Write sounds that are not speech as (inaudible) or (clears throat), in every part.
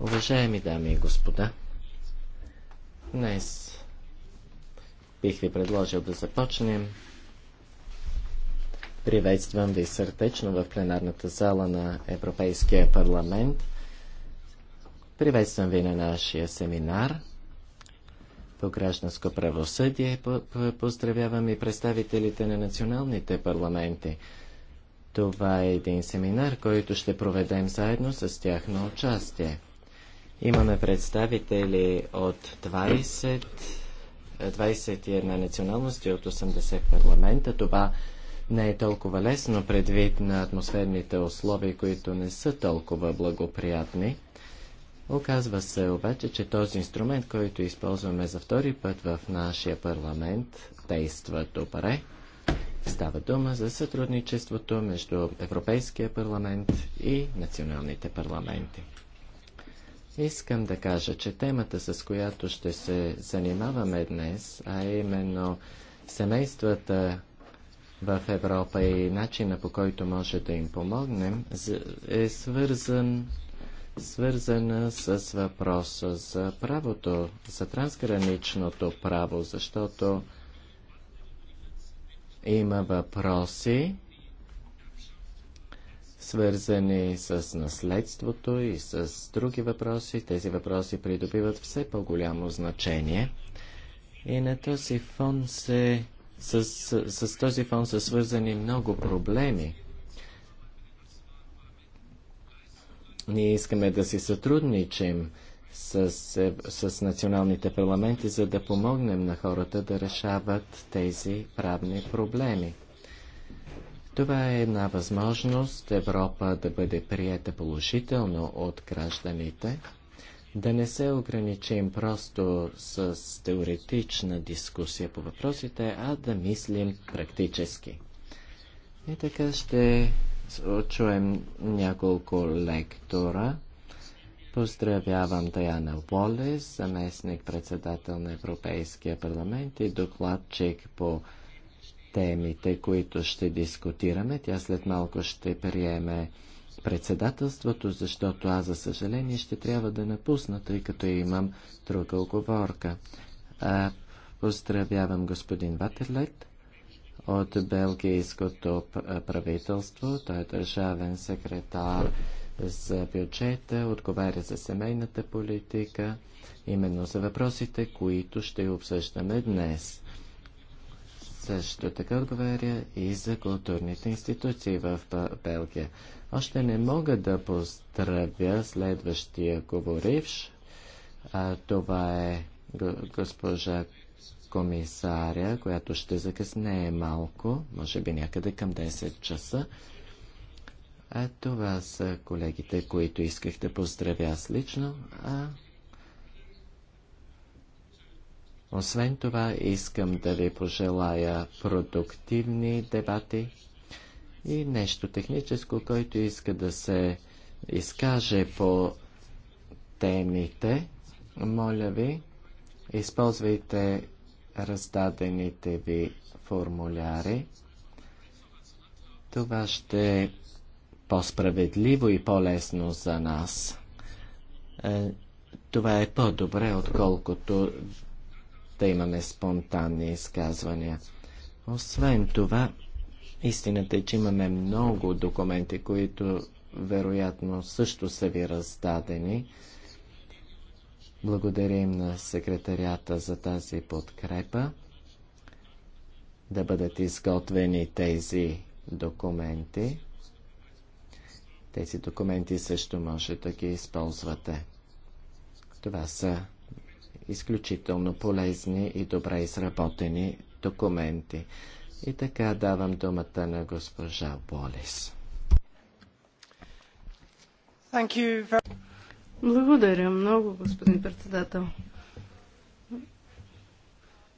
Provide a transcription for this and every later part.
Уважаеми дами и господа, днес бих ви предложил да започнем. Приветствам ви сърдечно в пленарната зала на Европейския парламент. Приветствам ви на нашия семинар по гражданско правосъдие. Поздравявам и представителите на националните парламенти. Това е един семинар, който ще проведем заедно с тяхно участие. Имаме представители от 20, 21 националности от 80 парламента. Това не е толкова лесно предвид на атмосферните условия, които не са толкова благоприятни. Оказва се обаче, че този инструмент, който използваме за втори път в нашия парламент, действа добре. Става дума за сътрудничеството между Европейския парламент и националните парламенти. Искам да кажа, че темата, с която ще се занимаваме днес, а именно семействата в Европа и начина по който може да им помогнем, е свързан, свързана с въпроса за правото, за трансграничното право, защото има въпроси, свързани с наследството и с други въпроси. Тези въпроси придобиват все по-голямо значение. И на този фон се, с, с, с този фон са свързани много проблеми. Ние искаме да си сътрудничим с, с националните парламенти, за да помогнем на хората да решават тези правни проблеми. Това е една възможност Европа да бъде приета положително от гражданите, да не се ограничим просто с теоретична дискусия по въпросите, а да мислим практически. И така ще чуем няколко лектора. Поздравявам Даяна Волес, заместник председател на Европейския парламент и докладчик по темите, които ще дискутираме. Тя след малко ще приеме председателството, защото аз, за съжаление, ще трябва да напусна, тъй като имам друга оговорка. А, поздравявам господин Ватерлет от Белгийското правителство. Той е държавен секретар за бюджета, отговаря за семейната политика, именно за въпросите, които ще обсъждаме днес. Също така отговаря и за културните институции в Белгия. Още не мога да поздравя следващия говоривш. А, това е госпожа комисаря, която ще закъснее малко, може би някъде към 10 часа. А това са колегите, които исках да поздравя с лично. А... Освен това, искам да ви пожелая продуктивни дебати и нещо техническо, който иска да се изкаже по темите. Моля ви, използвайте раздадените ви формуляри. Това ще по-справедливо и по-лесно за нас. Е, това е по-добре, отколкото да имаме спонтанни изказвания. Освен това, истината е, че имаме много документи, които вероятно също са ви раздадени. Благодарим на секретарията за тази подкрепа да бъдат изготвени тези документи. Тези документи също може да ги използвате. Това са изключително полезни и добре изработени документи. И така давам думата на госпожа Болис. Благодаря много, господин председател.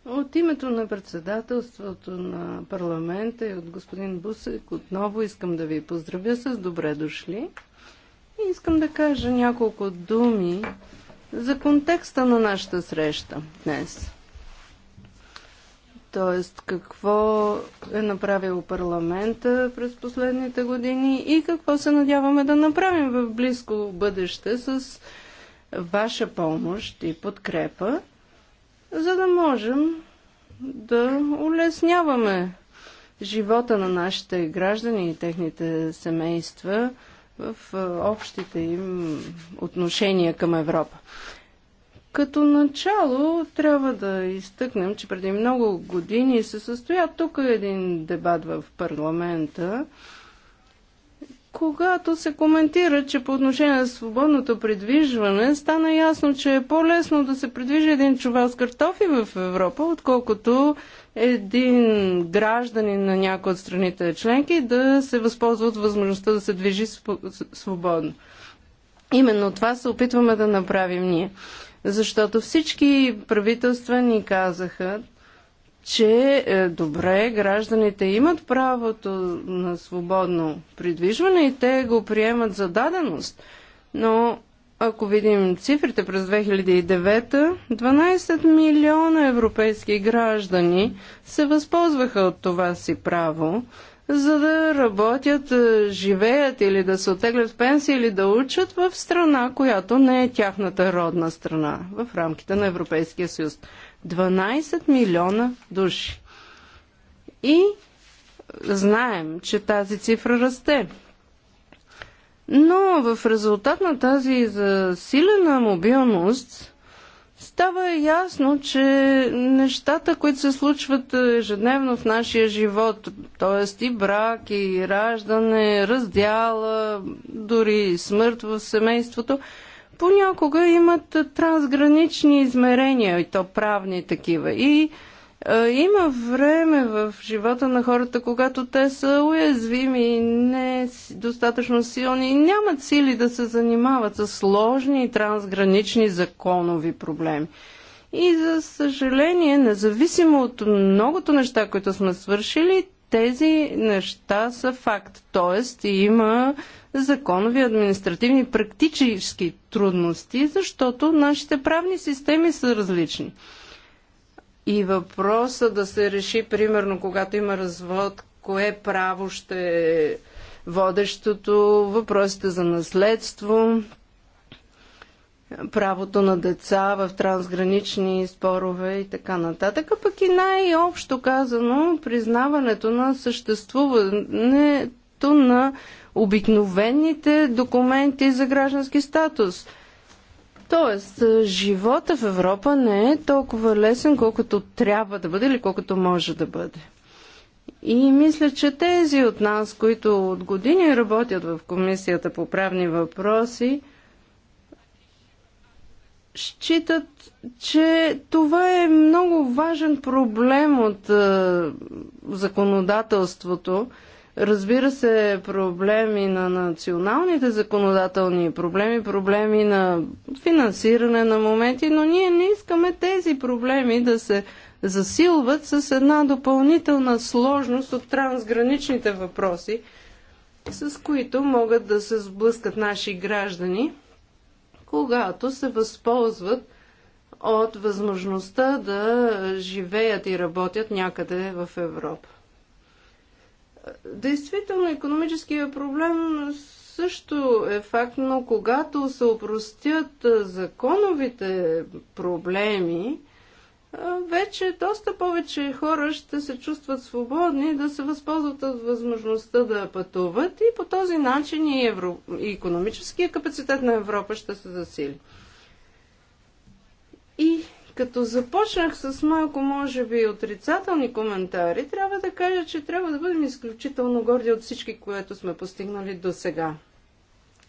От името на председателството на парламента и от господин Бусек отново искам да ви поздравя с добре дошли и искам да кажа няколко думи за контекста на нашата среща днес. Тоест, какво е направил парламента през последните години и какво се надяваме да направим в близко бъдеще с ваша помощ и подкрепа за да можем да улесняваме живота на нашите граждани и техните семейства в общите им отношения към Европа. Като начало трябва да изтъкнем, че преди много години се състоя тук един дебат в парламента когато се коментира, че по отношение на свободното придвижване, стана ясно, че е по-лесно да се придвижи един чувал с картофи в Европа, отколкото един гражданин на някои от страните членки да се възползва от възможността да се движи свободно. Именно това се опитваме да направим ние. Защото всички правителства ни казаха, че е, добре, гражданите имат правото на свободно придвижване и те го приемат за даденост. Но ако видим цифрите през 2009, 12 милиона европейски граждани се възползваха от това си право за да работят, е, живеят или да се отеглят в пенсия или да учат в страна, която не е тяхната родна страна в рамките на Европейския съюз. 12 милиона души. И знаем, че тази цифра расте. Но в резултат на тази засилена мобилност става ясно, че нещата, които се случват ежедневно в нашия живот, т.е. и брак, и раждане, раздяла, дори смърт в семейството, понякога имат трансгранични измерения, и то правни такива. И има време в живота на хората, когато те са уязвими, не достатъчно силни и нямат сили да се занимават с сложни и трансгранични законови проблеми. И за съжаление, независимо от многото неща, които сме свършили, тези неща са факт. Тоест има законови, административни, практически трудности, защото нашите правни системи са различни. И въпроса да се реши, примерно, когато има развод, кое право ще е водещото, въпросите за наследство, правото на деца в трансгранични спорове и така нататък, а пък и най-общо казано признаването на съществуването на обикновените документи за граждански статус – Тоест, живота в Европа не е толкова лесен, колкото трябва да бъде или колкото може да бъде. И мисля, че тези от нас, които от години работят в Комисията по правни въпроси, считат, че това е много важен проблем от е, законодателството Разбира се, проблеми на националните законодателни проблеми, проблеми на финансиране на моменти, но ние не искаме тези проблеми да се засилват с една допълнителна сложност от трансграничните въпроси, с които могат да се сблъскат наши граждани, когато се възползват от възможността да живеят и работят някъде в Европа действително економическия проблем също е факт, но когато се опростят законовите проблеми, вече доста повече хора ще се чувстват свободни да се възползват от възможността да пътуват и по този начин и, евро... и економическия капацитет на Европа ще се засили. И като започнах с малко, може би, отрицателни коментари, трябва да кажа, че трябва да бъдем изключително горди от всички, което сме постигнали до сега.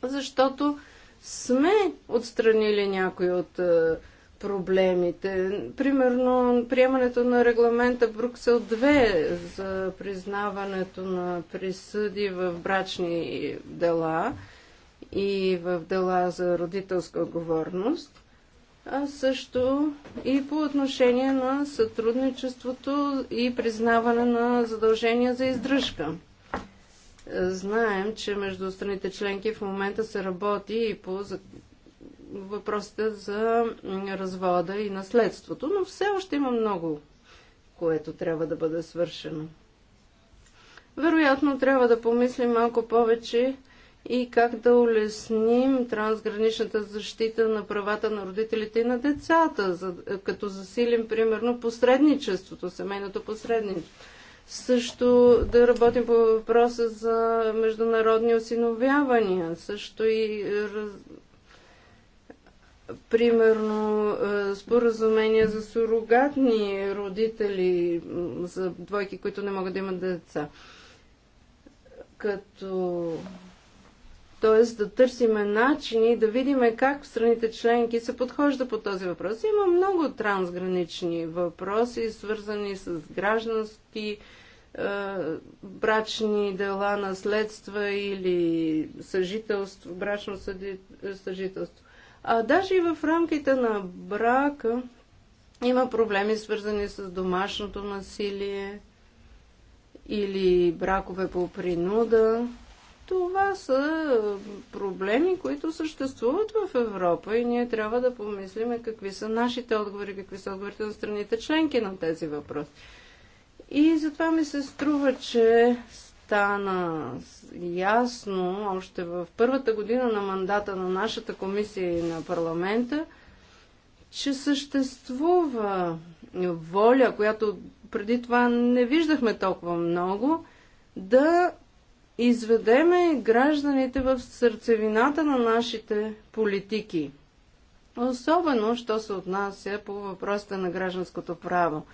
Защото сме отстранили някои от е, проблемите. Примерно, приемането на регламента Бруксел 2 за признаването на присъди в брачни дела и в дела за родителска отговорност а също и по отношение на сътрудничеството и признаване на задължения за издръжка. Знаем, че между страните членки в момента се работи и по въпросите за развода и наследството, но все още има много, което трябва да бъде свършено. Вероятно трябва да помислим малко повече и как да улесним трансграничната защита на правата на родителите и на децата, за, като засилим примерно посредничеството, семейното посредничество. Също да работим по въпроса за международни осиновявания, също и раз... примерно е, споразумения за сурогатни родители, за двойки, които не могат да имат деца. Като т.е да търсиме начини да видим как в страните членки се подхожда по този въпрос. Има много трансгранични въпроси, свързани с граждански е, брачни дела, наследства или съжителство, брачно съжителство. А даже и в рамките на брака има проблеми свързани с домашното насилие или бракове по принуда това са проблеми, които съществуват в Европа и ние трябва да помислиме какви са нашите отговори, какви са отговорите на страните членки на тези въпроси. И затова ми се струва, че стана ясно още в първата година на мандата на нашата комисия и на парламента, че съществува воля, която преди това не виждахме толкова много, да изведеме гражданите в сърцевината на нашите политики. Особено, що се отнася по въпросите на гражданското право.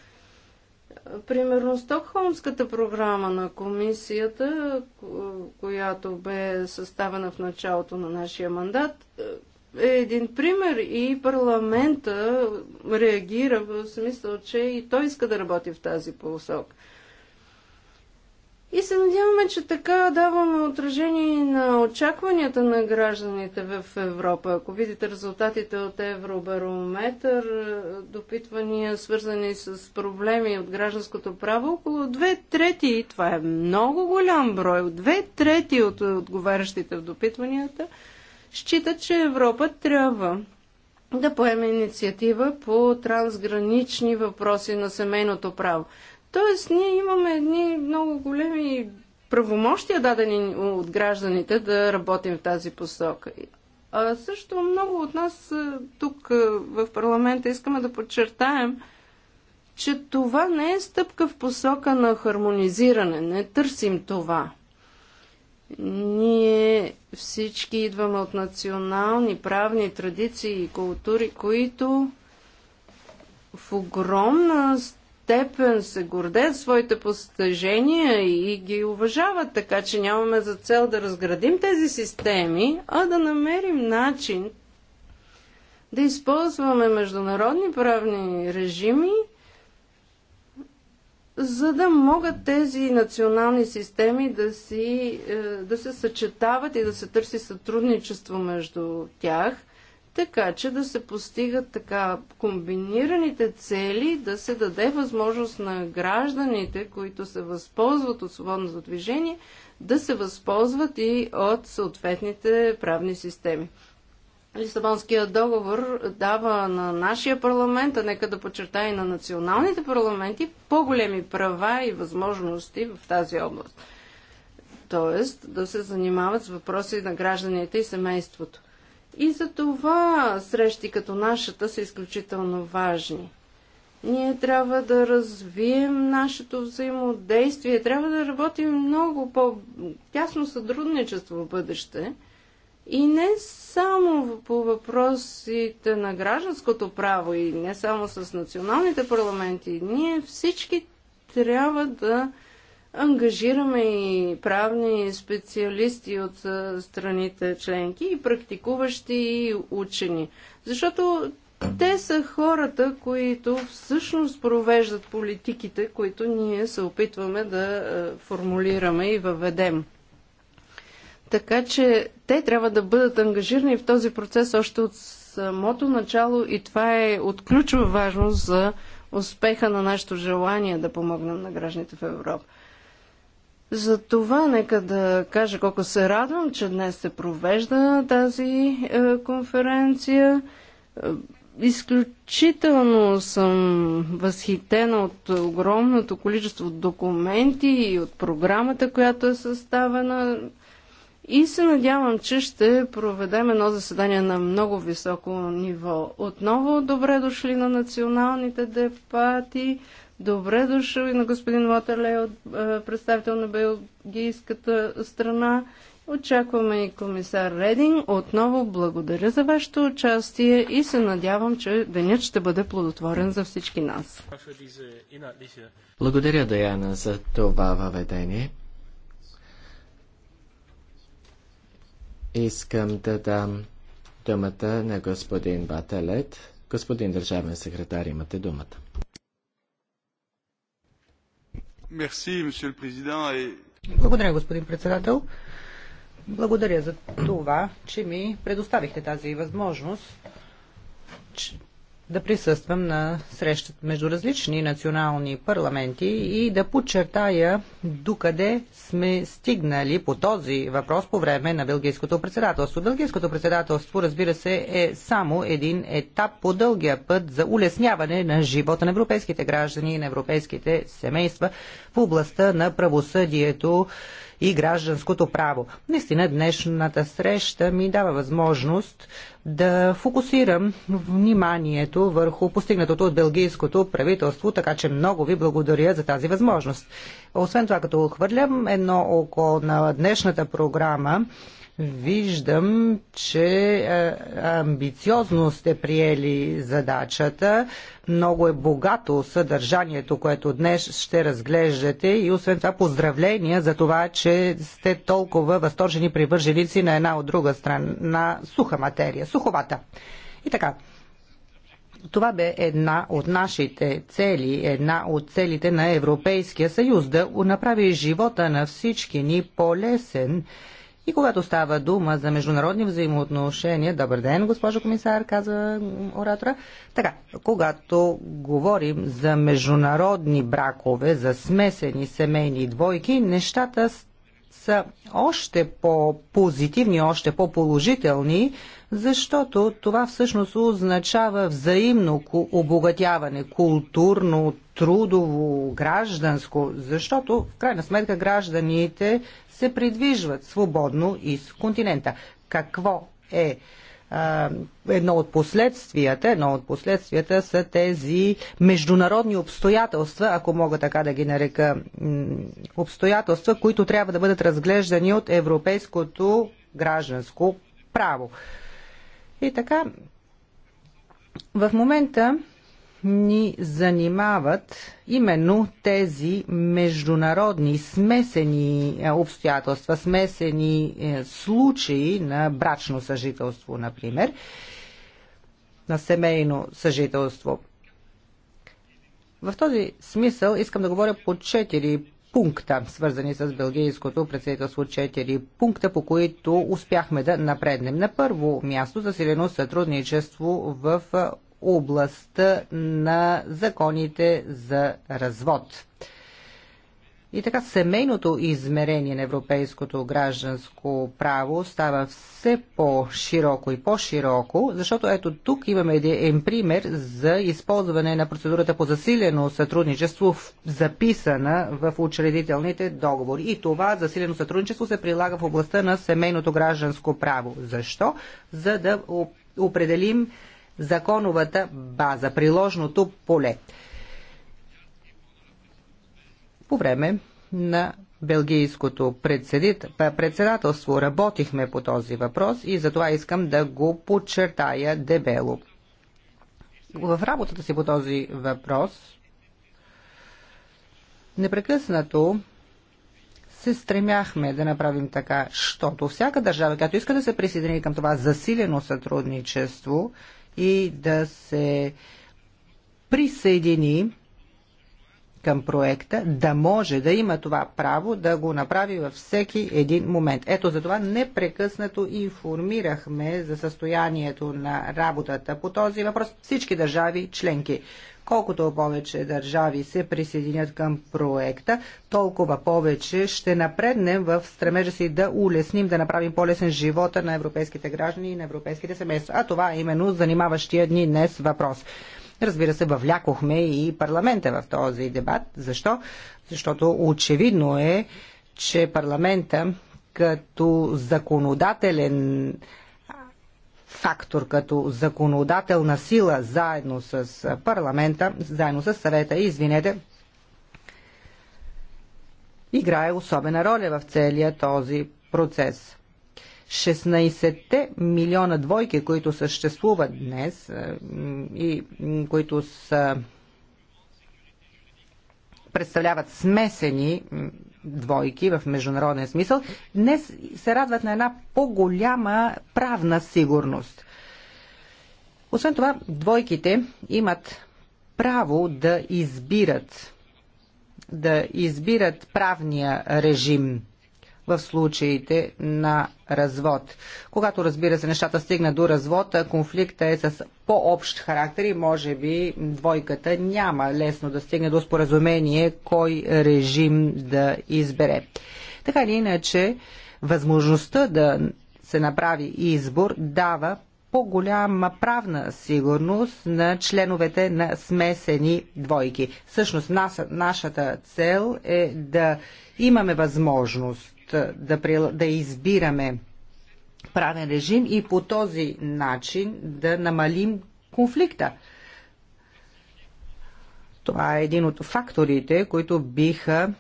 Примерно, Стокхолмската програма на комисията, която бе съставена в началото на нашия мандат, е един пример и парламента реагира в смисъл, че и той иска да работи в тази посока. И се надяваме, че така даваме отражение на очакванията на гражданите в Европа. Ако видите резултатите от Евробарометър, допитвания свързани с проблеми от гражданското право, около две трети, това е много голям брой, от две трети от отговарящите в допитванията, считат, че Европа трябва да поеме инициатива по трансгранични въпроси на семейното право. Тоест, ние имаме едни много големи правомощия, дадени от гражданите, да работим в тази посока. А също много от нас тук в парламента искаме да подчертаем, че това не е стъпка в посока на хармонизиране. Не търсим това. Ние всички идваме от национални правни традиции и култури, които в огромна степен степен се гордеят своите постижения и ги уважават, така че нямаме за цел да разградим тези системи, а да намерим начин да използваме международни правни режими, за да могат тези национални системи да, си, е, да се съчетават и да се търси сътрудничество между тях – така че да се постигат така комбинираните цели, да се даде възможност на гражданите, които се възползват от свободното движение, да се възползват и от съответните правни системи. Лисабонския договор дава на нашия парламент, а нека да подчертая и на националните парламенти, по-големи права и възможности в тази област. Тоест да се занимават с въпроси на гражданите и семейството. И за това срещи като нашата са изключително важни. Ние трябва да развием нашето взаимодействие, трябва да работим много по-тясно сътрудничество в бъдеще. И не само по въпросите на гражданското право и не само с националните парламенти, ние всички трябва да ангажираме и правни специалисти от страните членки и практикуващи и учени. Защото те са хората, които всъщност провеждат политиките, които ние се опитваме да формулираме и въведем. Така че те трябва да бъдат ангажирани в този процес още от самото начало и това е от ключова важност за успеха на нашето желание да помогнем на гражданите в Европа. За това нека да кажа колко се радвам, че днес се провежда тази е, конференция. Е, изключително съм възхитена от огромното количество документи и от програмата, която е съставена. И се надявам, че ще проведем едно заседание на много високо ниво. Отново добре дошли на националните депати. Добре дошъл и на господин Вотерле от е, представител на белгийската страна. Очакваме и комисар Редин. Отново благодаря за вашето участие и се надявам, че денят ще бъде плодотворен за всички нас. Благодаря, Даяна, за това въведение. Искам да дам думата на господин Бателет. Господин държавен секретар, имате думата. Благодаря, господин председател. Благодаря за това, че ми предоставихте тази възможност да присъствам на срещата между различни национални парламенти и да подчертая докъде сме стигнали по този въпрос по време на Белгийското председателство. Белгийското председателство, разбира се, е само един етап по дългия път за улесняване на живота на европейските граждани и на европейските семейства в областта на правосъдието, и гражданското право. Наистина днешната среща ми дава възможност да фокусирам вниманието върху постигнатото от белгийското правителство, така че много ви благодаря за тази възможност. Освен това, като отхвърлям едно око на днешната програма, виждам, че е, амбициозно сте приели задачата. Много е богато съдържанието, което днес ще разглеждате и освен това поздравления за това, че сте толкова възторжени привърженици на една от друга страна на суха материя, суховата. И така, това бе една от нашите цели, една от целите на Европейския съюз да направи живота на всички ни по-лесен и когато става дума за международни взаимоотношения, добър ден, госпожо комисар, каза оратора. Така, когато говорим за международни бракове, за смесени семейни двойки, нещата са още по-позитивни, още по-положителни, защото това всъщност означава взаимно обогатяване, културно, трудово, гражданско, защото в крайна сметка гражданите се придвижват свободно из континента. Какво е едно от последствията, едно от последствията са тези международни обстоятелства, ако мога така да ги нарека, обстоятелства, които трябва да бъдат разглеждани от европейското гражданско право. И така, в момента ни занимават именно тези международни смесени е, обстоятелства, смесени е, случаи на брачно съжителство, например, на семейно съжителство. В този смисъл искам да говоря по четири пункта, свързани с Белгийското председателство, четири пункта, по които успяхме да напреднем. На първо място засилено сътрудничество в е, областта на законите за развод. И така семейното измерение на европейското гражданско право става все по-широко и по-широко, защото ето тук имаме един пример за използване на процедурата по засилено сътрудничество, записана в учредителните договори. И това засилено сътрудничество се прилага в областта на семейното гражданско право. Защо? За да определим законовата база, приложното поле. По време на Белгийското председателство работихме по този въпрос и затова искам да го подчертая дебело. В работата си по този въпрос непрекъснато се стремяхме да направим така, защото всяка държава, която иска да се присъедини към това засилено сътрудничество, и да се присъедини към проекта, да може да има това право да го направи във всеки един момент. Ето за това непрекъснато информирахме за състоянието на работата по този въпрос всички държави членки. Колкото повече държави се присъединят към проекта, толкова повече ще напреднем в стремежа си да улесним, да направим по-лесен живота на европейските граждани и на европейските семейства. А това е именно занимаващия ни днес въпрос. Разбира се, въвлякохме и парламента в този дебат. Защо? Защото очевидно е, че парламента като законодателен фактор, като законодателна сила заедно с парламента, заедно с съвета, извинете, играе особена роля в целия този процес. 16 милиона двойки, които съществуват днес е, и които са, представляват смесени двойки в международен смисъл, днес се радват на една по-голяма правна сигурност. Освен това, двойките имат право да избират да избират правния режим в случаите на развод. Когато, разбира се, нещата стигна до развод, конфликта е с по-общ характер и може би двойката няма лесно да стигне до споразумение кой режим да избере. Така или иначе, възможността да се направи избор дава по-голяма правна сигурност на членовете на смесени двойки. Всъщност, нашата цел е да имаме възможност да, да избираме правен режим и по този начин да намалим конфликта. Това е един от факторите, които биха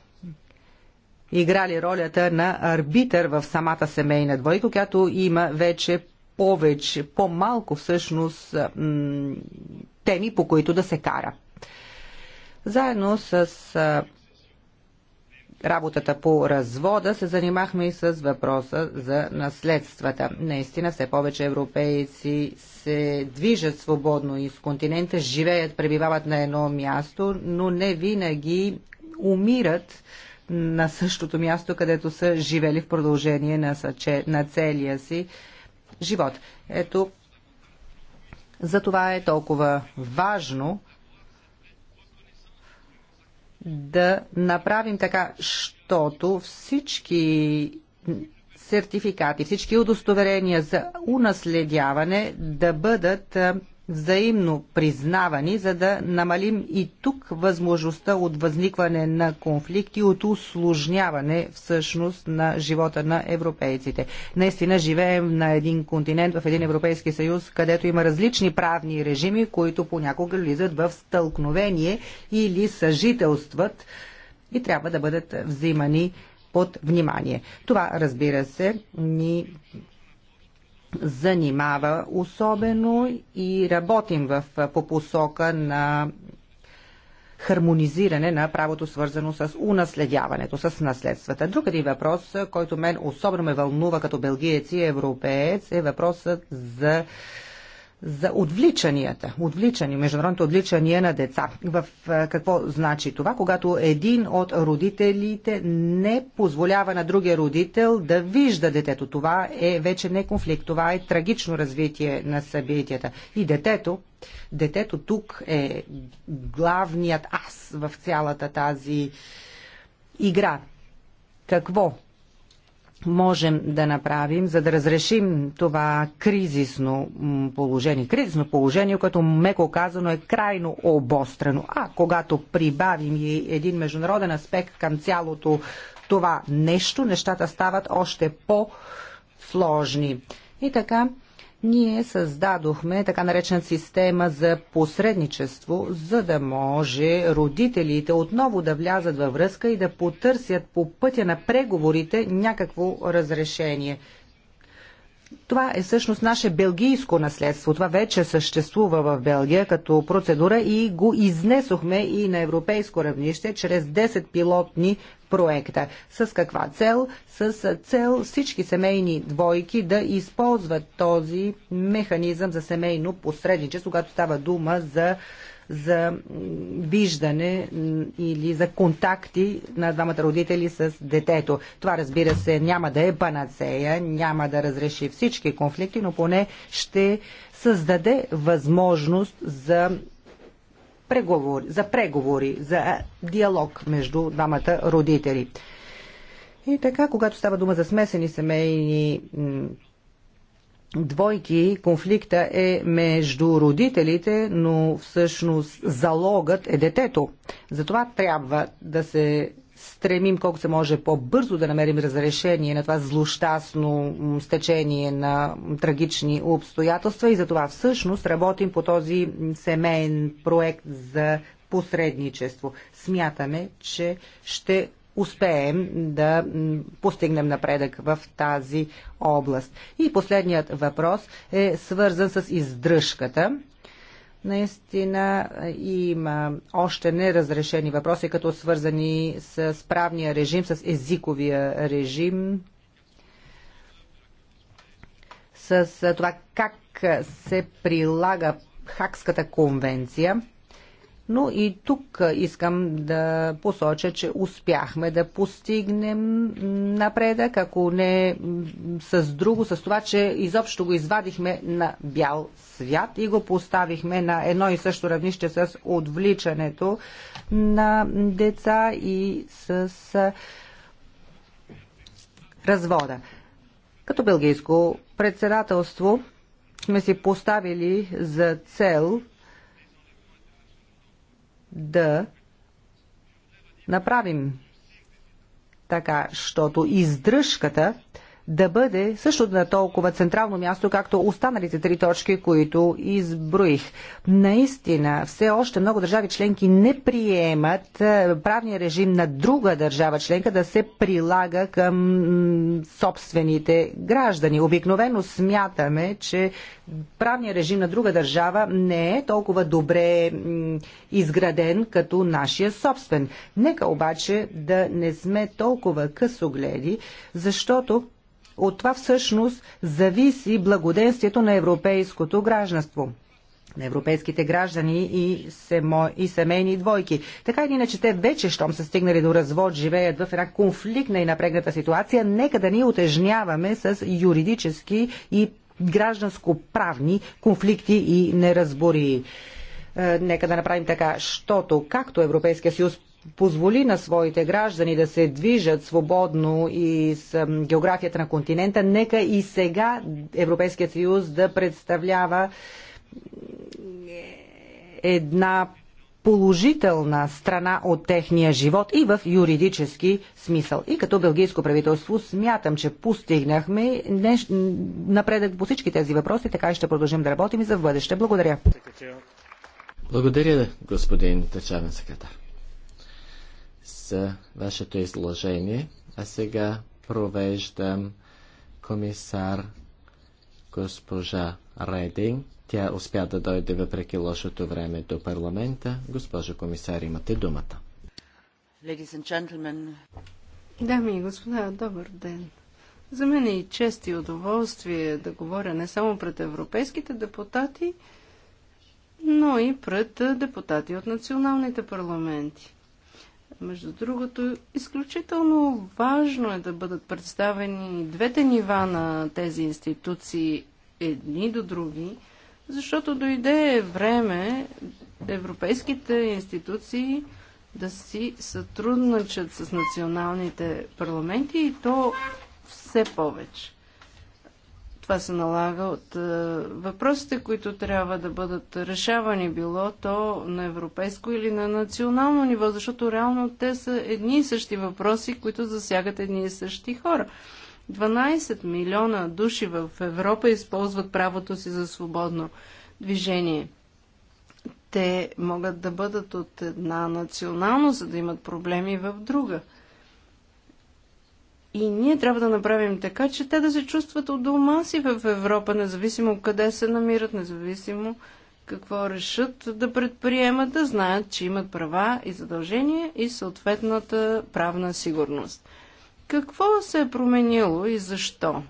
играли ролята на арбитър в самата семейна двойка, която има вече повече, по-малко всъщност теми, по които да се кара. Заедно с работата по развода се занимахме и с въпроса за наследствата. Наистина все повече европейци се движат свободно из континента, живеят, пребивават на едно място, но не винаги умират на същото място, където са живели в продължение на, съче, на целия си живот. Ето, за това е толкова важно – да направим така, щото всички сертификати, всички удостоверения за унаследяване да бъдат взаимно признавани, за да намалим и тук възможността от възникване на конфликти, от усложняване всъщност на живота на европейците. Наистина живеем на един континент, в един Европейски съюз, където има различни правни режими, които понякога влизат в стълкновение или съжителстват и трябва да бъдат взимани под внимание. Това, разбира се, ни занимава особено и работим в, по посока на хармонизиране на правото свързано с унаследяването, с наследствата. Друг един въпрос, който мен особено ме вълнува като белгиец и европеец, е въпросът за за отвличанията, отвличани, международното отвличание на деца. В какво значи това? Когато един от родителите не позволява на другия родител да вижда детето. Това е вече не конфликт, това е трагично развитие на събитията. И детето, детето тук е главният аз в цялата тази игра. Какво можем да направим, за да разрешим това кризисно положение. Кризисно положение, което меко казано е крайно обострено. А когато прибавим и един международен аспект към цялото това нещо, нещата стават още по-сложни. И така, ние създадохме така наречена система за посредничество, за да може родителите отново да влязат във връзка и да потърсят по пътя на преговорите някакво разрешение. Това е всъщност наше белгийско наследство. Това вече съществува в Белгия като процедура и го изнесохме и на европейско равнище чрез 10 пилотни проекта. С каква цел? С цел всички семейни двойки да използват този механизъм за семейно посредничество, когато става дума за за виждане или за контакти на двамата родители с детето. Това разбира се няма да е панацея, няма да разреши всички конфликти, но поне ще създаде възможност за преговори, за преговори, за диалог между двамата родители. И така, когато става дума за смесени семейни двойки конфликта е между родителите, но всъщност залогът е детето. Затова трябва да се стремим колко се може по-бързо да намерим разрешение на това злощастно стечение на трагични обстоятелства и затова всъщност работим по този семейен проект за посредничество. Смятаме, че ще успеем да постигнем напредък в тази област. И последният въпрос е свързан с издръжката. Наистина е, има още неразрешени въпроси, като свързани с правния режим, с езиковия режим, с е, това как се прилага Хакската конвенция. Но и тук искам да посоча, че успяхме да постигнем напредък, ако не с друго, с това, че изобщо го извадихме на бял свят и го поставихме на едно и също равнище с отвличането на деца и с развода. Като бългийско председателство сме си поставили за цел да направим така, щото издръжката да бъде също на толкова централно място, както останалите три точки, които изброих. Наистина, все още много държави членки не приемат е, правния режим на друга държава членка да се прилага към собствените граждани. Обикновено смятаме, че правният режим на друга държава не е толкова добре изграден като нашия собствен. Нека обаче да не сме толкова късогледи, защото от това всъщност зависи благоденствието на европейското гражданство на европейските граждани и, семо, и семейни двойки. Така или иначе, те вече, щом са стигнали до развод, живеят в една конфликтна и напрегната ситуация. Нека да ни отежняваме с юридически и гражданско-правни конфликти и неразбори. Е, нека да направим така, защото, както Европейския съюз позволи на своите граждани да се движат свободно и с географията на континента, нека и сега Европейският съюз да представлява е, една положителна страна от техния живот и в юридически смисъл. И като бългийско правителство смятам, че постигнахме неш... напредък по всички тези въпроси, така и ще продължим да работим и за в бъдеще. Благодаря. Благодаря, господин държавен секретар за вашето изложение, а сега провеждам комисар госпожа Рейдинг. Тя успя да дойде въпреки лошото време до парламента. Госпожа комисар, имате думата. Дами и господа, добър ден! За мен е и чест и удоволствие да говоря не само пред европейските депутати, но и пред депутати от националните парламенти. Между другото, изключително важно е да бъдат представени двете нива на тези институции едни до други, защото дойде време европейските институции да си сътрудничат с националните парламенти и то все повече. Това се налага от е, въпросите, които трябва да бъдат решавани, било то на европейско или на национално ниво, защото реално те са едни и същи въпроси, които засягат едни и същи хора. 12 милиона души в Европа използват правото си за свободно движение. Те могат да бъдат от една национално, за да имат проблеми в друга – и ние трябва да направим така, че те да се чувстват от дома си в Европа, независимо къде се намират, независимо какво решат да предприемат, да знаят, че имат права и задължения и съответната правна сигурност. Какво се е променило и защо?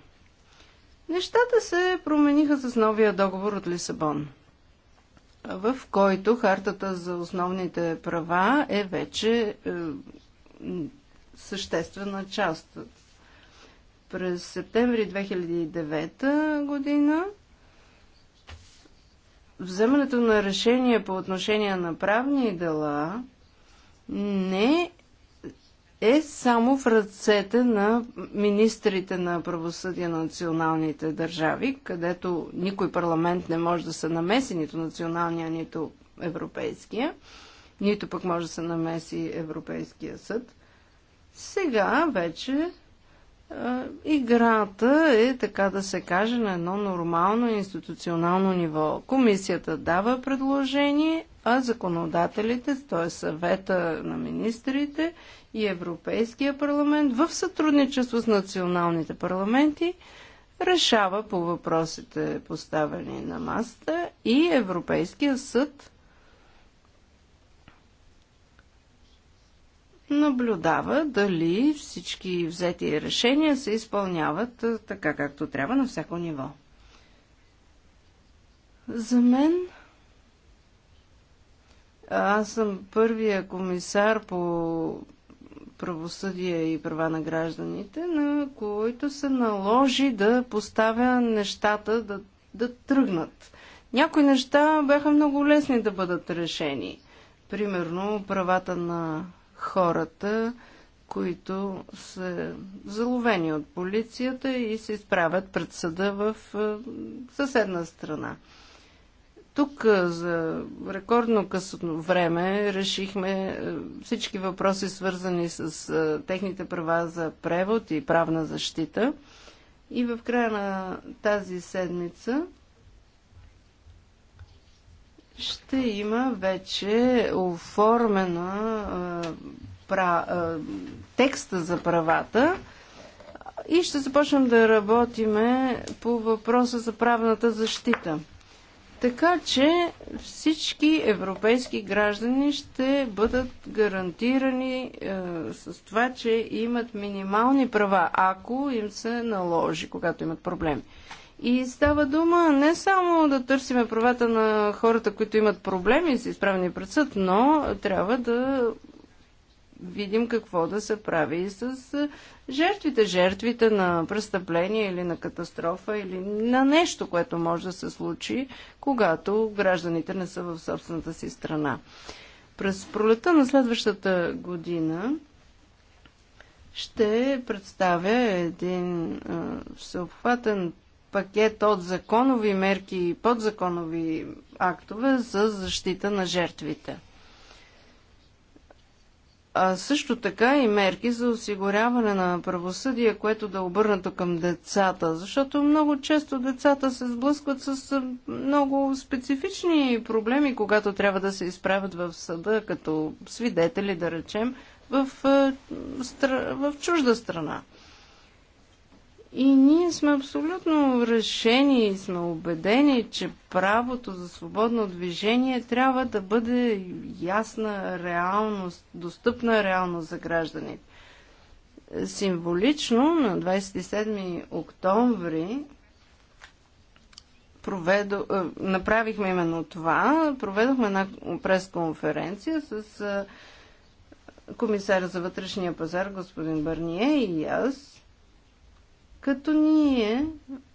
Нещата се промениха с новия договор от Лисабон, в който хартата за основните права е вече е, съществена част през септември 2009 година вземането на решение по отношение на правни дела не е само в ръцете на министрите на правосъдие на националните държави, където никой парламент не може да се намеси, нито националния, нито европейския, нито пък може да се намеси Европейския съд. Сега вече е, играта е, така да се каже, на едно нормално институционално ниво. Комисията дава предложение, а законодателите, т.е. съвета на министрите и Европейския парламент в сътрудничество с националните парламенти решава по въпросите поставени на масата и Европейския съд наблюдава дали всички взети решения се изпълняват така както трябва на всяко ниво. За мен аз съм първия комисар по правосъдие и права на гражданите, на които се наложи да поставя нещата да, да тръгнат. Някои неща бяха много лесни да бъдат решени. Примерно правата на хората, които са заловени от полицията и се изправят пред съда в е, съседна страна. Тук е, за рекордно късно време решихме е, всички въпроси, свързани с техните права за превод и правна защита. И в края на тази седмица ще има вече оформена а, пра, а, текста за правата и ще започнем да работиме по въпроса за правната защита. Така че всички европейски граждани ще бъдат гарантирани е, с това, че имат минимални права, ако им се наложи, когато имат проблеми. И става дума не само да търсиме правата на хората, които имат проблеми с са изправени пред съд, но трябва да видим какво да се прави и с жертвите. Жертвите на престъпление или на катастрофа или на нещо, което може да се случи, когато гражданите не са в собствената си страна. През пролета на следващата година ще представя един всеобхватен пакет от законови мерки и подзаконови актове за защита на жертвите. А също така и мерки за осигуряване на правосъдие, което да е обърнато към децата, защото много често децата се сблъскват с много специфични проблеми, когато трябва да се изправят в съда, като свидетели, да речем, в, в чужда страна. И ние сме абсолютно решени и сме убедени, че правото за свободно движение трябва да бъде ясна реалност, достъпна реалност за гражданите. Символично на 27 октомври проведо, е, направихме именно това. Проведохме една пресконференция с е, комисаря за вътрешния пазар господин Бърние и аз като ние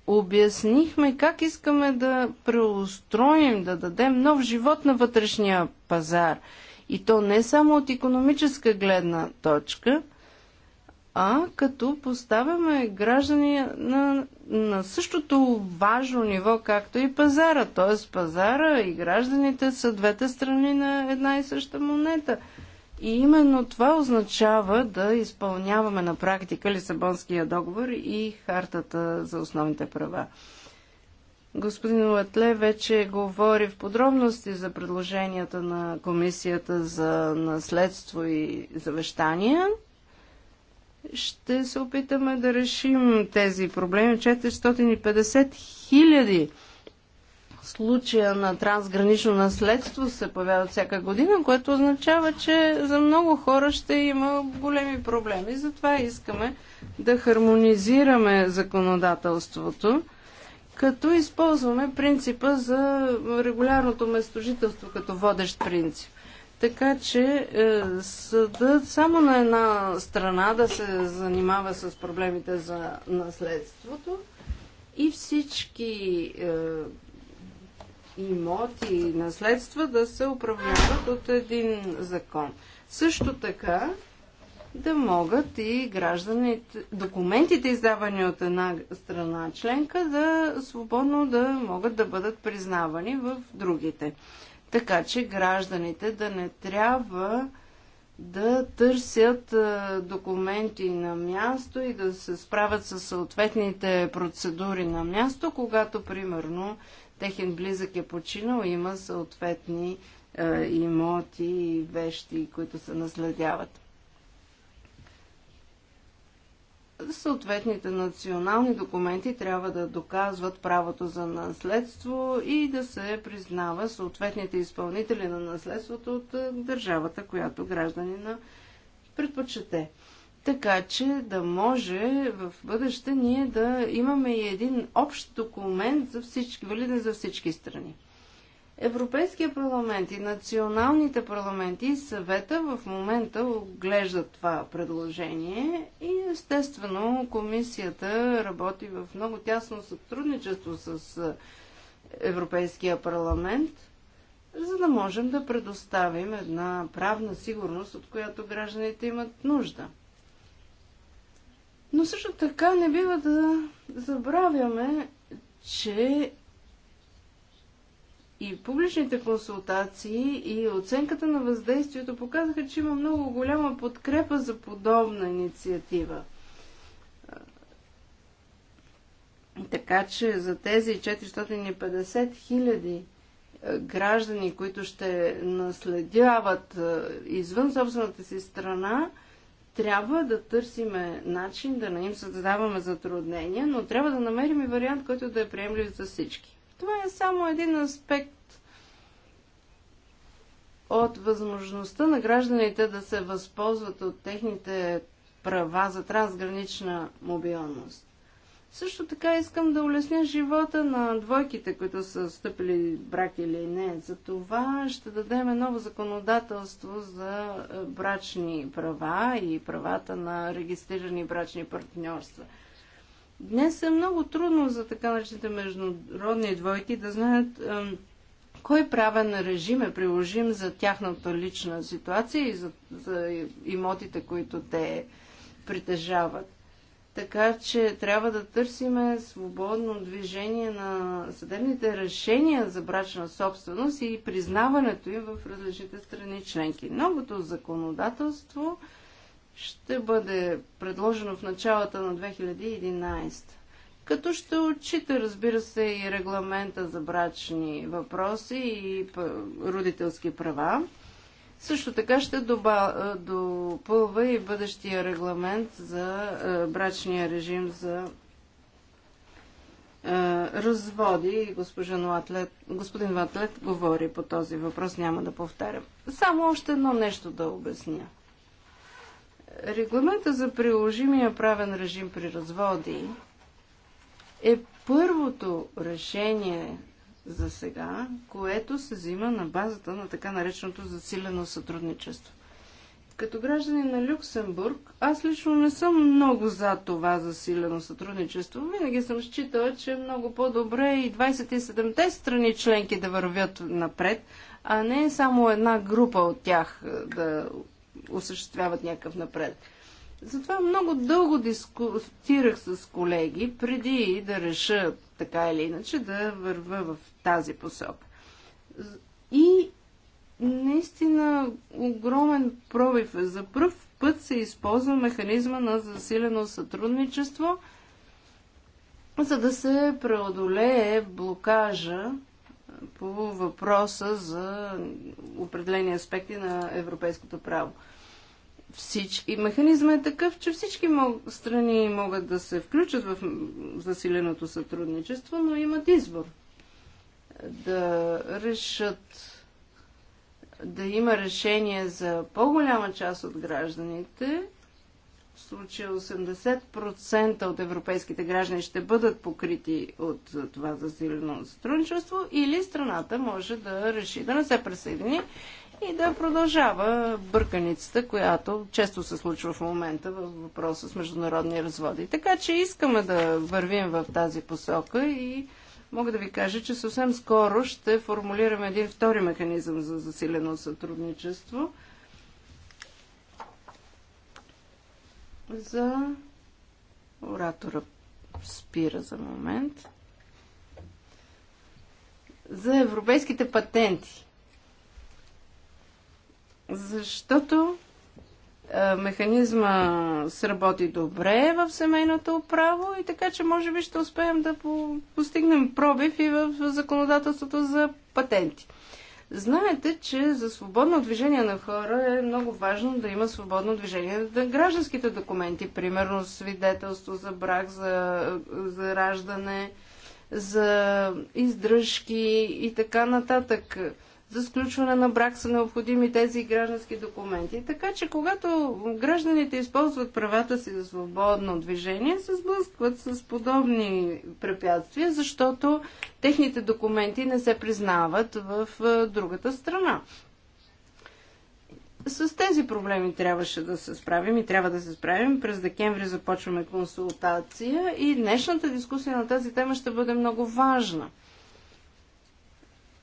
обяснихме как искаме да преустроим, да дадем нов живот на вътрешния пазар. И то не само от економическа гледна точка, а като поставяме граждани на, на същото важно ниво, както и пазара. Т.е. пазара и гражданите са двете страни на една и съща монета. И именно това означава да изпълняваме на практика Лисабонския договор и хартата за основните права. Господин Латле вече говори в подробности за предложенията на Комисията за наследство и завещания. Ще се опитаме да решим тези проблеми. 450 хиляди случая на трансгранично наследство се появяват всяка година, което означава, че за много хора ще има големи проблеми. Затова искаме да хармонизираме законодателството, като използваме принципа за регулярното местожителство като водещ принцип. Така че е, съдът само на една страна да се занимава с проблемите за наследството и всички е, имоти и наследства да се управляват от един закон. Също така да могат и гражданите, документите издавани от една страна членка да свободно да могат да бъдат признавани в другите. Така че гражданите да не трябва да търсят документи на място и да се справят с съответните процедури на място, когато примерно техен близък е починал, има съответни е, имоти и вещи, които се наследяват. Съответните национални документи трябва да доказват правото за наследство и да се признава съответните изпълнители на наследството от е, държавата, която гражданина предпочете така че да може в бъдеще ние да имаме и един общ документ за всички, валиден за всички страни. Европейския парламент и националните парламенти и съвета в момента оглеждат това предложение и естествено комисията работи в много тясно сътрудничество с е, Европейския парламент, за да можем да предоставим една правна сигурност, от която гражданите имат нужда. Но също така не бива да забравяме, че и публичните консултации и оценката на въздействието показаха, че има много голяма подкрепа за подобна инициатива. Така че за тези 450 хиляди е, граждани, които ще наследяват е, извън собствената си страна, трябва да търсиме начин да не им създаваме затруднения, но трябва да намерим и вариант, който да е приемлив за всички. Това е само един аспект от възможността на гражданите да се възползват от техните права за трансгранична мобилност. Също така искам да улесня живота на двойките, които са стъпили брак или не. За това ще дадем ново законодателство за е, брачни права и правата на регистрирани брачни партньорства. Днес е много трудно за така наречените международни двойки да знаят кой правен режим е приложим за тяхната лична ситуация и за, за имотите, които те притежават. Така че трябва да търсиме свободно движение на съдебните решения за брачна собственост и признаването им в различните страни членки. Новото законодателство ще бъде предложено в началата на 2011 като ще отчита, разбира се, и регламента за брачни въпроси и родителски права. Също така ще допълва и бъдещия регламент за брачния режим за разводи. господин Ватлет говори по този въпрос, няма да повтарям. Само още едно нещо да обясня. Регламента за приложимия правен режим при разводи е първото решение за сега, което се взима на базата на така нареченото засилено сътрудничество. Като гражданин на Люксембург, аз лично не съм много за това засилено сътрудничество. Винаги съм считала, че е много по-добре и 27-те страни членки да вървят напред, а не само една група от тях е, да осъществяват някакъв напред. Затова много дълго дискутирах с колеги преди да решат така или иначе да върва в тази посока. И наистина огромен пробив е. За първ път се използва механизма на засилено сътрудничество, за да се преодолее блокажа по въпроса за определени аспекти на европейското право всички, механизма е такъв, че всички мог, страни могат да се включат в засиленото сътрудничество, но имат избор да решат да има решение за по-голяма част от гражданите, в случая 80% от европейските граждани ще бъдат покрити от това засилено сътрудничество, или страната може да реши да не се присъедини и да продължава бърканицата, която често се случва в момента в въпроса с международни разводи. Така че искаме да вървим в тази посока и мога да ви кажа, че съвсем скоро ще формулираме един втори механизъм за засилено сътрудничество за оратора спира за момент за европейските патенти защото е, механизма сработи добре в семейното право и така, че може би ще успеем да по- постигнем пробив и в законодателството за патенти. Знаете, че за свободно движение на хора е много важно да има свободно движение на гражданските документи, примерно свидетелство за брак, за, за раждане, за издръжки и така нататък за сключване на брак са необходими тези граждански документи. Така че, когато гражданите използват правата си за свободно движение, се сблъскват с подобни препятствия, защото техните документи не се признават в другата страна. С тези проблеми трябваше да се справим и трябва да се справим. През декември започваме консултация и днешната дискусия на тази тема ще бъде много важна –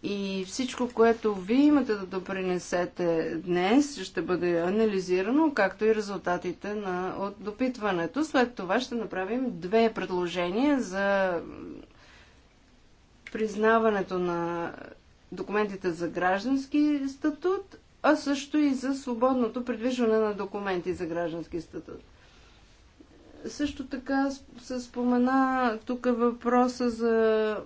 и всичко, което вие имате да допринесете днес, ще бъде анализирано, както и резултатите на, от допитването. След това ще направим две предложения за признаването на документите за граждански статут, а също и за свободното придвижване на документи за граждански статут. Също така се спомена тук въпроса за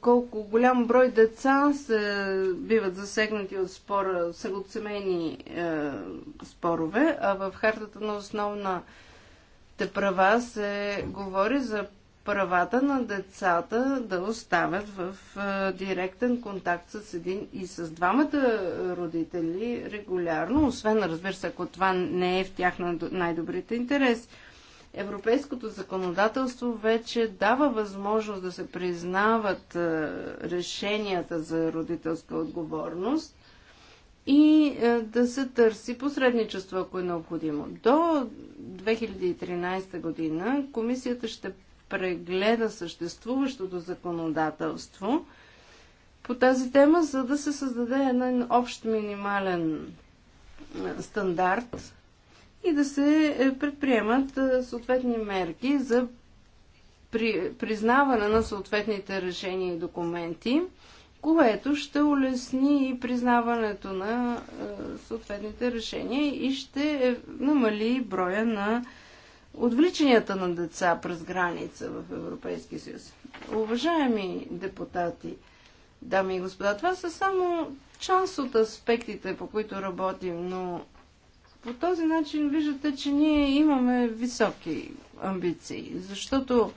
колко голям брой деца се, биват засегнати от спора, от семейни е, спорове, а в хартата на основните права се говори за правата на децата да оставят в е, директен контакт с един и с двамата родители регулярно, освен, разбира се, ако това не е в тях на най-добрите интереси. Европейското законодателство вече дава възможност да се признават е, решенията за родителска отговорност и е, да се търси посредничество, ако е необходимо. До 2013 година комисията ще прегледа съществуващото законодателство по тази тема, за да се създаде един общ минимален е, стандарт и да се е, предприемат е, съответни мерки за при, признаване на съответните решения и документи, което ще улесни и признаването на е, съответните решения и ще намали броя на отвличанията на деца през граница в Европейския съюз. Уважаеми депутати, дами и господа, това са само част от аспектите, по които работим, но по този начин виждате, че ние имаме високи амбиции, защото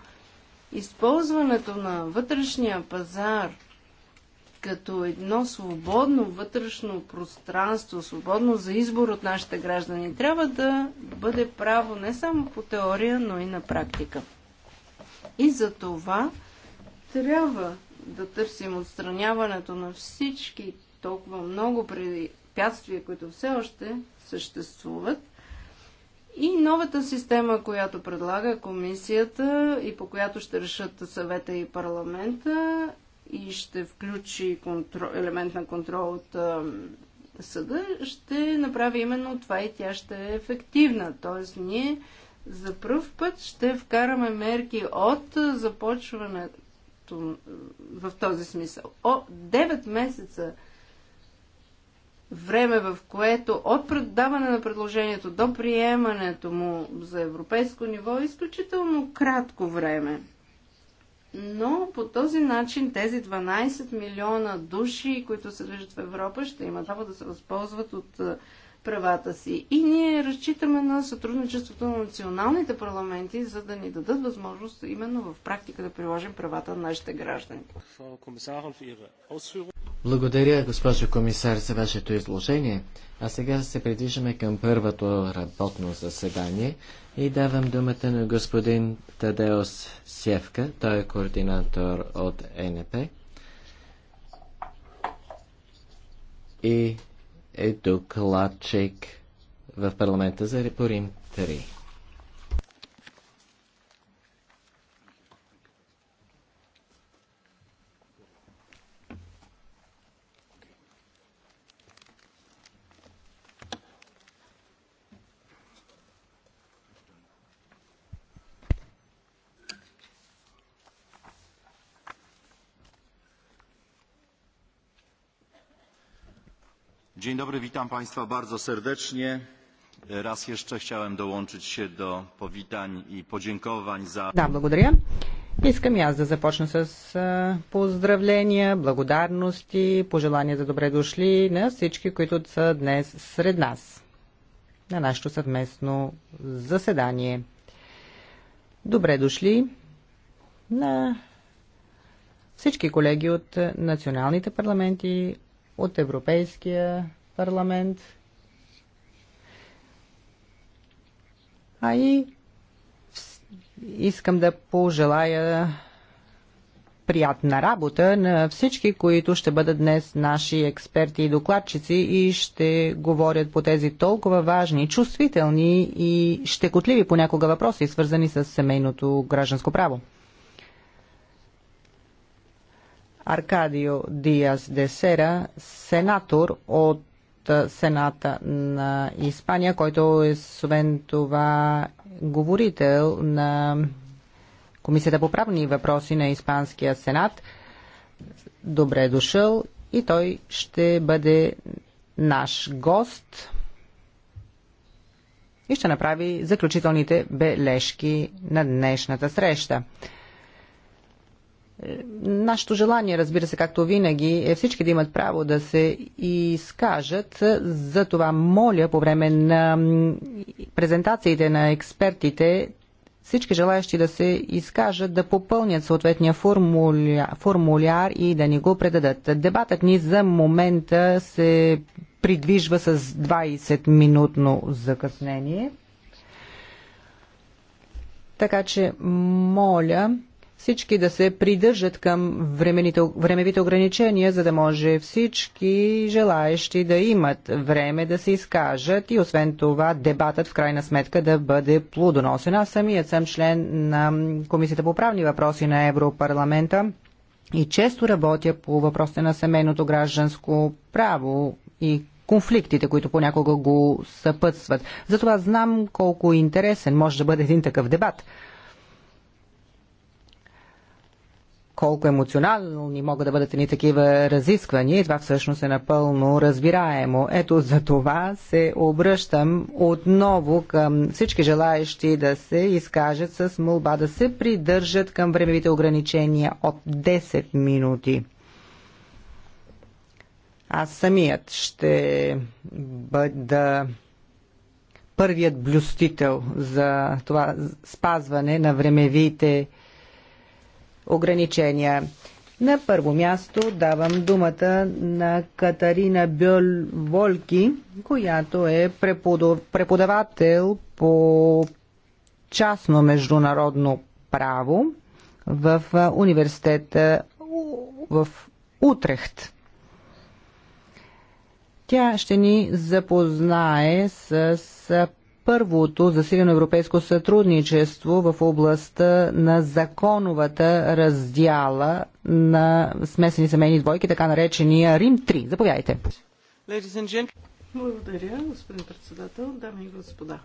използването на вътрешния пазар като едно свободно вътрешно пространство, свободно за избор от нашите граждани, трябва да бъде право не само по теория, но и на практика. И за това трябва да търсим отстраняването на всички толкова много препятствия, които все още съществуват. И новата система, която предлага комисията и по която ще решат съвета и парламента и ще включи контрол, елемент на контрол от съда, ще направи именно това и тя ще е ефективна. Тоест ние за първ път ще вкараме мерки от започването в този смисъл. О, 9 месеца време, в което от предаване на предложението до приемането му за европейско ниво е изключително кратко време. Но по този начин тези 12 милиона души, които се движат в Европа, ще имат право да се възползват от правата си. И ние разчитаме на сътрудничеството на националните парламенти, за да ни дадат възможност именно в практика да приложим правата на нашите граждани. Благодаря, госпожо комисар, за вашето изложение. А сега се придвижваме към първото работно заседание и давам думата на господин Тадеос Севка. Той е координатор от НП. И ето докладчик в парламента за Репорим 3. Dzień dobry, witam Państwa bardzo serdecznie. Raz jeszcze chciałem dołączyć się do powitań i podziękowań za... Да, благодаря. Искам и аз да започна с поздравления, благодарности, пожелания за добре дошли на всички, които са днес сред нас на нашето съвместно заседание. Добре дошли на всички колеги от националните парламенти, от Европейския парламент, а и искам да пожелая приятна работа на всички, които ще бъдат днес наши експерти и докладчици и ще говорят по тези толкова важни, чувствителни и щекотливи понякога въпроси, свързани с семейното гражданско право. Аркадио Диас Десера, сенатор от Сената на Испания, който е освен това говорител на Комисията по правни въпроси на Испанския сенат. Добре е дошъл и той ще бъде наш гост и ще направи заключителните бележки на днешната среща. Е, нашето желание, разбира се, както винаги, е всички да имат право да се изкажат. За това моля по време на презентациите на експертите всички желаящи да се изкажат, да попълнят съответния формуля, формуляр и да ни го предадат. Дебатът ни за момента се придвижва с 20-минутно закъснение. Така че, моля, всички да се придържат към времените, времевите ограничения, за да може всички желаещи да имат време да се изкажат и освен това дебатът в крайна сметка да бъде плодоносен. Аз самият съм член на Комисията по правни въпроси на Европарламента и често работя по въпросите на семейното гражданско право и конфликтите, които понякога го съпътстват. Затова знам колко интересен може да бъде един такъв дебат. колко емоционални могат да бъдат ни такива разисквания това всъщност е напълно разбираемо. Ето за това се обръщам отново към всички желаящи да се изкажат с молба да се придържат към времевите ограничения от 10 минути. Аз самият ще бъда първият блюстител за това спазване на времевите ограничения ограничения. На първо място давам думата на Катарина Бьол Волки, която е преподавател по частно международно право в университета в Утрехт. Тя ще ни запознае с първото засилено европейско сътрудничество в областта на законовата раздяла на смесени семейни двойки, така наречения Рим 3. Заповядайте. Благодаря, господин председател, дами и господа.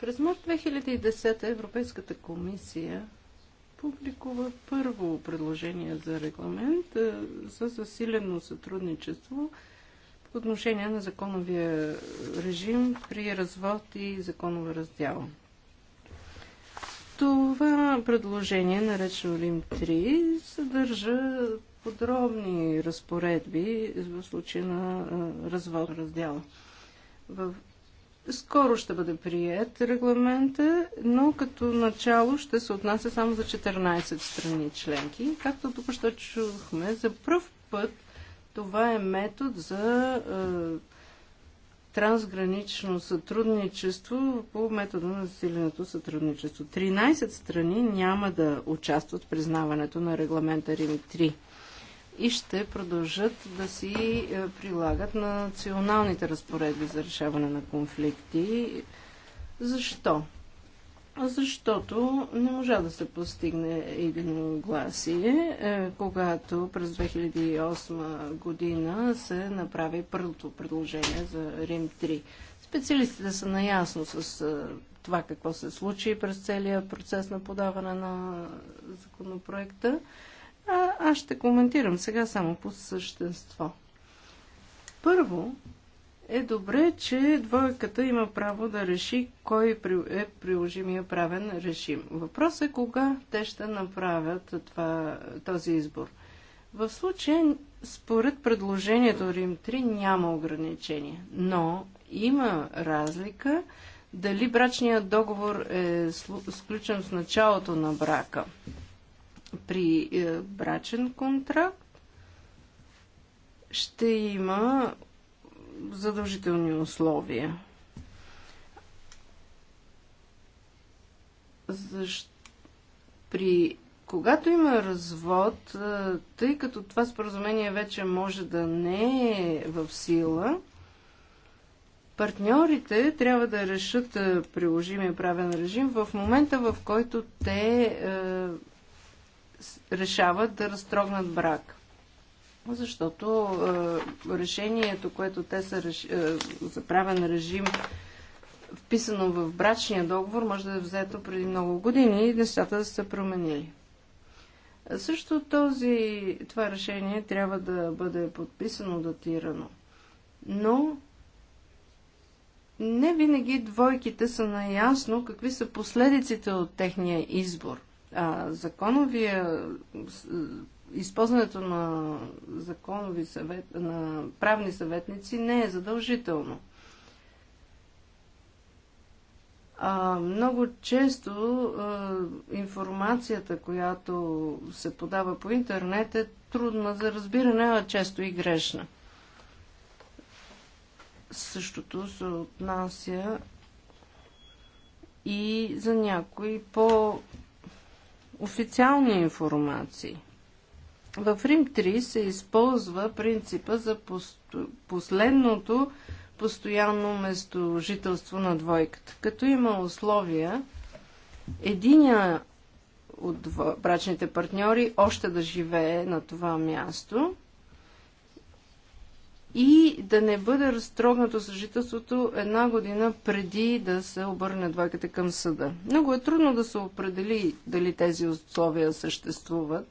През март 2010 Европейската комисия публикува първо предложение за регламент за засилено сътрудничество по отношение на законовия режим при развод и законова раздяла. Това предложение, наречено Лим 3, съдържа подробни разпоредби в случай на развод раздяла. В... Скоро ще бъде прият регламента, но като начало ще се отнася само за 14 страни членки. Както тук ще чухме, за първ път това е метод за е, трансгранично сътрудничество по метода на засиленото сътрудничество. 13 страни няма да участват в признаването на регламента Рим 3 и ще продължат да си е, прилагат на националните разпоредби за решаване на конфликти. Защо? защото не можа да се постигне единогласие, е, когато през 2008 година се направи първото предложение за Рим 3. Специалистите са наясно с е, това какво се случи през целия процес на подаване на законопроекта. А, аз ще коментирам сега само по същество. Първо, е добре, че двойката има право да реши кой е приложимия правен режим. Въпросът е кога те ще направят това, този избор. В случая, според предложението Рим 3 няма ограничения, но има разлика дали брачният договор е сключен в началото на брака при е, брачен контракт ще има задължителни условия. Защо? При когато има развод, тъй като това споразумение вече може да не е в сила, партньорите трябва да решат приложимия правен режим в момента, в който те е, решават да разтрогнат брак защото е, решението, което те са реш... е, за правен режим, вписано в брачния договор, може да е взето преди много години и нещата да са променили. Също този, това решение трябва да бъде подписано, датирано. Но не винаги двойките са наясно какви са последиците от техния избор. А, законовия използването на законови съвет, на правни съветници не е задължително. А, много често а, информацията, която се подава по интернет е трудна за разбиране, а често и грешна. Същото се отнася и за някои по-официални информации – в Рим 3 се използва принципа за последното постоянно местожителство на двойката. Като има условия, единия от брачните партньори още да живее на това място и да не бъде разтрогнато съжителството една година преди да се обърне двойката към съда. Много е трудно да се определи дали тези условия съществуват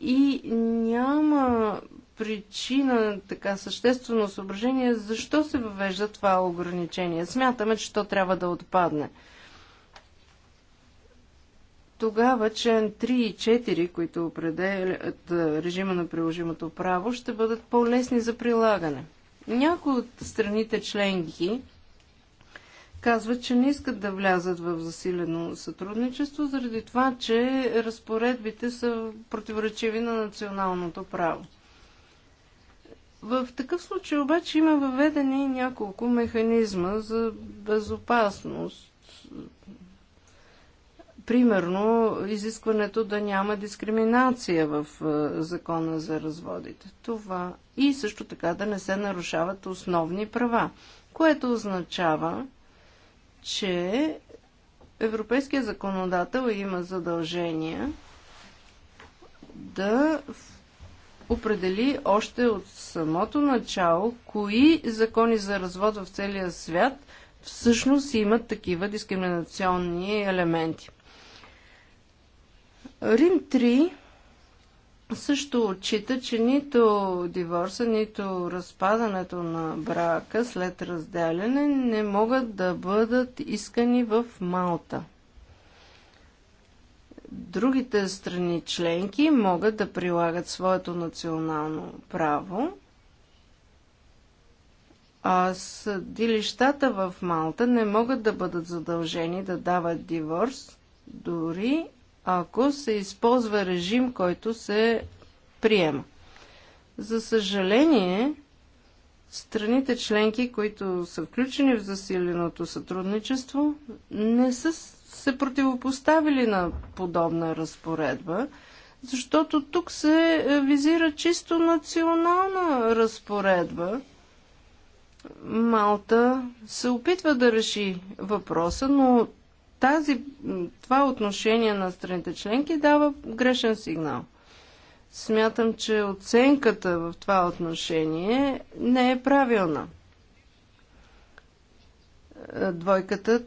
и няма причина, така съществено съображение, защо се въвежда това ограничение. Смятаме, че то трябва да отпадне. Тогава член 3 и 4, които определят режима на приложимото право, ще бъдат по-лесни за прилагане. Някои от страните членки казват, че не искат да влязат в засилено сътрудничество, заради това, че разпоредбите са противоречиви на националното право. В такъв случай обаче има въведени няколко механизма за безопасност. Примерно, изискването да няма дискриминация в е, закона за разводите. Това и също така да не се нарушават основни права, което означава, че Европейския законодател има задължение да определи още от самото начало кои закони за развод в целия свят всъщност имат такива дискриминационни елементи. Рим 3 също отчита, че нито диворса, нито разпадането на брака след разделяне не могат да бъдат искани в Малта. Другите страни членки могат да прилагат своето национално право, а съдилищата в Малта не могат да бъдат задължени да дават диворс, дори ако се използва режим, който се приема. За съжаление, страните членки, които са включени в засиленото сътрудничество, не са се противопоставили на подобна разпоредба, защото тук се визира чисто национална разпоредба. Малта се опитва да реши въпроса, но тази, това отношение на страните членки дава грешен сигнал. Смятам, че оценката в това отношение не е правилна. Е, двойката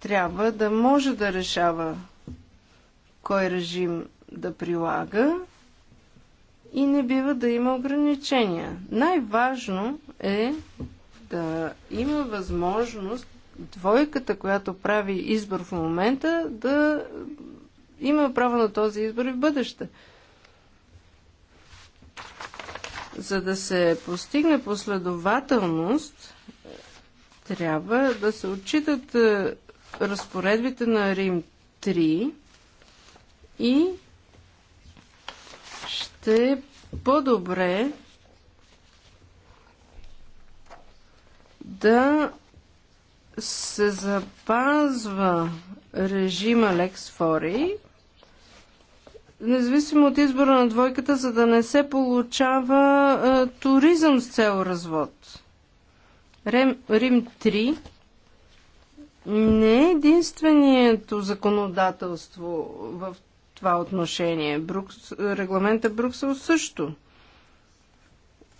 трябва да може да решава кой режим да прилага и не бива да има ограничения. Най-важно е да има възможност двойката, която прави избор в момента, да има право на този избор и в бъдеще. За да се постигне последователност, трябва да се отчитат е, разпоредбите на Рим 3 и ще е по-добре да се запазва режима Лекс Фори, независимо от избора на двойката, за да не се получава а, туризъм с цел развод. Рим, Рим 3 не е единственото законодателство в това отношение. Брукс, регламента Бруксел също.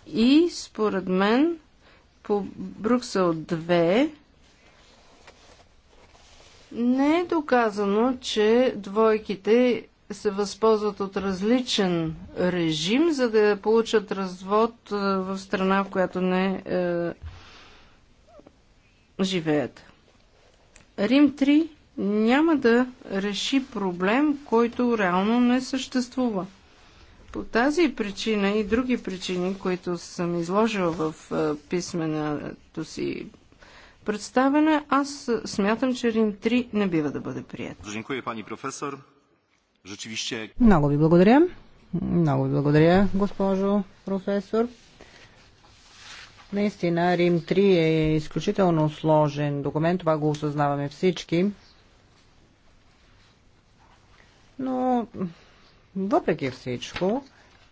И според мен по Бруксел 2 не е доказано, че двойките се възползват от различен режим, за да получат развод е, в страна, в която не е, живеят. Рим 3 няма да реши проблем, който реално не съществува. По тази причина и други причини, които съм изложила в е, писмената си представена, аз смятам, че Рим 3 не бива да бъде прият. Много ви благодаря. Много ви благодаря, госпожо професор. Наистина, Рим 3 е изключително сложен документ, това го осъзнаваме всички. Но, въпреки всичко,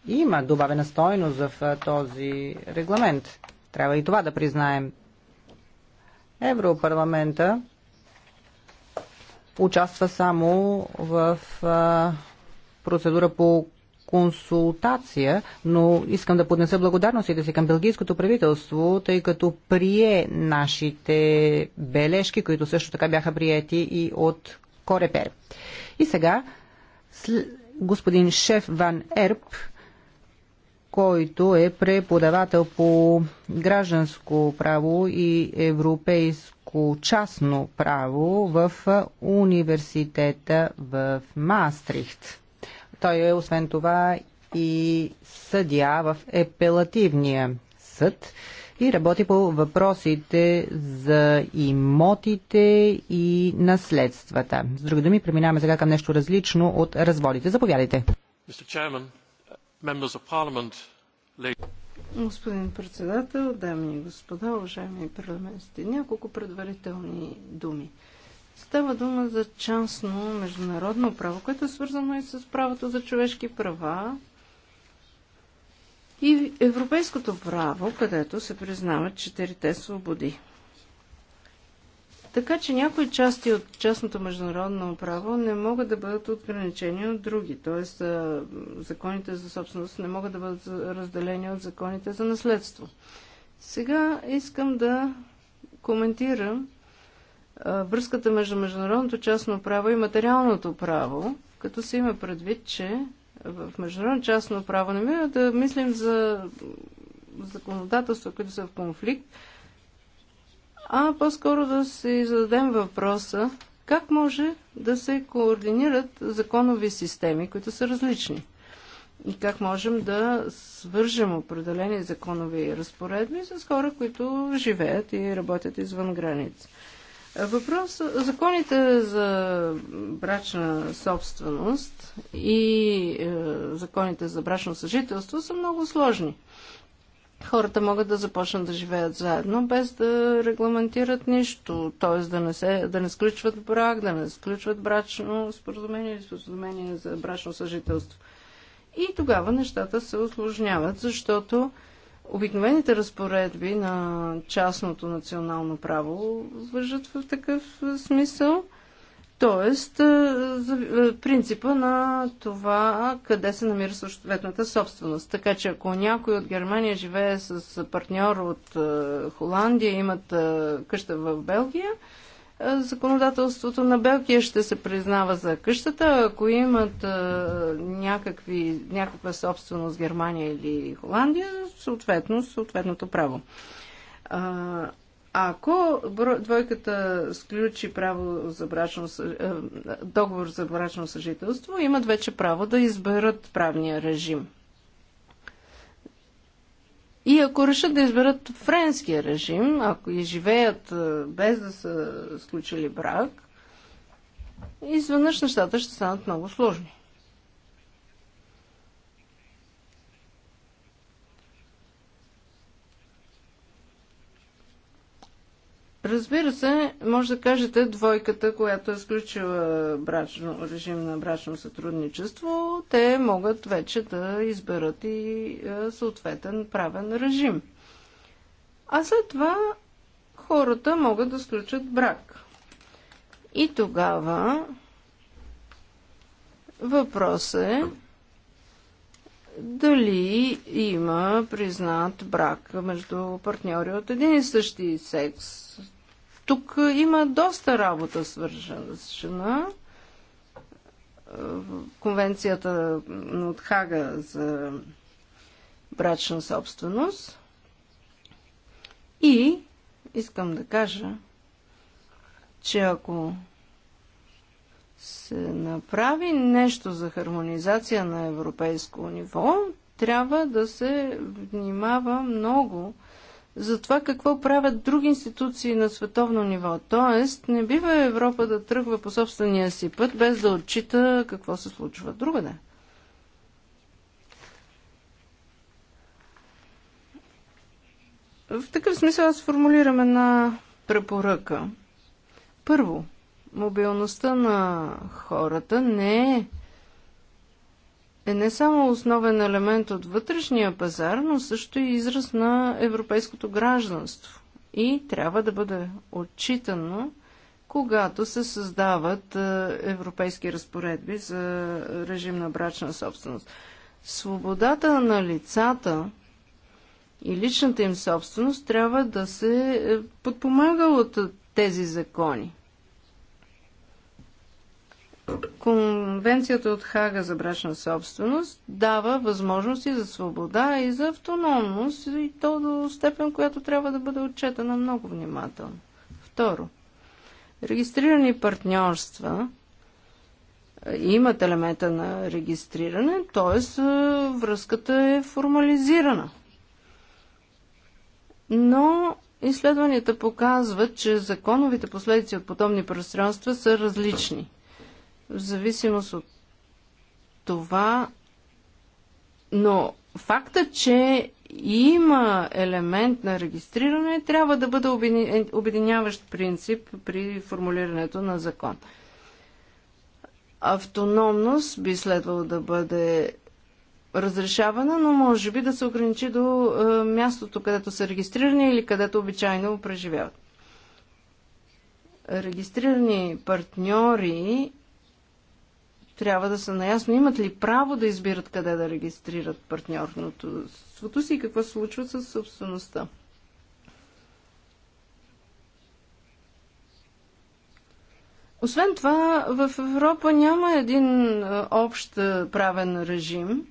има добавена стойност в този регламент. Трябва и това да признаем. Европарламента участва само в а, процедура по консултация, но искам да поднеса благодарностите си към белгийското правителство, тъй като прие нашите бележки, които също така бяха приети и от Корепер. И сега господин Шеф Ван Ерп който е преподавател по гражданско право и европейско частно право в университета в Мастрихт. Той е освен това и съдия в епелативния съд и работи по въпросите за имотите и наследствата. С други думи, преминаваме сега към нещо различно от разводите. Заповядайте. Mr. Господин председател, дами и господа, уважаеми парламентите, няколко предварителни думи. Става дума за частно международно право, което е свързано и с правото за човешки права и европейското право, където се признават четирите свободи. Така че някои части от частното международно право не могат да бъдат отграничени от други. Тоест, законите за собственост не могат да бъдат разделени от законите за наследство. Сега искам да коментирам връзката между международното частно право и материалното право, като се има предвид, че в международно частно право не мина да мислим за законодателства, които са в конфликт, а по-скоро да си зададем въпроса как може да се координират законови системи, които са различни. И как можем да свържем определени законови разпоредби с хора, които живеят и работят извън граница. Въпрос, законите за брачна собственост и е, законите за брачно съжителство са много сложни хората могат да започнат да живеят заедно, без да регламентират нищо, т.е. Да, не да не сключват брак, да не сключват брачно споразумение или споразумение за брачно съжителство. И тогава нещата се осложняват, защото обикновените разпоредби на частното национално право въжат в такъв смисъл, Тоест, е, е, принципа на това къде се намира съответната собственост. Така че ако някой от Германия живее с партньор от е, Холандия, имат къща в Белгия, законодателството на Белгия ще се признава за къщата. Ако имат някакви, някаква собственост Германия или Холандия, съответно, съответното право ако двойката сключи право за брачно, е, договор за брачно съжителство, имат вече право да изберат правния режим. И ако решат да изберат френския режим, ако и живеят е, без да са сключили брак, изведнъж нещата ще станат много сложни. Разбира се, може да кажете двойката, която е сключила брачно, режим на брачно сътрудничество, те могат вече да изберат и е, съответен правен режим. А след това хората могат да сключат брак. И тогава въпрос е дали има признат брак между партньори от един и същи секс тук има доста работа свършена. Конвенцията от Хага за брачна собственост. И искам да кажа, че ако се направи нещо за хармонизация на европейско ниво, трябва да се внимава много за това какво правят други институции на световно ниво. Тоест, не бива Европа да тръгва по собствения си път, без да отчита какво се случва другаде. В такъв смисъл аз формулирам една препоръка. Първо, мобилността на хората не е е не само основен елемент от вътрешния пазар, но също и израз на европейското гражданство и трябва да бъде отчитано, когато се създават е, европейски разпоредби за режим на брачна собственост. Свободата на лицата и личната им собственост трябва да се е, подпомага от тези закони. Конвенцията от Хага за брачна собственост дава възможности за свобода и за автономност и то до степен, която трябва да бъде отчетена много внимателно. Второ, регистрирани партньорства е, имат елемента на регистриране, т.е. Е, връзката е формализирана. Но изследванията показват, че законовите последици от подобни пространства са различни – в зависимост от това, но факта, че има елемент на регистриране, трябва да бъде обединяващ принцип при формулирането на закон. Автономност би следвало да бъде разрешавана, но може би да се ограничи до е, мястото, където са регистрирани или където обичайно преживяват. Регистрирани партньори трябва да са наясно имат ли право да избират къде да регистрират партньорството си и какво се случва с собствеността. Освен това, в Европа няма един общ правен режим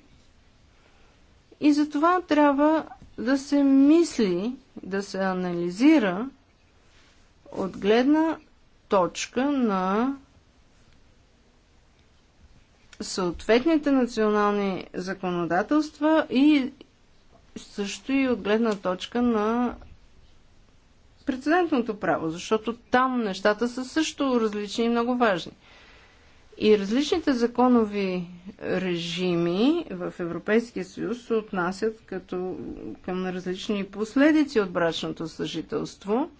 и затова трябва да се мисли, да се анализира от гледна точка на съответните национални законодателства и също и от гледна точка на прецедентното право, защото там нещата са също различни и много важни. И различните законови режими в Европейския съюз се отнасят като към различни последици от брачното съжителство –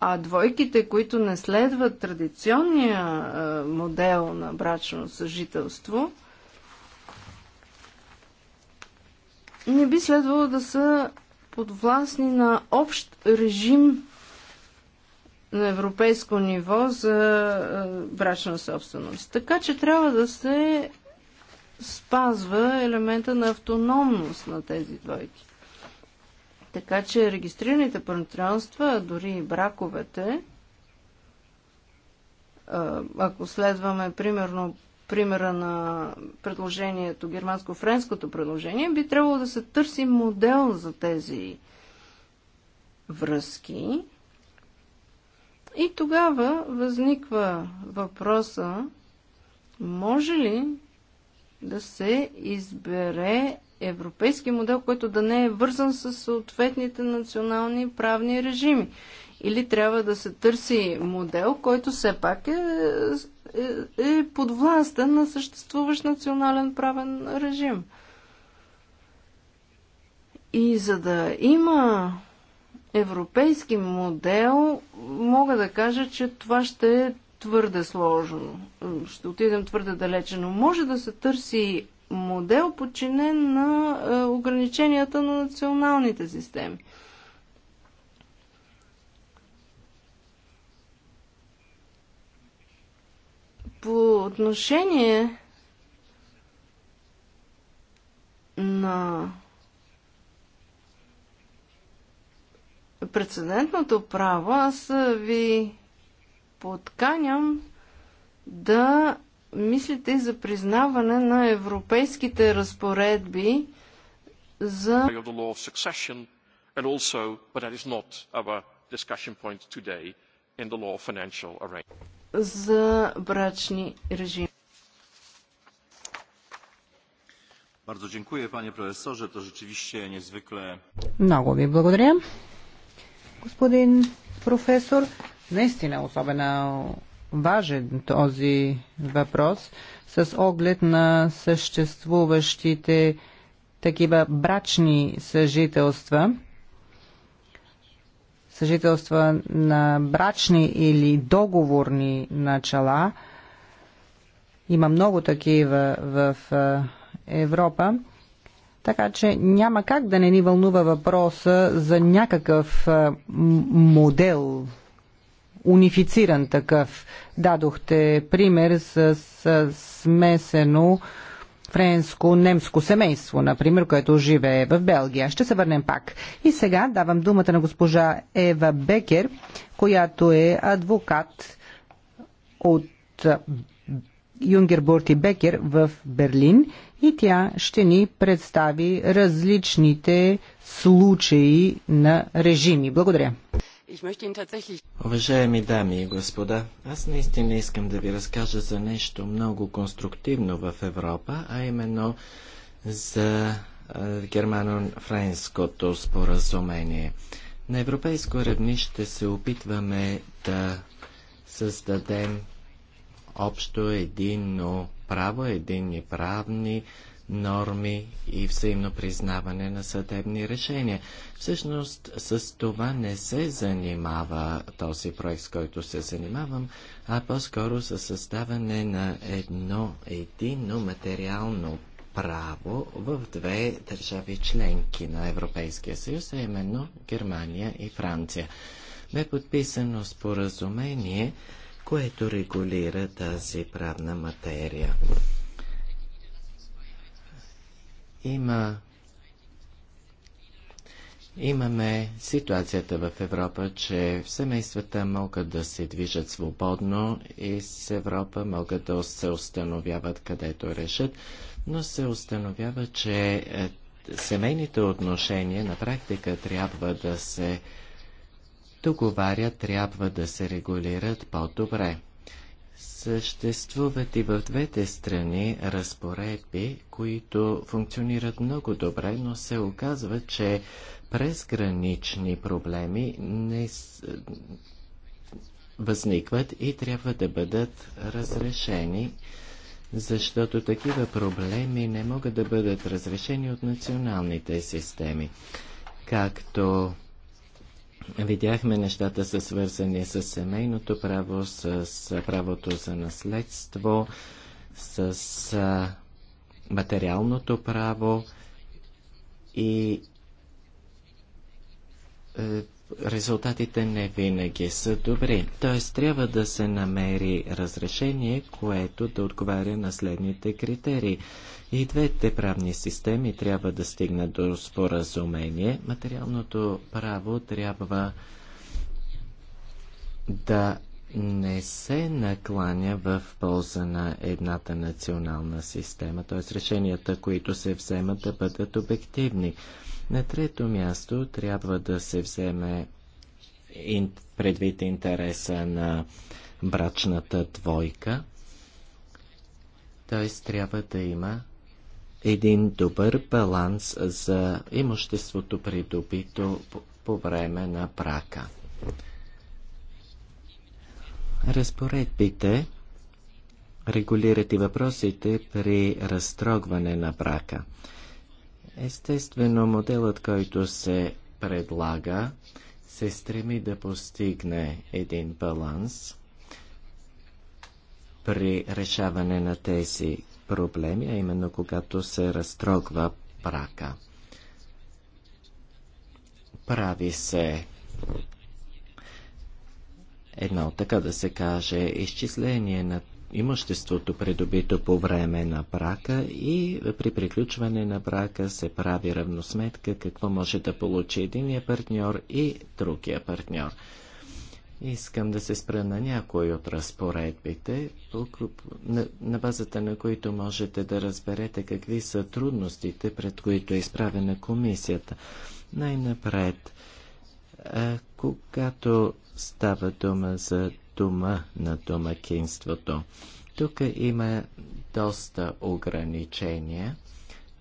а двойките, които не следват традиционния е, модел на брачно съжителство, не би следвало да са подвластни на общ режим на европейско ниво за е, брачна собственост. Така че трябва да се спазва елемента на автономност на тези двойки. Така че регистрираните партньорства, дори и браковете, ако следваме примерно примера на предложението, германско-френското предложение, би трябвало да се търси модел за тези връзки. И тогава възниква въпроса, може ли да се избере европейски модел, който да не е вързан с съответните национални правни режими. Или трябва да се търси модел, който все пак е, е, е подвластен на съществуващ национален правен режим. И за да има европейски модел, мога да кажа, че това ще е твърде сложно. Ще отидем твърде далече, но може да се търси модел, подчинен на е, ограниченията на националните системи. По отношение на прецедентното право, аз ви подканям да мислите за признаване на европейските разпоредби за за брачни режими. Bardzo dziękuję, panie profesorze. To rzeczywiście niezwykle... Много ви благодаря, господин професор. Наистина особена важен този въпрос с оглед на съществуващите такива брачни съжителства, съжителства на брачни или договорни начала. Има много такива в Европа. Така че няма как да не ни вълнува въпроса за някакъв модел унифициран такъв. Дадохте пример с, с смесено френско-немско семейство, например, което живее в Белгия. Ще се върнем пак. И сега давам думата на госпожа Ева Бекер, която е адвокат от Юнгербурт и Бекер в Берлин и тя ще ни представи различните случаи на режими. Благодаря. Уважаеми дами и господа, аз наистина искам да ви разкажа за нещо много конструктивно в Европа, а именно за германо-френското споразумение. На европейско равнище се опитваме да създадем общо единно право, единни правни норми и взаимно признаване на съдебни решения. Всъщност с това не се занимава този проект, с който се занимавам, а по-скоро с съставане на едно единно материално право в две държави членки на Европейския съюз, а именно Германия и Франция. Бе подписано споразумение, което регулира тази правна материя. Има Имаме ситуацията в Европа, че семействата могат да се движат свободно и с Европа могат да се установяват където решат, но се установява, че е, семейните отношения на практика трябва да се договарят, трябва да се регулират по-добре. Съществуват и в двете страни разпоредби, които функционират много добре, но се оказва, че презгранични проблеми не възникват и трябва да бъдат разрешени, защото такива проблеми не могат да бъдат разрешени от националните системи. Както Видяхме нещата са свързани с семейното право, с правото за наследство, с материалното право и е, резултатите не винаги са добри. Т.е. трябва да се намери разрешение, което да отговаря на следните критерии. И двете правни системи трябва да стигнат до споразумение. Материалното право трябва да не се накланя в полза на едната национална система, т.е. решенията, които се вземат да бъдат обективни. На трето място трябва да се вземе предвид интереса на брачната двойка, т.е. трябва да има един добър баланс за имуществото придобито по време на брака. Разпоредбите регулират и въпросите при разтрогване на брака. Естествено, моделът, който се предлага, се стреми да постигне един баланс при решаване на тези проблеми, а именно когато се разтрогва прака. Прави се едно, така да се каже, изчисление на имуществото придобито по време на брака и при приключване на брака се прави равносметка какво може да получи единия партньор и другия партньор. Искам да се спра на някои от разпоредбите, на базата на които можете да разберете какви са трудностите, пред които е изправена комисията. Най-напред, когато става дума за дума на домакинството. Тук има доста ограничения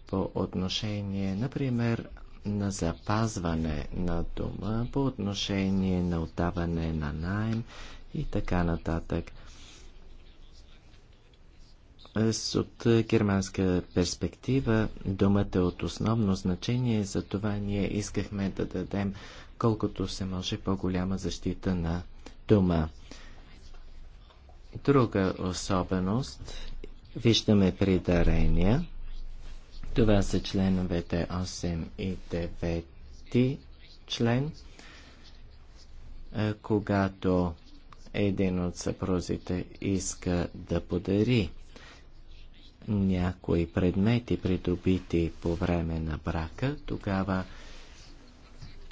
по отношение, например, на запазване на дома, по отношение на отдаване на найем и така нататък. От германска перспектива думата е от основно значение, за това ние искахме да дадем колкото се може по-голяма защита на дома. Друга особеност виждаме при дарения. Това са членовете 8 и 9 член. Когато един от съпрузите иска да подари някои предмети, придобити по време на брака, тогава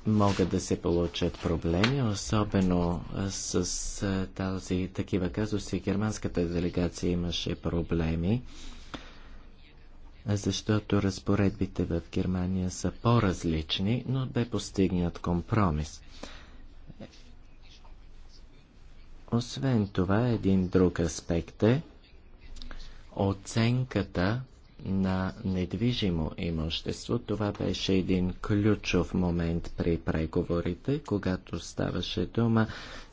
могат да се получат проблеми, особено с тази такива казуси. Германската делегация имаше проблеми, защото разпоредбите в Германия са по-различни, но бе постигнат компромис. Освен това, един друг аспект е оценката на недвижимо имущество. Това беше един ключов момент при преговорите, когато ставаше дума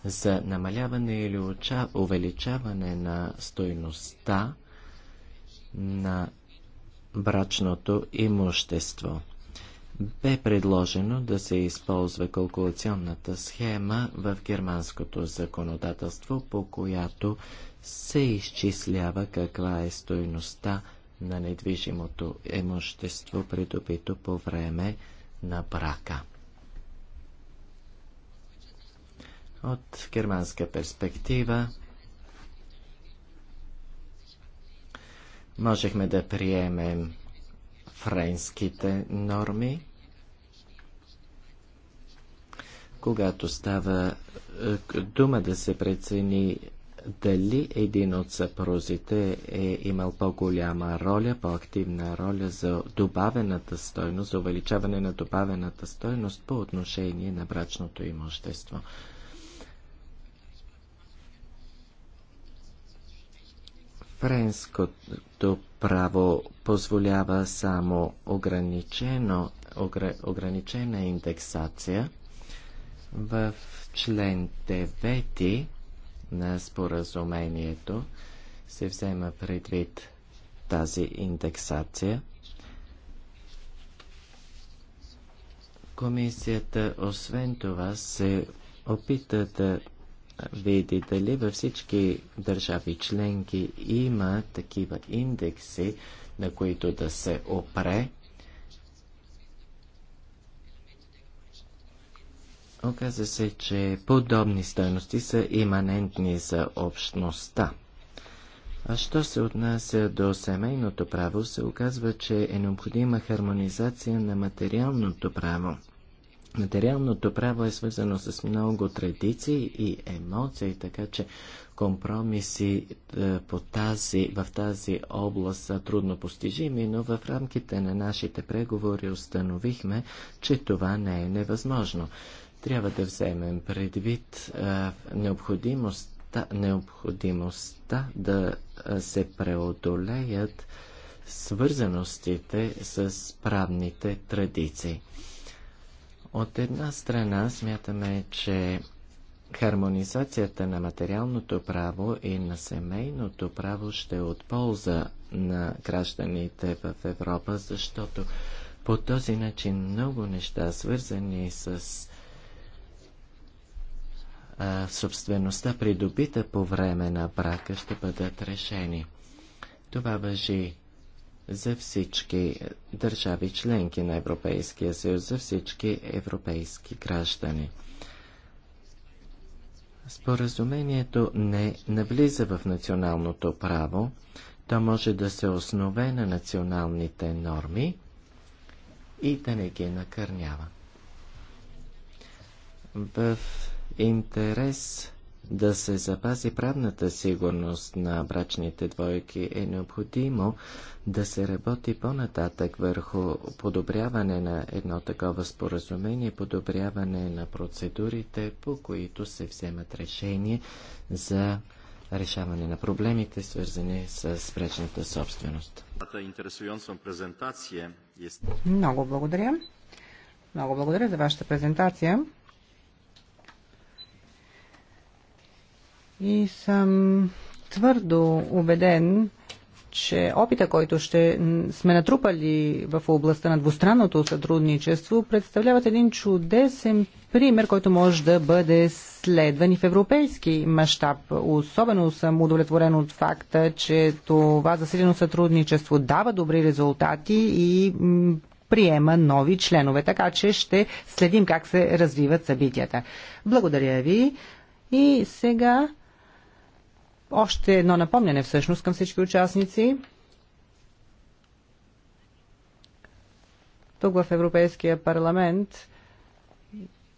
за намаляване или увеличаване на стойността на брачното имущество. Бе предложено да се използва калкулационната схема в германското законодателство, по която се изчислява каква е стойността на недвижимото имущество, придобито по време на брака. От германска перспектива можехме да приемем френските норми, когато става е, дума да се прецени дали един от съпрузите е имал по-голяма роля, по-активна роля за добавената стойност, за увеличаване на добавената стойност по отношение на брачното имущество. Френското право позволява само ограничено, огр, ограничена индексация в член 9 на споразумението се взема предвид тази индексация. Комисията освен това се опита да види дали във всички държави членки има такива индекси, на които да се опре Оказа се, че подобни стойности са иманентни за общността. А що се отнася до семейното право, се оказва, че е необходима хармонизация на материалното право. Материалното право е свързано с много традиции и емоции, така че компромиси е, по тази, в тази област са трудно постижими, но в рамките на нашите преговори установихме, че това не е невъзможно. Трябва да вземем предвид а, необходимостта, необходимостта да се преодолеят свързаностите с правните традиции. От една страна смятаме, че хармонизацията на материалното право и на семейното право ще е от полза на гражданите в Европа, защото по този начин много неща, свързани с а, собствеността, придобита по време на брака, ще бъдат решени. Това въжи за всички държави членки на Европейския съюз, за всички европейски граждани. Споразумението не навлиза в националното право, то може да се основе на националните норми и да не ги накърнява. В интерес да се запази правната сигурност на брачните двойки, е необходимо да се работи по-нататък върху подобряване на едно такова споразумение, подобряване на процедурите, по които се вземат решения за решаване на проблемите, свързани с брачната собственост. Е Много благодаря. Много благодаря за вашата презентация. И съм твърдо убеден, че опита, който ще сме натрупали в областта на двустранното сътрудничество, представляват един чудесен пример, който може да бъде следван и в европейски мащаб. Особено съм удовлетворен от факта, че това засилено сътрудничество дава добри резултати и приема нови членове, така че ще следим как се развиват събитията. Благодаря ви и сега още едно напомняне всъщност към всички участници. Тук в Европейския парламент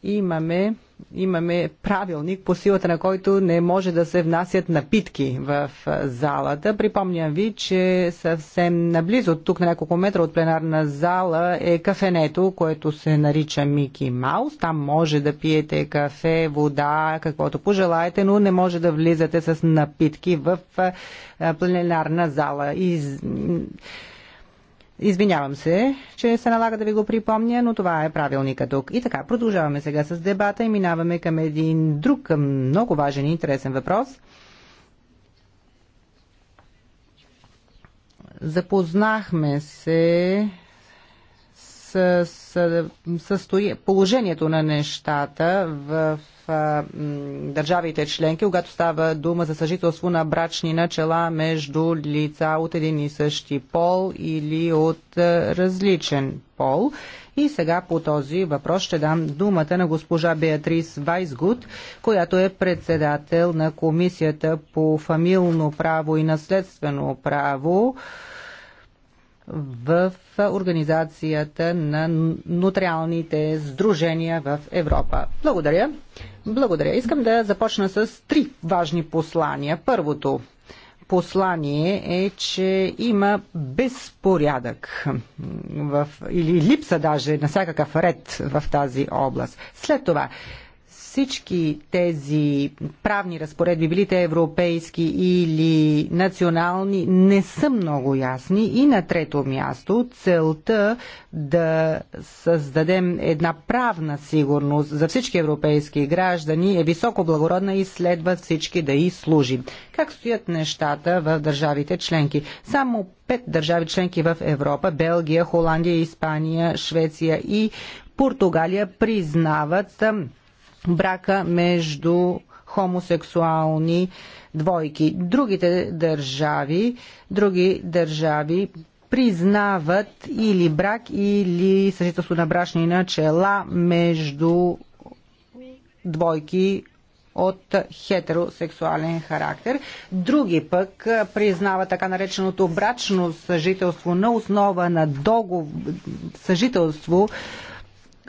имаме имаме правилник, по силата на който не може да се внасят напитки в залата. Припомням ви, че съвсем наблизо, тук на няколко метра от пленарна зала е кафенето, което се нарича Мики Маус. Там може да пиете кафе, вода, каквото пожелаете, но не може да влизате с напитки в пленарна зала. И Извинявам се, че се налага да ви го припомня, но това е правилника тук. И така, продължаваме сега с дебата и минаваме към един друг много важен и интересен въпрос. Запознахме се с, с, положението на нещата в държавите членки, когато става дума за съжителство на брачни начала между лица от един и същи пол или от различен пол. И сега по този въпрос ще дам думата на госпожа Беатрис Вайсгуд, която е председател на Комисията по фамилно право и наследствено право в Организацията на нутриалните сдружения в Европа. Благодаря. Благодаря. Искам да започна с три важни послания. Първото послание е, че има безпорядък в, или липса даже на всякакъв ред в тази област. След това всички тези правни разпоредби, били те европейски или национални, не са много ясни. И на трето място целта да създадем една правна сигурност за всички европейски граждани е високо благородна и следва всички да и служи. Как стоят нещата в държавите членки? Само пет държави членки в Европа Белгия, Холандия, Испания, Швеция и Португалия признават брака между хомосексуални двойки. Другите държави, други държави признават или брак, или съжителство на брашни начала между двойки от хетеросексуален характер. Други пък признават така нареченото брачно съжителство на основа на договор, съжителство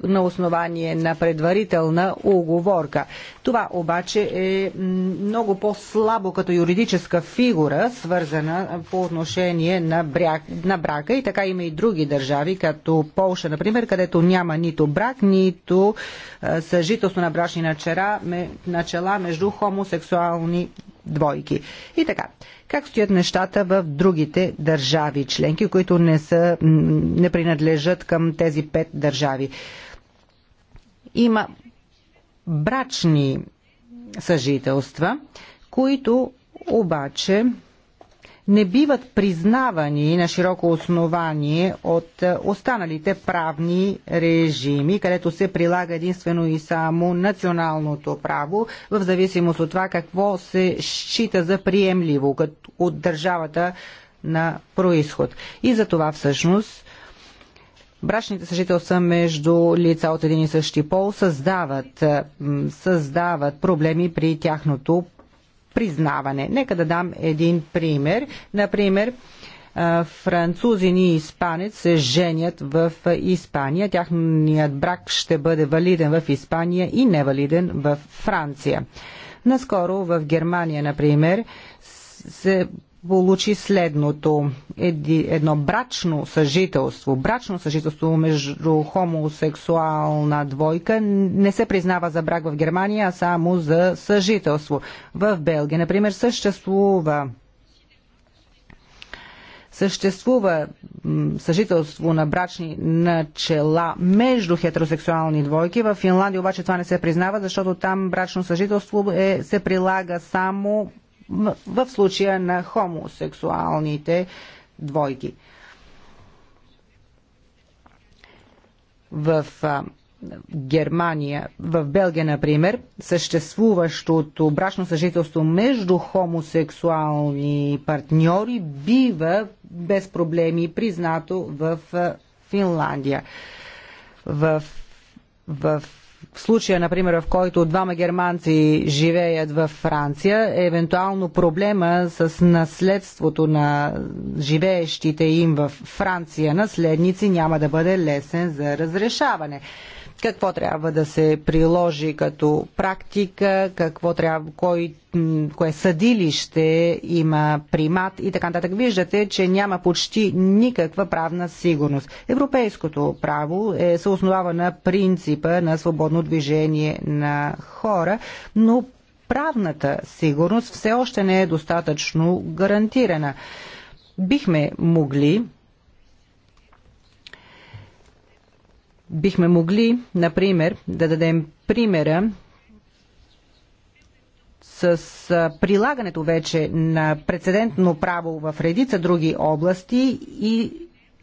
на основание на предварителна оговорка. Това обаче е много по-слабо като юридическа фигура, свързана по отношение на, бряк, на брака и така има и други държави, като Полша, например, където няма нито брак, нито съжителство на брачни начера, начала между хомосексуални двойки. И така, как стоят нещата в другите държави членки, които не, са, не принадлежат към тези пет държави? Има брачни съжителства, които обаче не биват признавани на широко основание от е, останалите правни режими, където се прилага единствено и само националното право, в зависимост от това какво се счита за приемливо от държавата на происход. И за това всъщност брачните съжителства между лица от един и същи пол създават, създават проблеми при тяхното признаване. Нека да дам един пример. Например, французин и испанец се женят в Испания. Тяхният брак ще бъде валиден в Испания и невалиден в Франция. Наскоро в Германия, например, се получи следното. Еди, едно брачно съжителство, брачно съжителство между хомосексуална двойка не се признава за брак в Германия, а само за съжителство. В Белгия, например, съществува съществува съжителство на брачни начала между хетеросексуални двойки. В Финландия обаче това не се признава, защото там брачно съжителство е, се прилага само в случая на хомосексуалните двойки. В Германия, в Белгия, например, съществуващото брачно съжителство между хомосексуални партньори бива без проблеми признато в Финландия. В, в в случая, например, в който двама германци живеят във Франция, е евентуално проблема с наследството на живеещите им в Франция наследници няма да бъде лесен за разрешаване какво трябва да се приложи като практика, какво трябва, кой, кое съдилище има примат и така нататък. Виждате, че няма почти никаква правна сигурност. Европейското право е, се основава на принципа на свободно движение на хора, но правната сигурност все още не е достатъчно гарантирана. Бихме могли Бихме могли, например, да дадем примера с прилагането вече на прецедентно право в редица други области и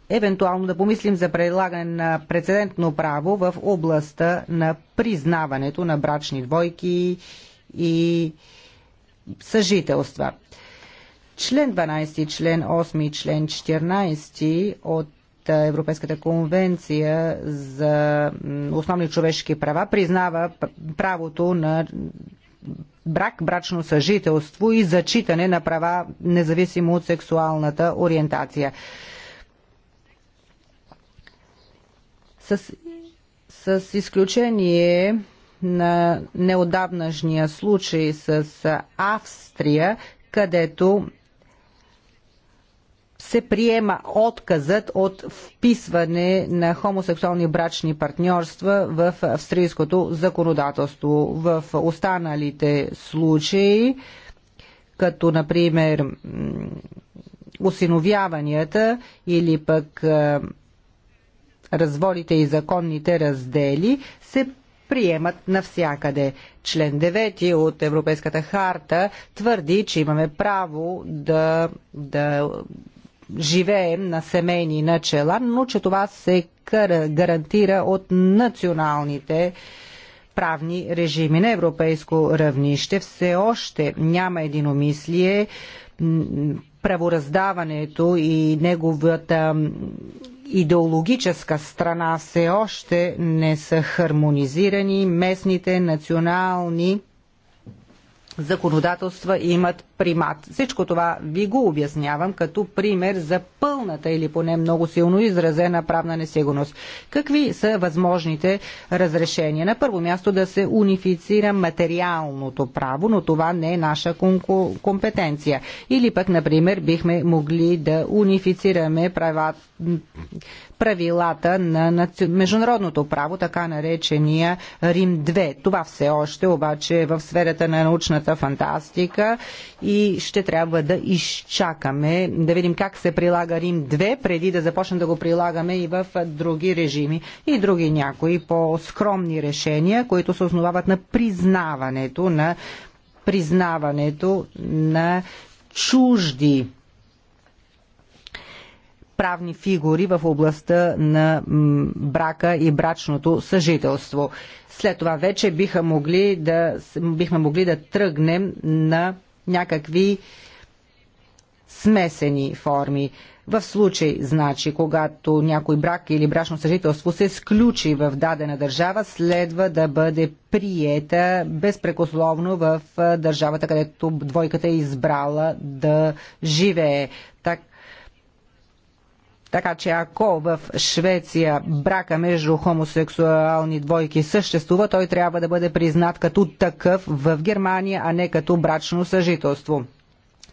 евентуално да помислим за прилагане на прецедентно право в областта на признаването на брачни двойки и съжителства. Член 12, член 8 и член 14 от Европейската конвенция за основни човешки права признава правото на брак, брачно съжителство и зачитане на права, независимо от сексуалната ориентация. С, с изключение на неодавнашния случай с Австрия, където се приема отказът от вписване на хомосексуални брачни партньорства в австрийското законодателство. В останалите случаи, като например осиновяванията или пък разводите и законните раздели, се приемат навсякъде. Член 9 от Европейската харта твърди, че имаме право да, да живеем на семейни начала, но че това се гарантира от националните правни режими на европейско равнище. Все още няма единомислие правораздаването и неговата идеологическа страна все още не са хармонизирани местните национални законодателства имат примат. Всичко това ви го обяснявам като пример за пълната или поне много силно изразена правна несигурност. Какви са възможните разрешения? На първо място да се унифицира материалното право, но това не е наша компетенция. Или пък, например, бихме могли да унифицираме права, правилата на международното право, така наречения Рим 2. Това все още обаче е в сферата на научната фантастика и ще трябва да изчакаме, да видим как се прилага Рим 2, преди да започнем да го прилагаме и в други режими и други някои по-скромни решения, които се основават на признаването на признаването на чужди правни фигури в областта на брака и брачното съжителство. След това вече биха могли да, бихме могли да тръгнем на някакви смесени форми. В случай, значи, когато някой брак или брачно съжителство се сключи в дадена държава, следва да бъде приета безпрекословно в държавата, където двойката е избрала да живее. Так, така че ако в Швеция брака между хомосексуални двойки съществува, той трябва да бъде признат като такъв в Германия, а не като брачно съжителство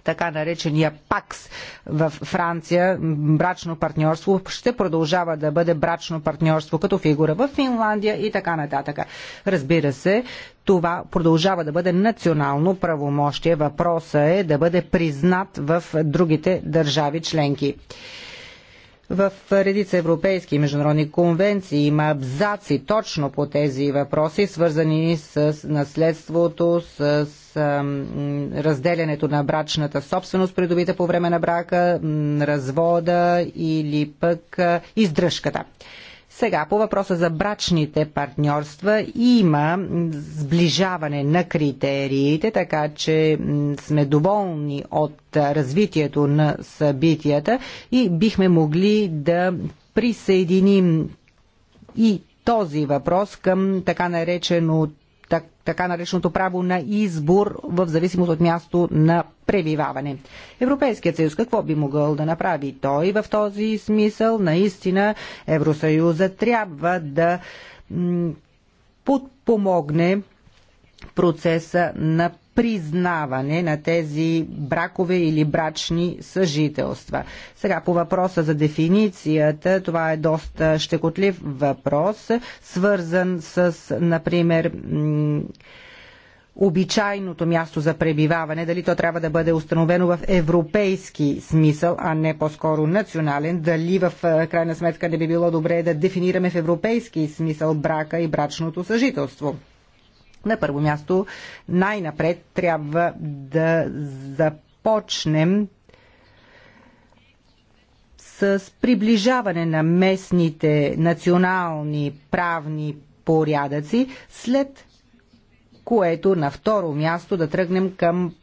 така наречения ПАКС в Франция, брачно партньорство, ще продължава да бъде брачно партньорство като фигура в Финландия и така нататък. Разбира се, това продължава да бъде национално правомощие. Въпросът е да бъде признат в другите държави членки в редица европейски и международни конвенции има абзаци точно по тези въпроси, свързани с наследството, с разделянето на брачната собственост, придобита по време на брака, развода или пък издръжката. Сега, по въпроса за брачните партньорства има сближаване на критериите, така че сме доволни от развитието на събитията и бихме могли да присъединим и този въпрос към така нареченото така нареченото право на избор в зависимост от място на пребиваване. Европейският съюз какво би могъл да направи той в този смисъл? Наистина Евросъюза трябва да подпомогне процеса на признаване на тези бракове или брачни съжителства. Сега по въпроса за дефиницията, това е доста щекотлив въпрос, свързан с, например, обичайното място за пребиваване, дали то трябва да бъде установено в европейски смисъл, а не по-скоро национален, дали в крайна сметка не би било добре да дефинираме в европейски смисъл брака и брачното съжителство. На първо място, най-напред трябва да започнем с приближаване на местните национални правни порядъци, след което на второ място да тръгнем към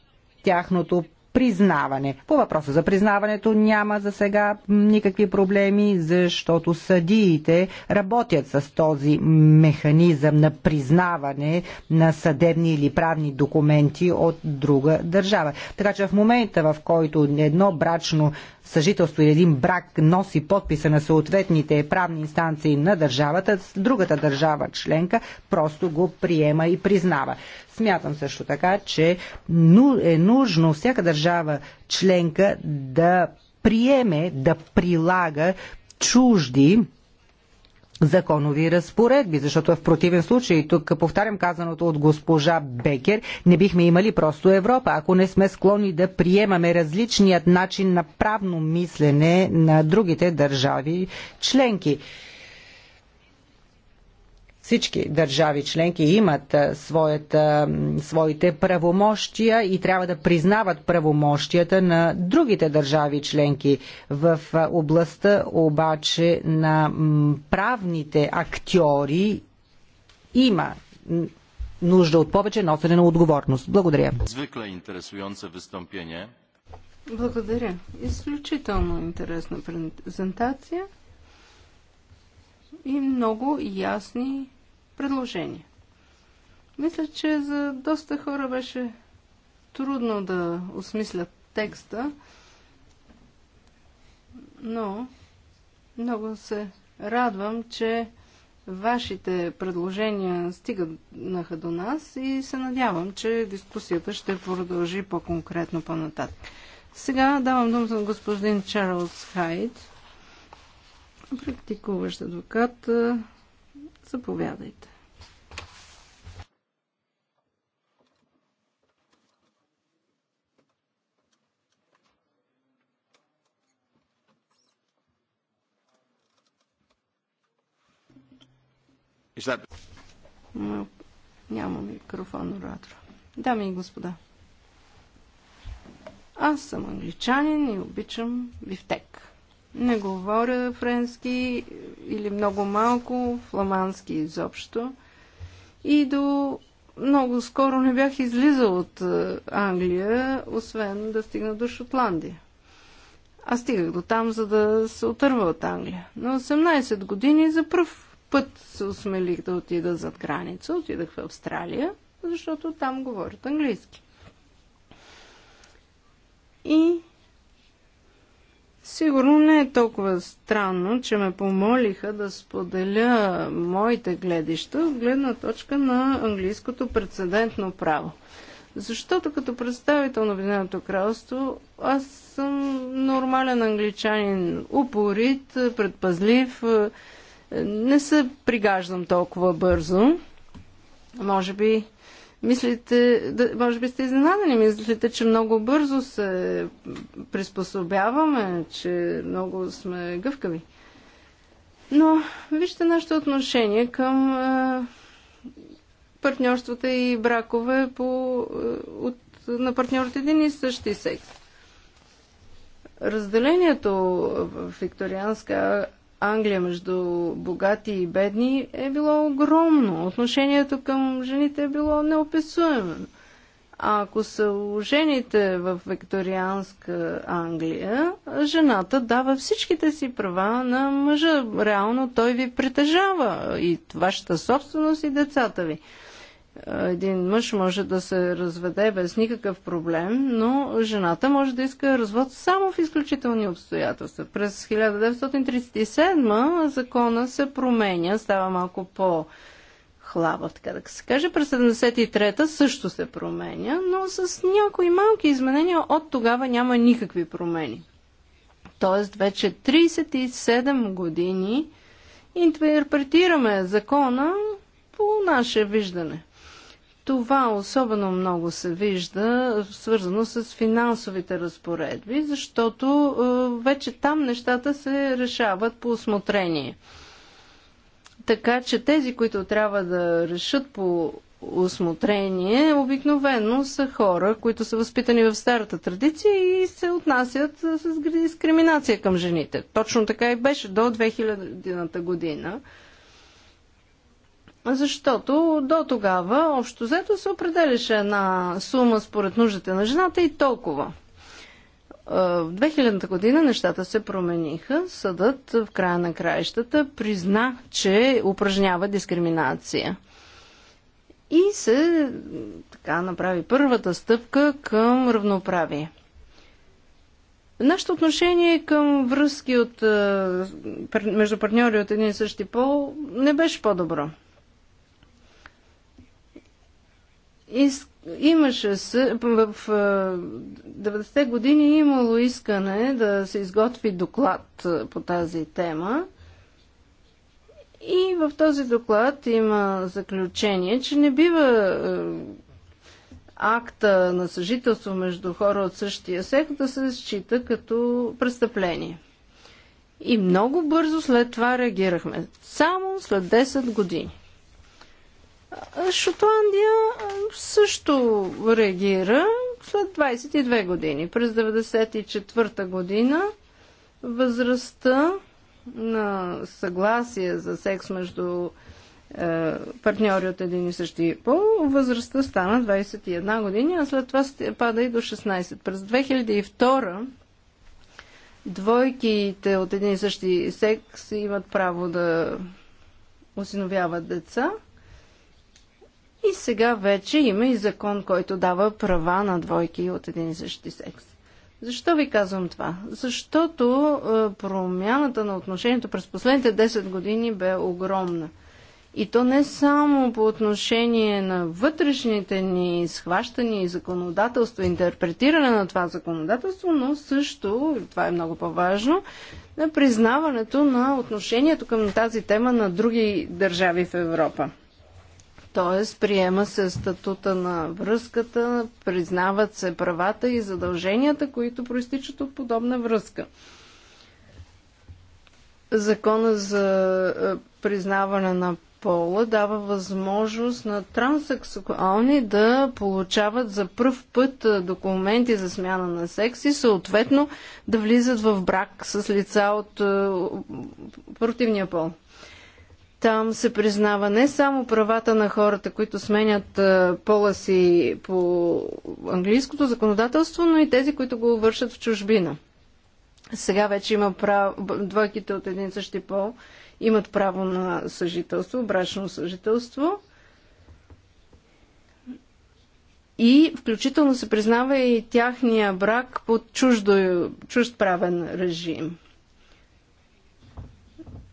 тяхното признаване. По въпроса за признаването няма за сега никакви проблеми, защото съдиите работят с този механизъм на признаване на съдебни или правни документи от друга държава. Така че в момента, в който едно брачно съжителство или един брак носи подписа на съответните правни инстанции на държавата, другата държава членка просто го приема и признава. Смятам също така, че е нужно всяка държава членка да приеме, да прилага чужди законови разпоредби, защото в противен случай, тук повтарям казаното от госпожа Бекер, не бихме имали просто Европа, ако не сме склонни да приемаме различният начин на правно мислене на другите държави членки. Всички държави членки имат своята, своите правомощия и трябва да признават правомощията на другите държави членки. В областта обаче на правните актьори има нужда от повече носене на отговорност. Благодаря. выступление. Е Благодаря. Изключително интересна презентация и много ясни предложение. Мисля, че за доста хора беше трудно да осмислят текста, но много се радвам, че вашите предложения стигнаха до нас и се надявам, че дискусията ще продължи по-конкретно по-нататък. Сега давам дума за господин Чарлз Хайд, практикуващ адвокат, Заповядайте. That... няма микрофон, оратора. Дами и господа, аз съм англичанин и обичам бифтек. Не говоря френски или много малко, фламандски изобщо. И до много скоро не бях излизал от е, Англия, освен да стигна до Шотландия. Аз стигах до там, за да се отърва от Англия. На 18 години за първ път се осмелих да отида зад граница. Отидах в Австралия, защото там говорят английски. И Сигурно не е толкова странно, че ме помолиха да споделя моите гледища от гледна точка на английското прецедентно право. Защото като представител на Обединеното кралство, аз съм нормален англичанин, упорит, предпазлив, не се пригаждам толкова бързо. Може би Мислите, да, може би сте изненадани, мислите, че много бързо се приспособяваме, че много сме гъвкави. Но вижте нашето отношение към е, партньорствата и бракове по, от, на партньорът един и същи секс. Разделението в викторианска Англия между богати и бедни е било огромно. Отношението към жените е било неописуемо. А ако се жените в викторианска Англия, жената дава всичките си права на мъжа. Реално той ви притежава и вашата собственост и децата ви. Е, един мъж може да се разведе без никакъв проблем, но жената може да иска развод само в изключителни обстоятелства. През 1937 закона се променя, става малко по хлаба така да се каже. През 73-та също се променя, но с някои малки изменения от тогава няма никакви промени. Тоест вече 37 години интерпретираме закона по наше виждане. Това особено много се вижда, свързано с финансовите разпоредби, защото е, вече там нещата се решават по осмотрение. Така че тези, които трябва да решат по осмотрение, обикновено са хора, които са възпитани в старата традиция и се отнасят е, с дискриминация към жените. Точно така и беше до 2000-та година. Защото до тогава общо взето се определяше една сума според нуждите на жената и толкова. Е, в 2000 година нещата се промениха. Съдът в края на краищата призна, че упражнява дискриминация. И се така направи първата стъпка към равноправие. Нашето отношение към връзки от, е, между партньори от един и същи пол не беше по-добро. имаше се, в 90-те години имало искане да се изготви доклад по тази тема. И в този доклад има заключение, че не бива акта на съжителство между хора от същия сек да се счита като престъпление. И много бързо след това реагирахме. Само след 10 години. Шотландия също реагира след 22 години. През 1994 година възрастта на съгласие за секс между е, партньори от един и същи пол, възрастта стана 21 години, а след това пада и до 16. През 2002 двойките от един и същи секс имат право да осиновяват деца – и сега вече има и закон, който дава права на двойки от един и същи секс. Защо ви казвам това? Защото е, промяната на отношението през последните 10 години бе огромна. И то не само по отношение на вътрешните ни схващания и законодателство, интерпретиране на това законодателство, но също, това е много по-важно, на признаването на отношението към тази тема на други държави в Европа. Т.е. приема се статута на връзката, признават се правата и задълженията, които проистичат от подобна връзка. Закона за е, признаване на пола дава възможност на транссексуални да получават за пръв път е, документи за смяна на секс и съответно да влизат в брак с лица от е, противния пол. Там се признава не само правата на хората, които сменят пола си по английското законодателство, но и тези, които го вършат в чужбина. Сега вече има право, двойките от един същи пол имат право на съжителство, брачно съжителство. И включително се признава и тяхния брак под чуждо, чужд правен режим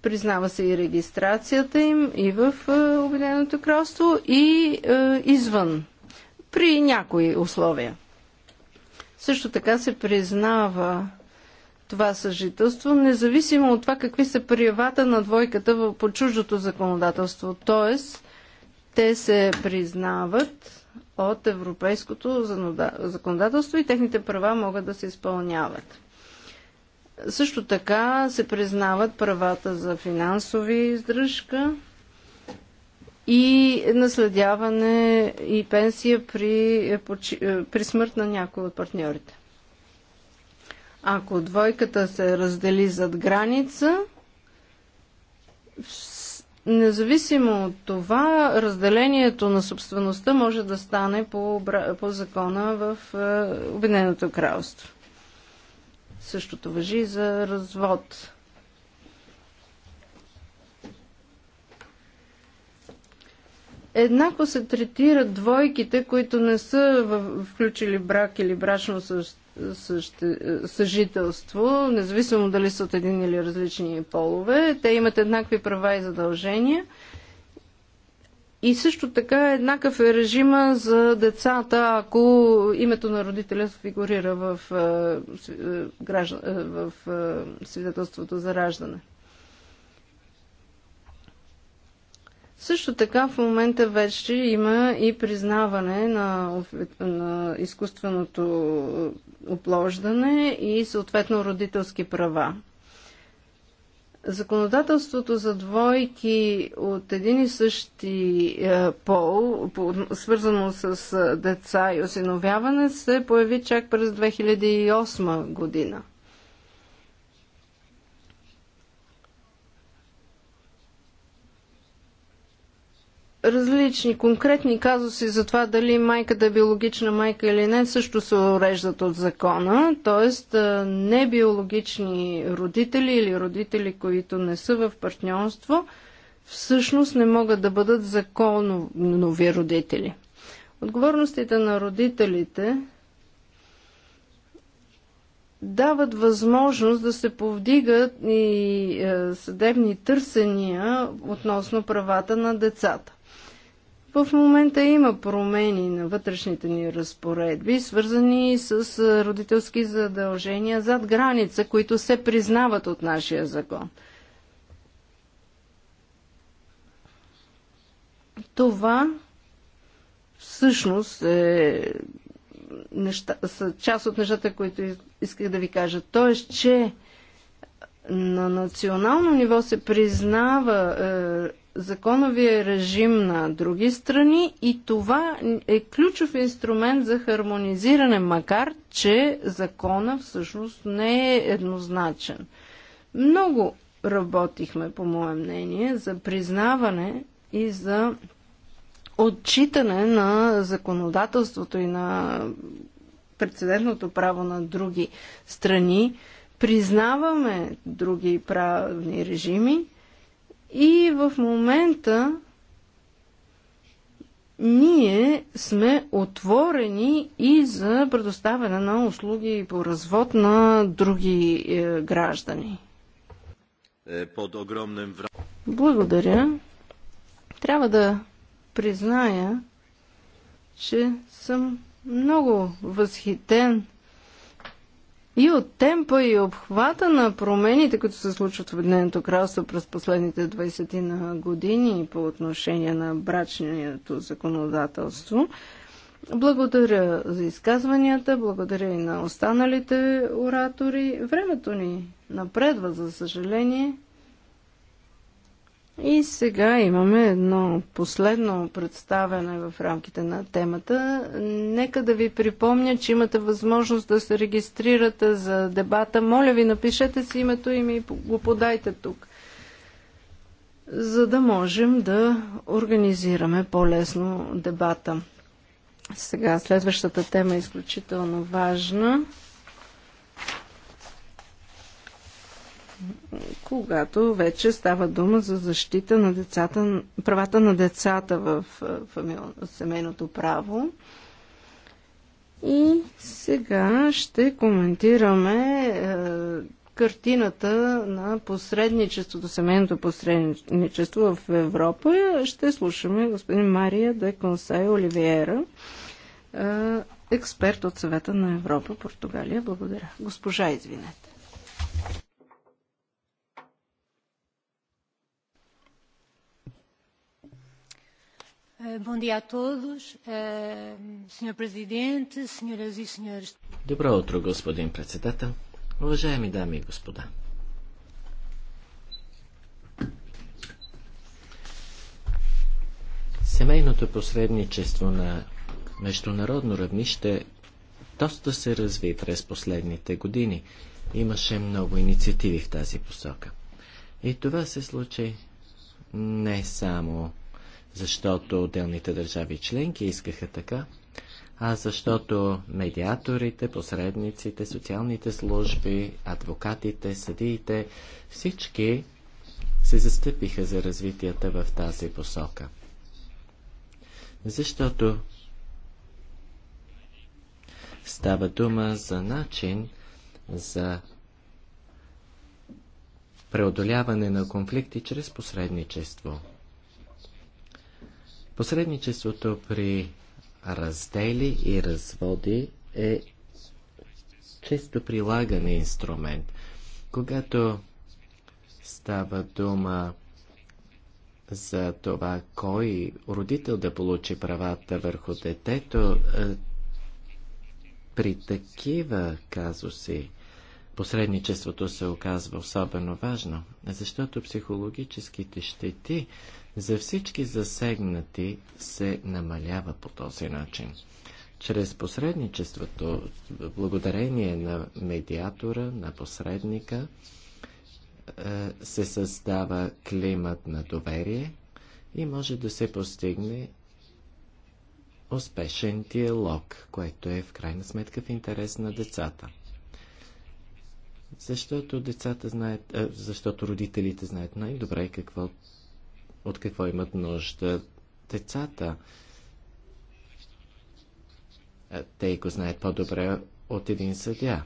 признава се и регистрацията им и в е, Обединеното кралство и е, извън, при някои условия. Също така се признава това съжителство, независимо от това какви са приявата на двойката по чуждото законодателство. Тоест, те се признават от европейското законодателство и техните права могат да се изпълняват. Също така се признават правата за финансови издръжка и наследяване и пенсия при, е, е, при смърт на някой от партньорите. Ако двойката се раздели зад граница, независимо от това, разделението на собствеността може да стане по, по закона в е, Обединеното кралство. Същото въжи и за развод. Еднакво се третират двойките, които не са включили брак или брачно е, съжителство, независимо дали са от един или различни полове. Те имат еднакви права и задължения – и също така еднакъв е режима за децата, ако името на родителя фигурира в, е, е, е, в, в свидетелството за раждане. Също така в момента вече има и признаване на, на изкуственото оплождане и съответно родителски права. Законодателството за двойки от един и същи е, пол, свързано с е, деца и осиновяване, се появи чак през 2008 година. различни конкретни казуси за това дали майката е биологична майка или не, също се уреждат от закона. Тоест, небиологични родители или родители, които не са в партньорство, всъщност не могат да бъдат законови родители. Отговорностите на родителите дават възможност да се повдигат и е, съдебни търсения относно правата на децата. В момента има промени на вътрешните ни разпоредби, свързани с родителски задължения зад граница, които се признават от нашия закон. Това всъщност е неща, са част от нещата, които исках да ви кажа. Тоест, че на национално ниво се признава е, законовия режим на други страни и това е ключов инструмент за хармонизиране, макар че закона всъщност не е еднозначен. Много работихме, по мое мнение, за признаване и за отчитане на законодателството и на прецедентното право на други страни. Признаваме други правни режими, и в момента ние сме отворени и за предоставяне на услуги по развод на други е, граждани. Е, под огромним... Благодаря. Трябва да призная, че съм много възхитен и от темпа и обхвата на промените, които се случват в Обединеното кралство през последните 20 на години по отношение на брачното законодателство. Благодаря за изказванията, благодаря и на останалите оратори. Времето ни напредва, за съжаление. И сега имаме едно последно представяне в рамките на темата. Нека да ви припомня, че имате възможност да се регистрирате за дебата. Моля ви, напишете си името им и го подайте тук, за да можем да организираме по-лесно дебата. Сега следващата тема е изключително важна. когато вече става дума за защита на децата, правата на децата в фамил, семейното право. И сега ще коментираме е, картината на посредничеството, семейното посредничество в Европа. Ще слушаме господин Мария де Консай Оливиера, е, експерт от съвета на Европа, Португалия. Благодаря. Госпожа, извинете. Eh, eh, e Добро утро, господин председател. Уважаеми дами и господа. Семейното посредничество на международно равнище доста се разви през последните години. Имаше много инициативи в тази посока. И това се случи не само защото отделните държави членки искаха така, а защото медиаторите, посредниците, социалните служби, адвокатите, съдиите, всички се застъпиха за развитията в тази посока. Защото става дума за начин за преодоляване на конфликти чрез посредничество – Посредничеството при раздели и разводи е често прилаган инструмент. Когато става дума за това кой родител да получи правата върху детето, е, при такива казуси посредничеството се оказва особено важно, защото психологическите щети за всички засегнати се намалява по този начин. Чрез посредничеството, благодарение на медиатора, на посредника, е, се създава климат на доверие и може да се постигне успешен диалог, което е в крайна сметка в интерес на децата. Защото децата знаят, е, защото родителите знаят най-добре какво от какво имат нужда децата. Е, те го знаят по-добре от един съдя.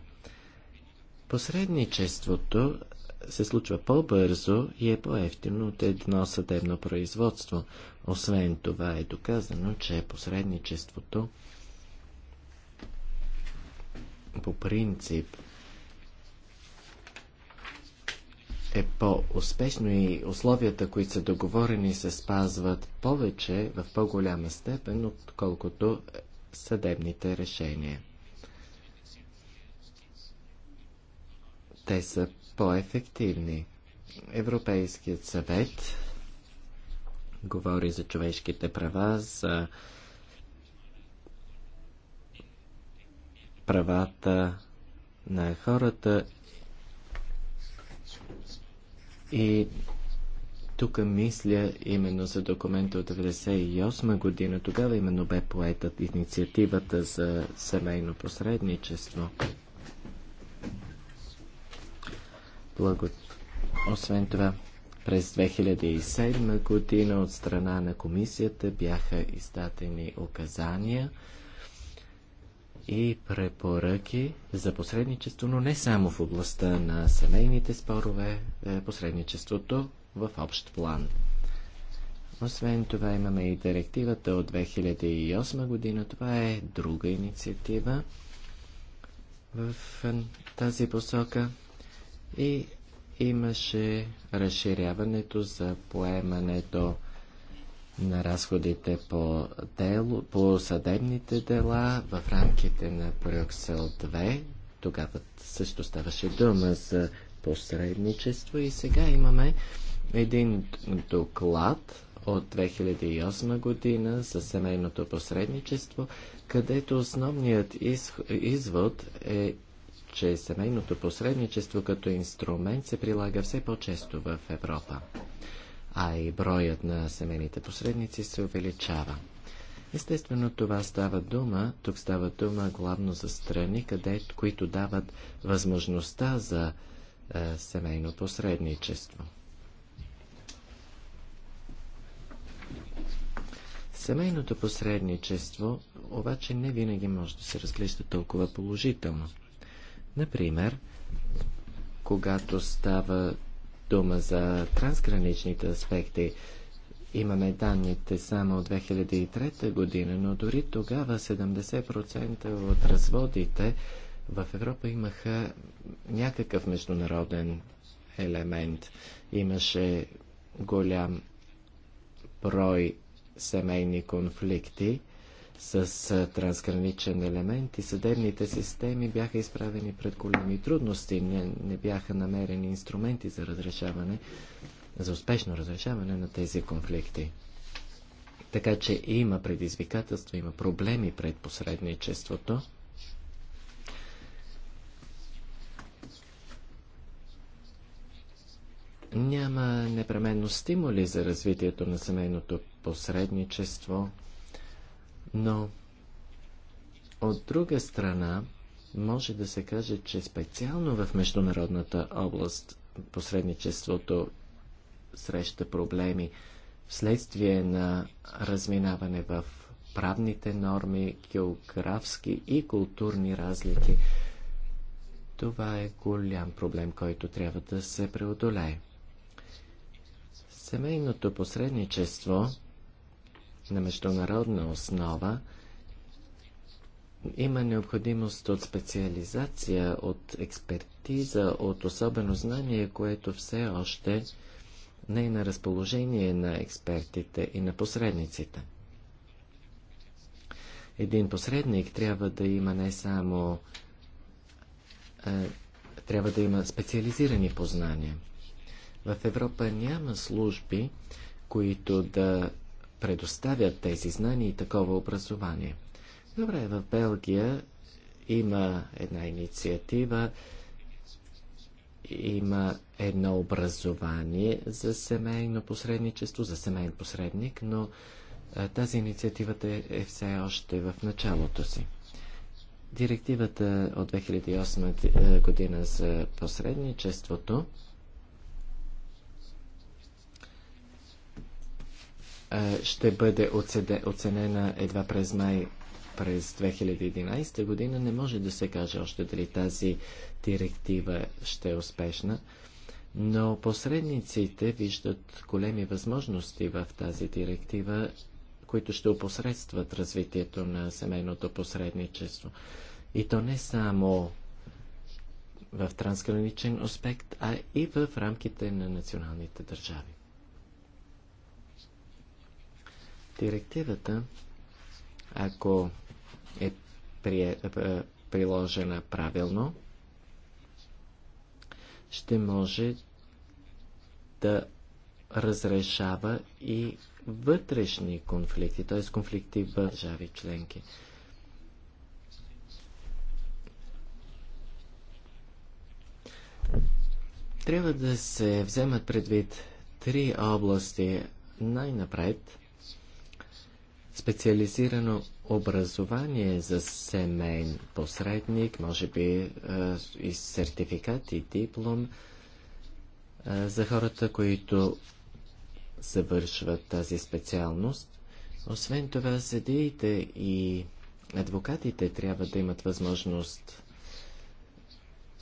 Посредничеството се случва по-бързо и е по-ефтино от едно съдебно производство. Освен това е доказано, че посредничеството по принцип е по-успешно и условията, които са договорени, се спазват повече в по-голяма степен, отколкото съдебните решения. Те са по-ефективни. Европейският съвет говори за човешките права, за правата на хората и тук мисля именно за документа от 1998 година. Тогава именно бе поетът инициативата за семейно посредничество. Благо... Освен това, през 2007 година от страна на комисията бяха издадени указания и препоръки за посредничество, но не само в областта на семейните спорове, е, посредничеството в общ план. Освен това имаме и директивата от 2008 година. Това е друга инициатива в е, тази посока. И имаше разширяването за поемането на разходите по, дел, по съдебните дела в рамките на Брюксел 2. Тогава също ставаше дума за посредничество и сега имаме един доклад от 2008 година за семейното посредничество, където основният из... извод е, че семейното посредничество като инструмент се прилага все по-често в Европа а и броят на семейните посредници се увеличава. Естествено, това става дума, тук става дума главно за страни, къде, които дават възможността за е, семейно посредничество. Семейното посредничество обаче не винаги може да се разглежда толкова положително. Например, когато става дума за трансграничните аспекти. Имаме данните само от 2003 година, но дори тогава 70% от разводите в Европа имаха някакъв международен елемент. Имаше голям брой семейни конфликти с трансграничен елемент и съдебните системи бяха изправени пред големи трудности. Не, не бяха намерени инструменти за разрешаване, за успешно разрешаване на тези конфликти. Така че има предизвикателства, има проблеми пред посредничеството. Няма непременно стимули за развитието на семейното посредничество – но от друга страна, може да се каже, че специално в международната област посредничеството среща проблеми вследствие на разминаване в правните норми, географски и културни разлики. Това е голям проблем, който трябва да се преодолее. Семейното посредничество на международна основа, има необходимост от специализация, от експертиза, от особено знание, което все още не е на разположение на експертите и на посредниците. Един посредник трябва да има не само е, трябва да има специализирани познания. В Европа няма служби, които да предоставят тези знания и такова образование. Добре, в Белгия има една инициатива, има едно образование за семейно посредничество, за семейен посредник, но тази инициатива е все още в началото си. Директивата от 2008 година за посредничеството ще бъде оценена едва през май през 2011 година. Не може да се каже още дали тази директива ще е успешна, но посредниците виждат големи възможности в тази директива, които ще опосредстват развитието на семейното посредничество. И то не само в трансграничен аспект, а и в рамките на националните държави. Директивата, ако е, е приложена правилно, ще може да разрешава и вътрешни конфликти, т.е. конфликти в държави членки. Трябва да се вземат предвид три области най-напред специализирано образование за семейен посредник, може би е, и сертификат и диплом е, за хората, които завършват тази специалност. Освен това, съдиите и адвокатите трябва да имат възможност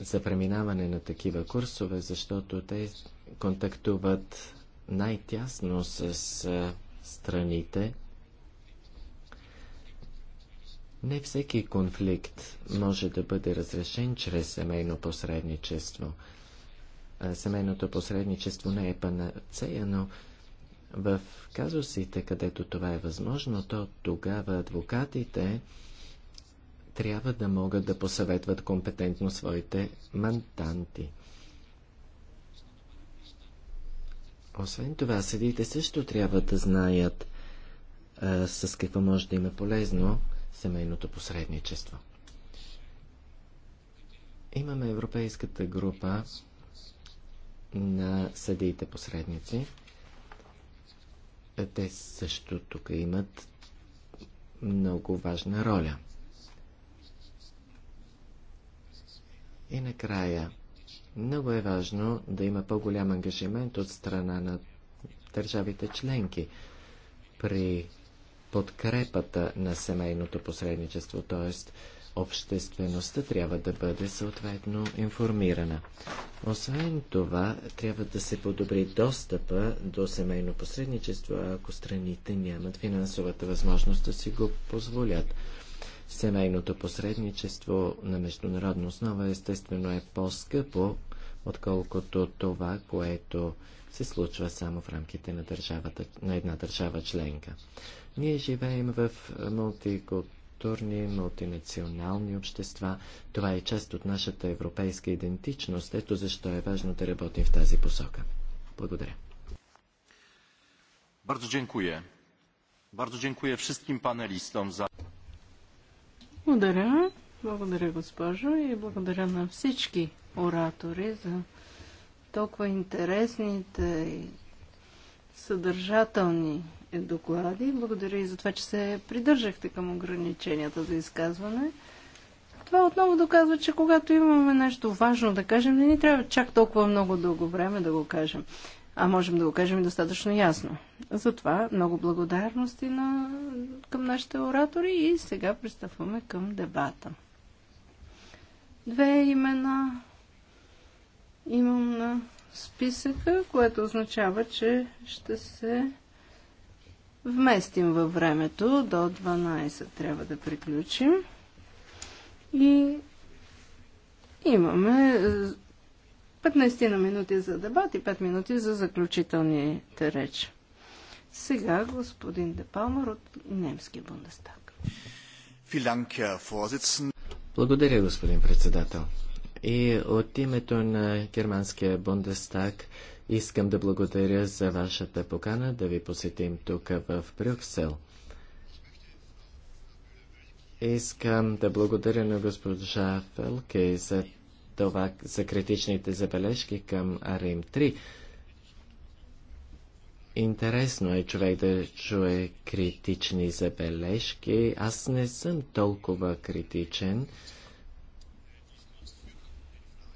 за преминаване на такива курсове, защото те контактуват най-тясно с е, страните, не всеки конфликт може да бъде разрешен чрез семейно посредничество. Семейното посредничество не е панацея, но в казусите, където това е възможно, то тогава адвокатите трябва да могат да посъветват компетентно своите мантанти. Освен това, съдите също трябва да знаят а, с какво може да им е полезно семейното посредничество. Имаме Европейската група на съдиите посредници. Те също тук имат много важна роля. И накрая, много е важно да има по-голям ангажимент от страна на държавите членки при подкрепата на семейното посредничество, т.е. обществеността трябва да бъде съответно информирана. Освен това, трябва да се подобри достъпа до семейно посредничество, ако страните нямат финансовата възможност да си го позволят. Семейното посредничество на международна основа естествено е по-скъпо, отколкото това, което се случва само в рамките на, на една държава членка. Ние живеем в мултикултурни, мултинационални общества. Това е част от нашата европейска идентичност. Ето защо е важно да работим в тази посока. Благодаря. Bardzo dziękuję. Bardzo dziękuję wszystkim panelistom za... Благодаря. Благодаря, госпожо, и благодаря на всички оратори за толкова интересните и съдържателни е доклади. Благодаря и за това, че се придържахте към ограниченията за изказване. Това отново доказва, че когато имаме нещо важно да кажем, не ни трябва чак толкова много дълго време да го кажем. А можем да го кажем и достатъчно ясно. Затова много благодарности на... към нашите оратори и сега пристъпваме към дебата. Две имена имам на списъка, което означава, че ще се вместим във времето. До 12 трябва да приключим. И имаме 15 е, на минути за дебат и 5 минути за заключителните речи. Сега господин Депалмар от немския Бундестаг. Благодаря, господин председател. И от името на германския Бундестаг искам да благодаря за вашата покана да ви посетим тук в Брюксел. Искам да благодаря на госпожа Фелке за това, за критичните забележки към Арим 3. Интересно е човек да чуе критични забележки. Аз не съм толкова критичен.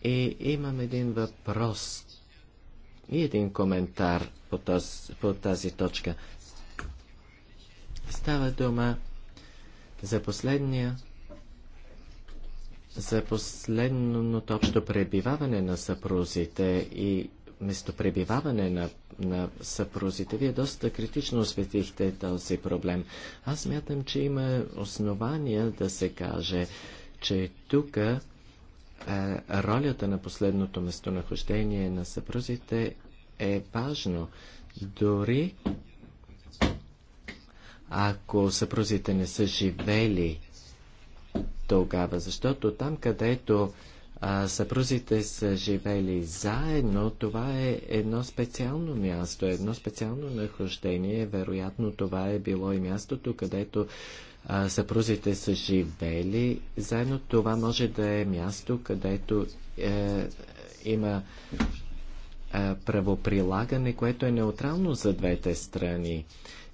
И имам един въпрос и един коментар по, тази, по тази точка. Става дума за последния за последното общо пребиваване на съпрузите и местопребиваване на, на съпрузите. Вие доста критично осветихте този проблем. Аз мятам, че има основания да се каже, че тук ролята на последното местонахождение на съпрузите е важно. Дори ако съпрузите не са живели тогава, защото там, където а, съпрузите са живели заедно, това е едно специално място, едно специално нахождение. Вероятно това е било и мястото, където съпрузите са живели заедно. Това може да е място, където е, има е, правоприлагане, което е неутрално за двете страни.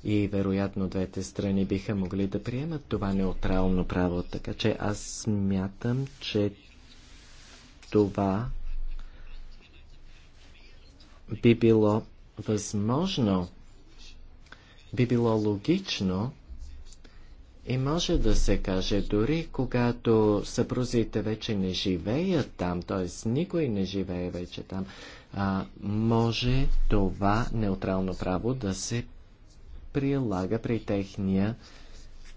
И вероятно двете страни биха могли да приемат това неутрално право. Така че аз смятам, че това би било възможно, би било логично и може да се каже, дори когато съпрузите вече не живеят там, т.е. никой не живее вече там, а, може това неутрално право да се прилага при техния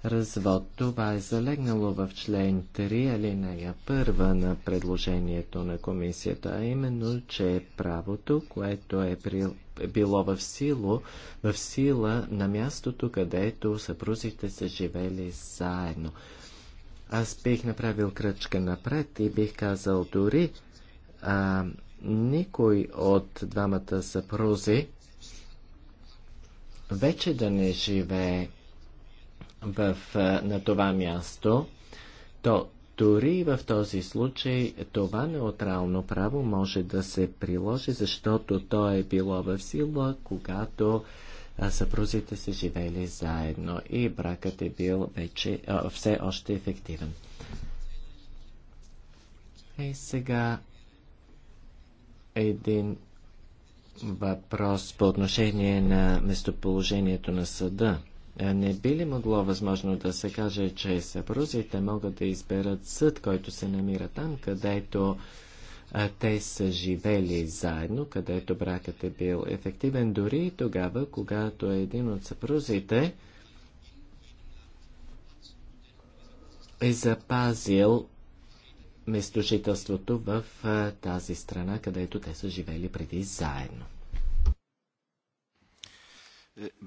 развод. Това е залегнало в член 3, алинея 1 на предложението на комисията, а именно, че правото, което е при било в, сила, в сила на мястото, където съпрузите са живели заедно. Аз бих направил кръчка напред и бих казал дори а, никой от двамата съпрузи вече да не живее в, на това място, то дори в този случай това неутрално право може да се приложи, защото то е било в сила, когато съпрузите са живели заедно и бракът е бил вече а, все още ефективен. И е, сега един въпрос по отношение на местоположението на съда. Не би ли могло възможно да се каже, че съпрузите могат да изберат съд, който се намира там, където те са живели заедно, където бракът е бил ефективен, дори и тогава, когато един от съпрузите е запазил местожителството в тази страна, където те са живели преди заедно.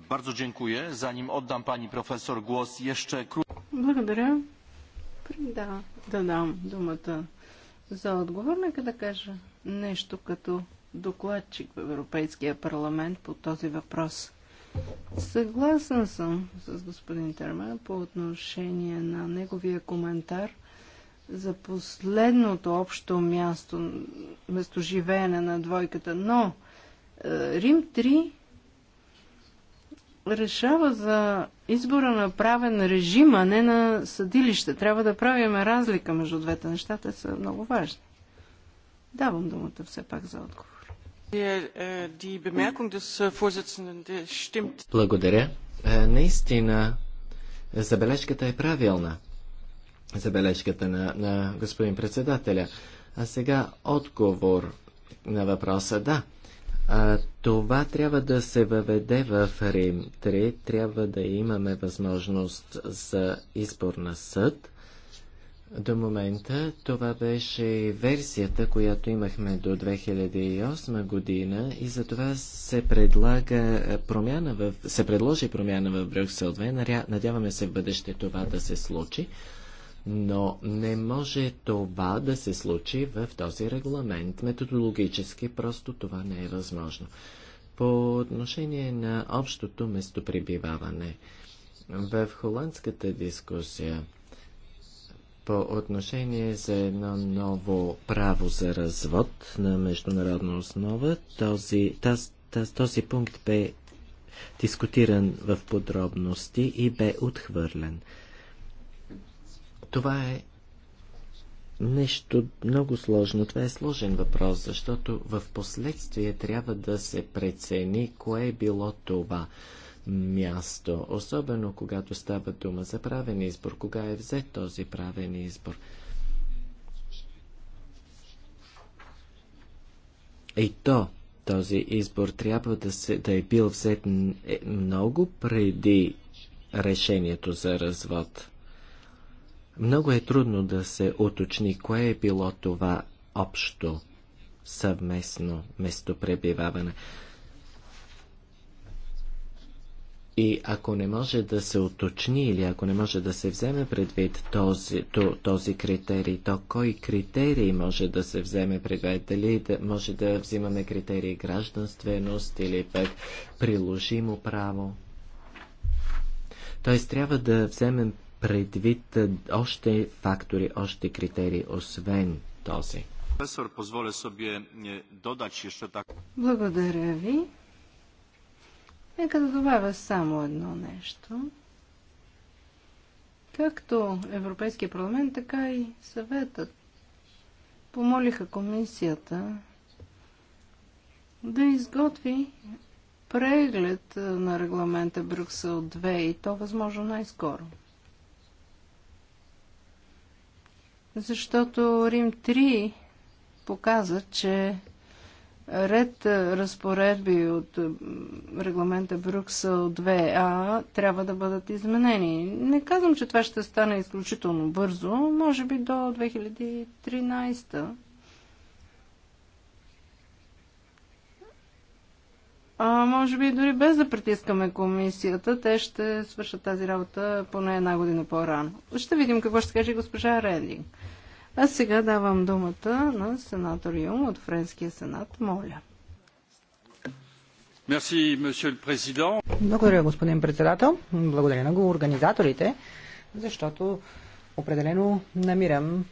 Bardzo dziękuję. Zanim oddam pani profesor głos, jeszcze krótko. Благодаря. Да, да дам думата за отговор. Нека да кажа нещо като докладчик в Европейския парламент по този въпрос. Съгласен съм с господин Терма по отношение на неговия коментар за последното общо място, местоживеене на двойката, но е, Рим 3 решава за избора на правен режим, а не на съдилище. Трябва да правиме разлика между двете неща. Те са много важни. Давам думата все пак за отговор. Благодаря. Е, наистина, забележката е правилна. Забележката на, на господин председателя. А сега отговор на въпроса. Да, а, това трябва да се въведе в Рим 3. Трябва да имаме възможност за избор на съд. До момента това беше версията, която имахме до 2008 година и затова се предлага промяна в, се предложи промяна в Брюксел 2. Надяваме се в бъдеще това да се случи но не може това да се случи в този регламент. Методологически просто това не е възможно. По отношение на общото местоприбиваване, в холандската дискусия по отношение за едно ново право за развод на международна основа, този, таз, таз, този пункт бе дискутиран в подробности и бе отхвърлен. Това е нещо много сложно. Това е сложен въпрос, защото в последствие трябва да се прецени кое е било това място, особено когато става дума за правен избор, кога е взет този правен избор. И то, този избор трябва да, се, да е бил взет е много преди решението за развод. Много е трудно да се уточни кое е било това общо съвместно местопребиваване. И ако не може да се уточни или ако не може да се вземе предвид този, то, този критерий, то кой критерий може да се вземе предвид? Дали да, може да взимаме критерии гражданственост или пък приложимо право? Т.е. трябва да вземем предвид е, още фактори, още критерии, освен този. Е, Благодаря ви. Нека да добавя само едно нещо. Както Европейския парламент, така и съветът помолиха комисията да изготви преглед е, на регламента Брюксел 2 и то възможно най-скоро. защото Рим 3 показа, че ред разпоредби от регламента Брюксел 2А трябва да бъдат изменени. Не казвам, че това ще стане изключително бързо, може би до 2013. А може би дори без да притискаме комисията, те ще свършат тази работа поне една година по-рано. Ще видим какво ще каже госпожа Рендинг. А сега давам думата на сенатор Юм от Френския сенат. Моля. Merci, Благодаря, господин председател. Благодаря на го организаторите, защото определено намирам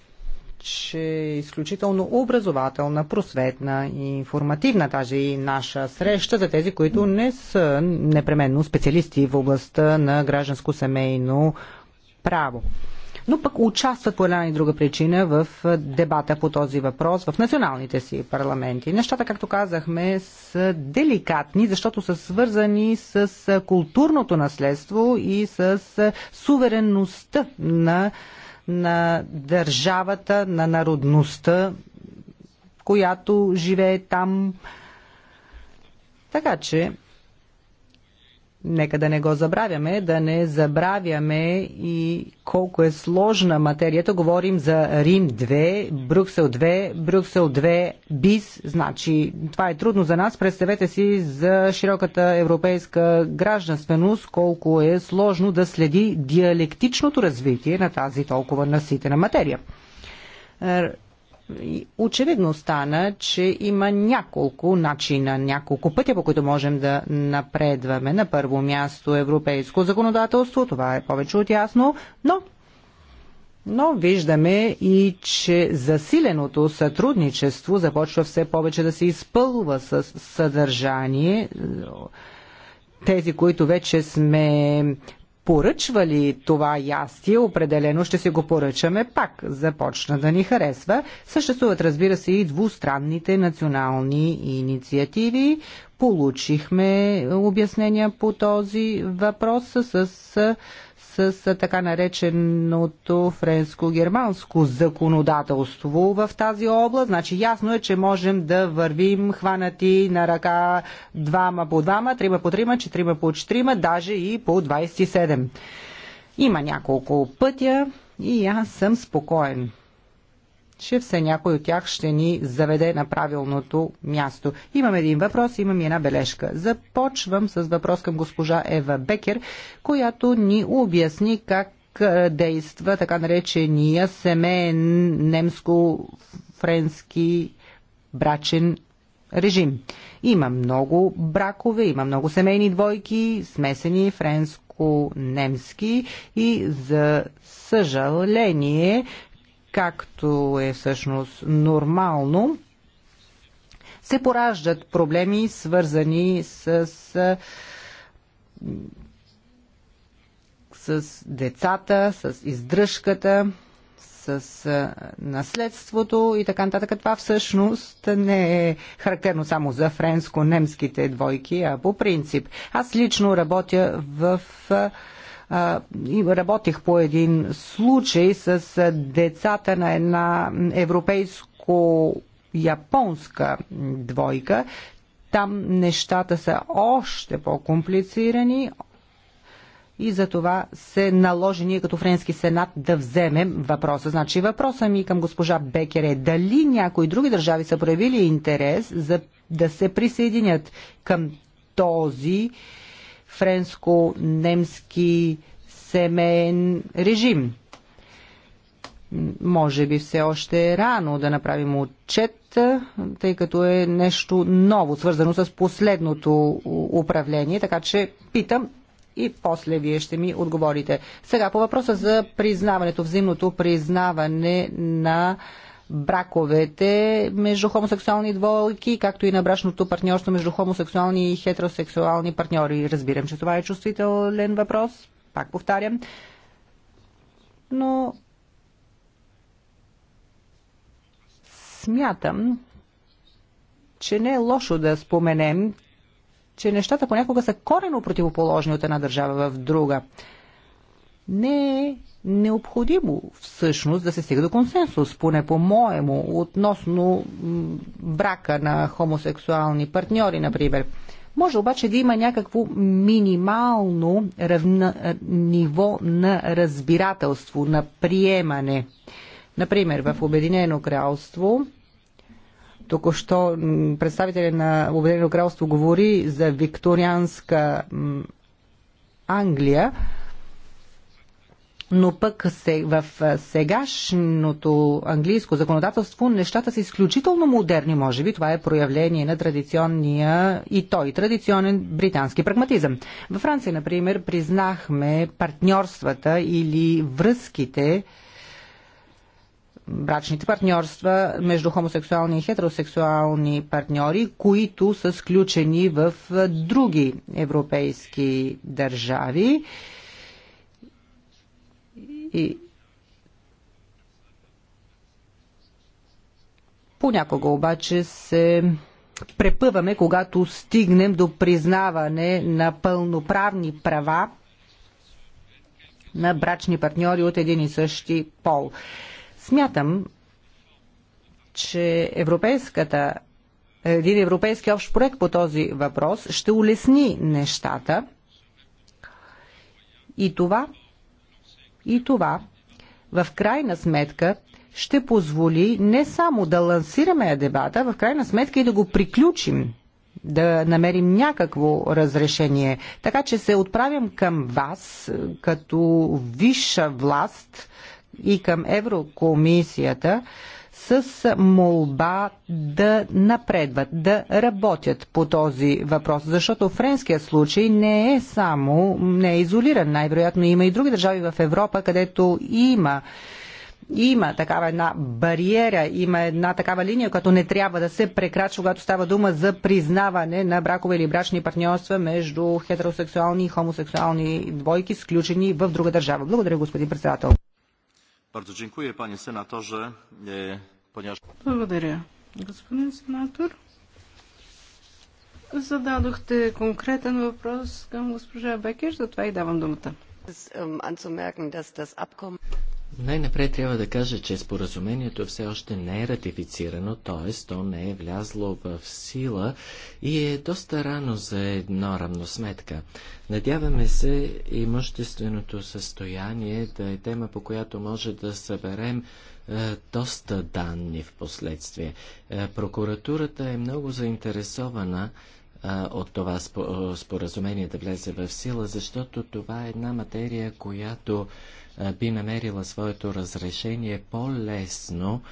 че е изключително образователна, просветна и информативна тази наша среща за тези, които не са непременно специалисти в областта на гражданско семейно право но пък участват по една и друга причина в е, дебата по този въпрос в националните си парламенти. Нещата, както казахме, са деликатни, защото са свързани с е, културното наследство и с е, суверенността на, на държавата, на народността, която живее там. Така че Нека да не го забравяме, да не забравяме и колко е сложна материята. Говорим за Рим 2, Брюксел 2, Брюксел 2 БИС. Значи, това е трудно за нас. Представете си за широката европейска гражданственост колко е сложно да следи диалектичното развитие на тази толкова наситена материя очевидно стана, че има няколко начина, няколко пътя, по които можем да напредваме. На първо място европейско законодателство, това е повече от ясно, но но виждаме и, че засиленото сътрудничество започва все повече да се изпълва с съдържание. Тези, които вече сме поръчвали това ястие, определено ще си го поръчаме пак. Започна да ни харесва. Съществуват, разбира се, и двустранните национални инициативи. Получихме обяснения по този въпрос с с така нареченото френско-германско законодателство в тази област. Значи ясно е, че можем да вървим хванати на ръка двама по двама, трима по трима, четирима по четирима, даже и по 27. Има няколко пътя и аз съм спокоен че все някой от тях ще ни заведе на правилното място. Имам един въпрос, имам и една бележка. Започвам с въпрос към госпожа Ева Бекер, която ни обясни как е, действа така наречения семейен немско-френски брачен режим. Има много бракове, има много семейни двойки, смесени френско немски и за съжаление както е всъщност нормално, се пораждат проблеми, свързани с, с, с децата, с издръжката, с наследството и така нататък. Това всъщност не е характерно само за френско-немските двойки, а по принцип. Аз лично работя в и работих по един случай с децата на една европейско-японска двойка. Там нещата са още по-комплицирани, и за това се наложи ние като Френски сенат да вземем въпроса. Значи въпроса ми към госпожа Бекер е дали някои други държави са проявили интерес за да се присъединят към този френско-немски семейен режим. Може би все още е рано да направим отчет, тъй като е нещо ново, свързано с последното управление, така че питам и после вие ще ми отговорите. Сега по въпроса за признаването, взаимното признаване на браковете между хомосексуални двойки, както и на брачното партньорство между хомосексуални и хетеросексуални партньори. Разбирам, че това е чувствителен въпрос, пак повтарям. Но смятам, че не е лошо да споменем, че нещата понякога са корено противоположни от една държава в друга не е необходимо всъщност да се стига до консенсус, поне по-моему, относно брака на хомосексуални партньори, например. Може обаче да има някакво минимално равна, ниво на разбирателство, на приемане. Например, в Обединено кралство, току-що представителя на Обединено кралство говори за викторианска Англия, но пък в сегашното английско законодателство нещата са изключително модерни, може би това е проявление на традиционния и той традиционен британски прагматизъм. Във Франция, например, признахме партньорствата или връзките брачните партньорства между хомосексуални и хетеросексуални партньори, които са сключени в други европейски държави и понякога обаче се препъваме, когато стигнем до признаване на пълноправни права на брачни партньори от един и същи пол. Смятам, че европейската, един европейски общ проект по този въпрос ще улесни нещата и това и това в крайна сметка ще позволи не само да лансираме дебата, в крайна сметка и да го приключим, да намерим някакво разрешение. Така че се отправям към вас, е, като висша власт и към Еврокомисията, с молба да напредват, да работят по този въпрос, защото френският случай не е само, не е изолиран. Най-вероятно има и други държави в Европа, където има има такава една бариера, има една такава линия, която не трябва да се прекрачва, когато става дума за признаване на бракове или брачни партньорства между хетеросексуални и хомосексуални двойки, сключени в друга държава. Благодаря, господин председател. Bardzo dziękuję, panie senatorze. Благодаря, господин сенатор. Зададохте конкретен въпрос към госпожа Бекер, затова и давам думата. Най-напред трябва да кажа, че споразумението все още не е ратифицирано, т.е. то не е влязло в сила и е доста рано за едно равносметка. Надяваме се имущественото състояние да е тема, по която може да съберем е, доста данни в последствие. Е, прокуратурата е много заинтересована е, от това споразумение да влезе в сила, защото това е една материя, която би намерила своето разрешение по-лесно,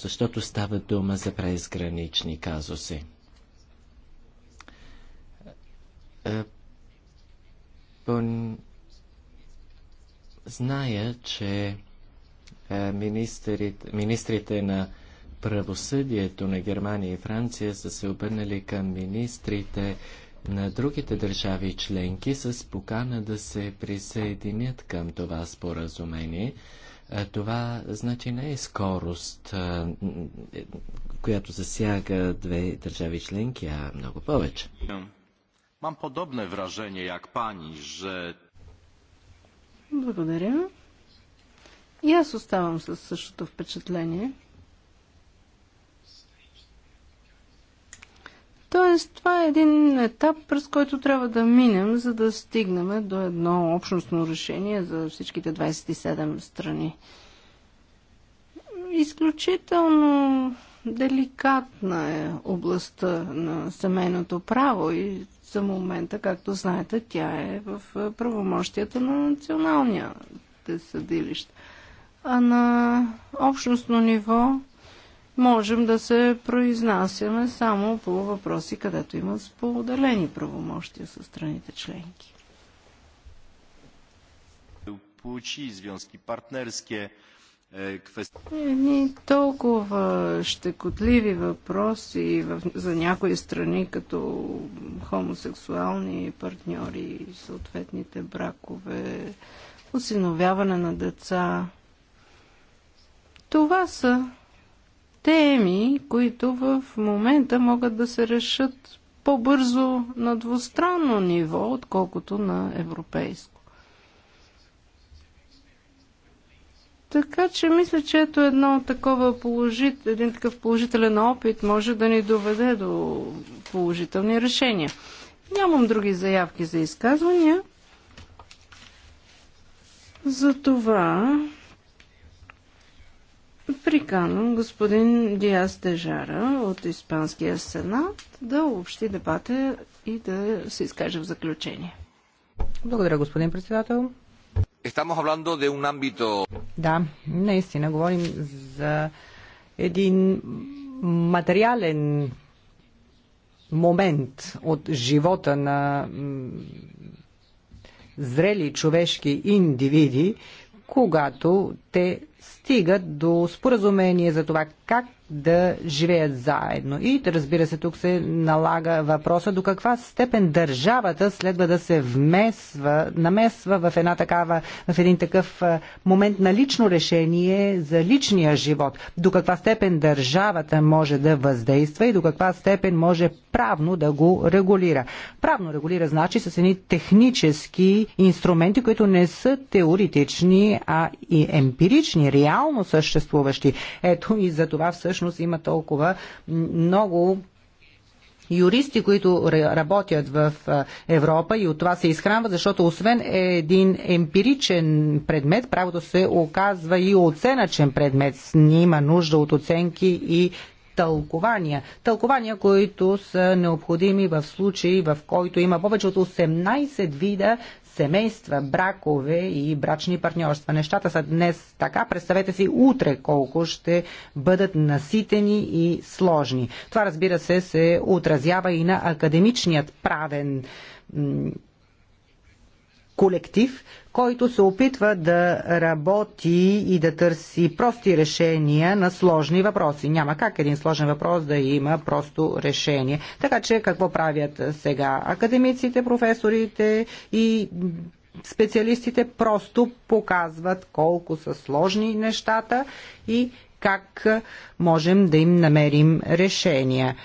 защото става дума за презгранични казуси. Зная, че е, министрите, министрите на правосъдието на Германия и Франция са се обърнали към министрите на другите държави членки с покана да се присъединят към това споразумение. Е, това значи не е скорост, е, която засяга две държави членки, а много повече. Мам подобно вражение, як пани, че... Благодаря. И аз оставам със същото впечатление. Тоест, това е един етап, през който трябва да минем, за да стигнем до едно общностно решение за всичките 27 страни. Изключително деликатна е областта на семейното право и за момента, както знаете, тя е в правомощията на националния съдилище а на общностно ниво можем да се произнасяме само по въпроси, където има споделени правомощия с страните членки. Получи извънски партнерски Едни толкова щекотливи въпроси за някои страни, като хомосексуални партньори, съответните бракове, осиновяване на деца, това са теми, които в момента могат да се решат по-бързо на двустранно ниво, отколкото на европейско. Така че мисля, че ето едно такова положит, един такъв положителен опит може да ни доведе до положителни решения. Нямам други заявки за изказвания. Затова Приканвам господин Диас Дежара от Испанския сенат да общи дебата и да се изкаже в заключение. Благодаря, господин председател. Да, наистина говорим за един материален момент от живота на зрели човешки индивиди, когато те стигат до споразумение за това как да живеят заедно. И разбира се, тук се налага въпроса до каква степен държавата следва да се вмесва, намесва в, една такава, в един такъв момент на лично решение за личния живот. До каква степен държавата може да въздейства и до каква степен може правно да го регулира. Правно регулира значи с едни технически инструменти, които не са теоретични, а и емпирични, реално съществуващи. Ето и за това всъщност всъщност има толкова много юристи, които работят в Европа и от това се изхранват, защото освен един емпиричен предмет, правото се оказва и оценъчен предмет. Снима има нужда от оценки и тълкования. Тълкования, които са необходими в случаи, в който има повече от 18 вида семейства, бракове и брачни партньорства. Нещата са днес така. Представете си утре колко ще бъдат наситени и сложни. Това разбира се се отразява и на академичният правен колектив, който се опитва да работи и да търси прости решения на сложни въпроси. Няма как един сложен въпрос да има просто решение. Така че какво правят сега академиците, професорите и специалистите просто показват колко са сложни нещата и как можем да им намерим решения.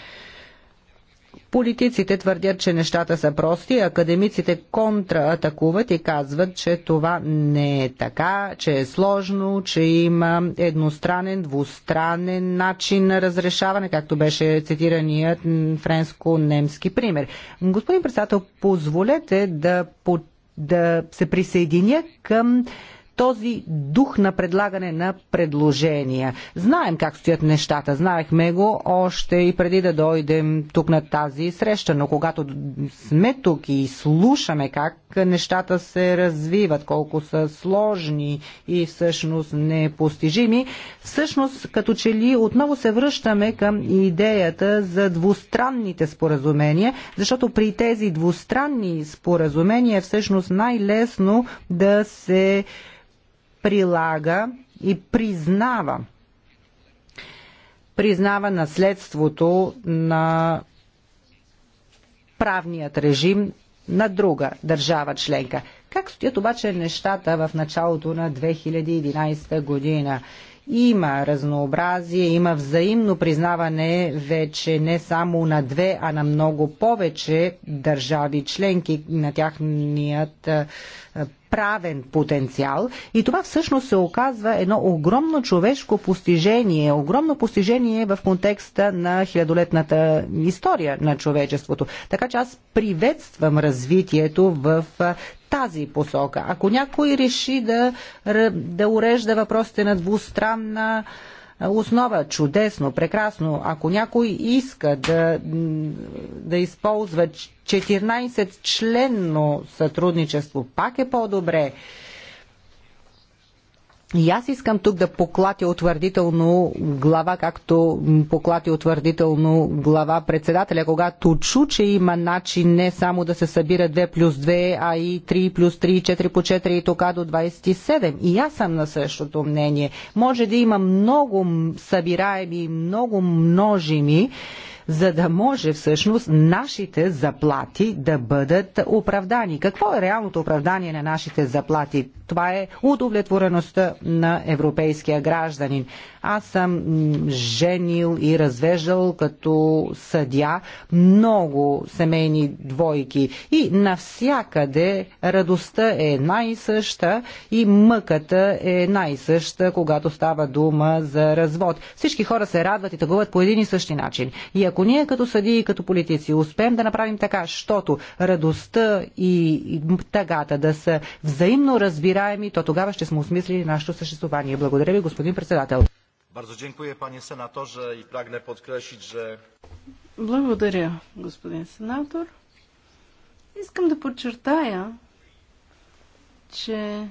Политиците твърдят, че нещата са прости, академиците контраатакуват и казват, че това не е така, че е сложно, че има едностранен, двустранен начин на разрешаване, както беше цитираният френско-немски пример. Господин председател, позволете да, да се присъединя към този дух на предлагане на предложения. Знаем как стоят нещата, знаехме го още и преди да дойдем тук на тази среща, но когато сме тук и слушаме как нещата се развиват, колко са сложни и всъщност непостижими, всъщност като че ли отново се връщаме към идеята за двустранните споразумения, защото при тези двустранни споразумения е всъщност най-лесно да се прилага и признава признава наследството на правният режим на друга държава членка. Как стоят обаче нещата в началото на 2011 година? Има разнообразие, има взаимно признаване вече не само на две, а на много повече държави членки на тяхният правен потенциал и това всъщност се оказва едно огромно човешко постижение, огромно постижение в контекста на хилядолетната история на човечеството. Така че аз приветствам развитието в тази посока. Ако някой реши да, да урежда въпросите на двустранна основа. Чудесно, прекрасно. Ако някой иска да, да използва 14-членно сътрудничество, пак е по-добре. И аз искам тук да поклати утвърдително глава, както поклати утвърдително глава председателя, когато чу, че има начин не само да се събира 2 плюс 2, а и 3 плюс 3, 4 по 4 и тока до 27. И аз съм на същото мнение. Може да има много събираеми, много множими за да може всъщност нашите заплати да бъдат оправдани. Какво е реалното оправдание на нашите заплати? Това е удовлетвореността на европейския гражданин. Аз съм женил и развеждал като съдя много семейни двойки и навсякъде радостта е най-съща и мъката е най-съща, когато става дума за развод. Всички хора се радват и тъгуват по един и същи начин. И ако ако ние като съди и като политици успеем да направим така, щото радостта и тъгата да са взаимно разбираеми, то тогава ще сме осмислили нашето съществование. Благодаря ви, господин председател. Bardzo dziękuję panie senatorze i pragnę podkreślić, że... Благодаря, господин сенатор. Искам да подчертая, че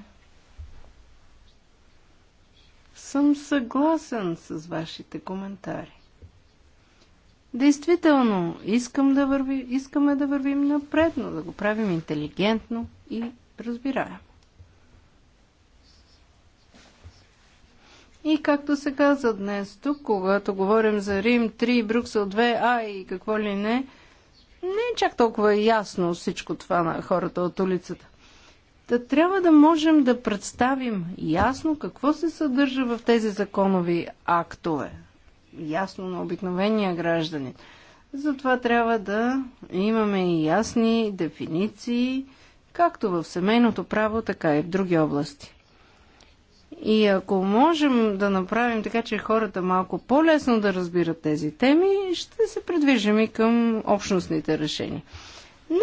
съм съгласен с вашите коментари. Действително, искам да върви, искаме да вървим напред, но да го правим интелигентно и разбираемо. И както се каза днес тук, когато говорим за Рим 3, Брюксел 2А и какво ли не, не е чак толкова ясно всичко това на хората от улицата. Та трябва да можем да представим ясно какво се съдържа в тези законови актове ясно на обикновения гражданин. Затова трябва да имаме и ясни дефиниции, както в семейното право, така и в други области. И ако можем да направим така, че хората малко по-лесно да разбират тези теми, ще се придвижим и към общностните решения.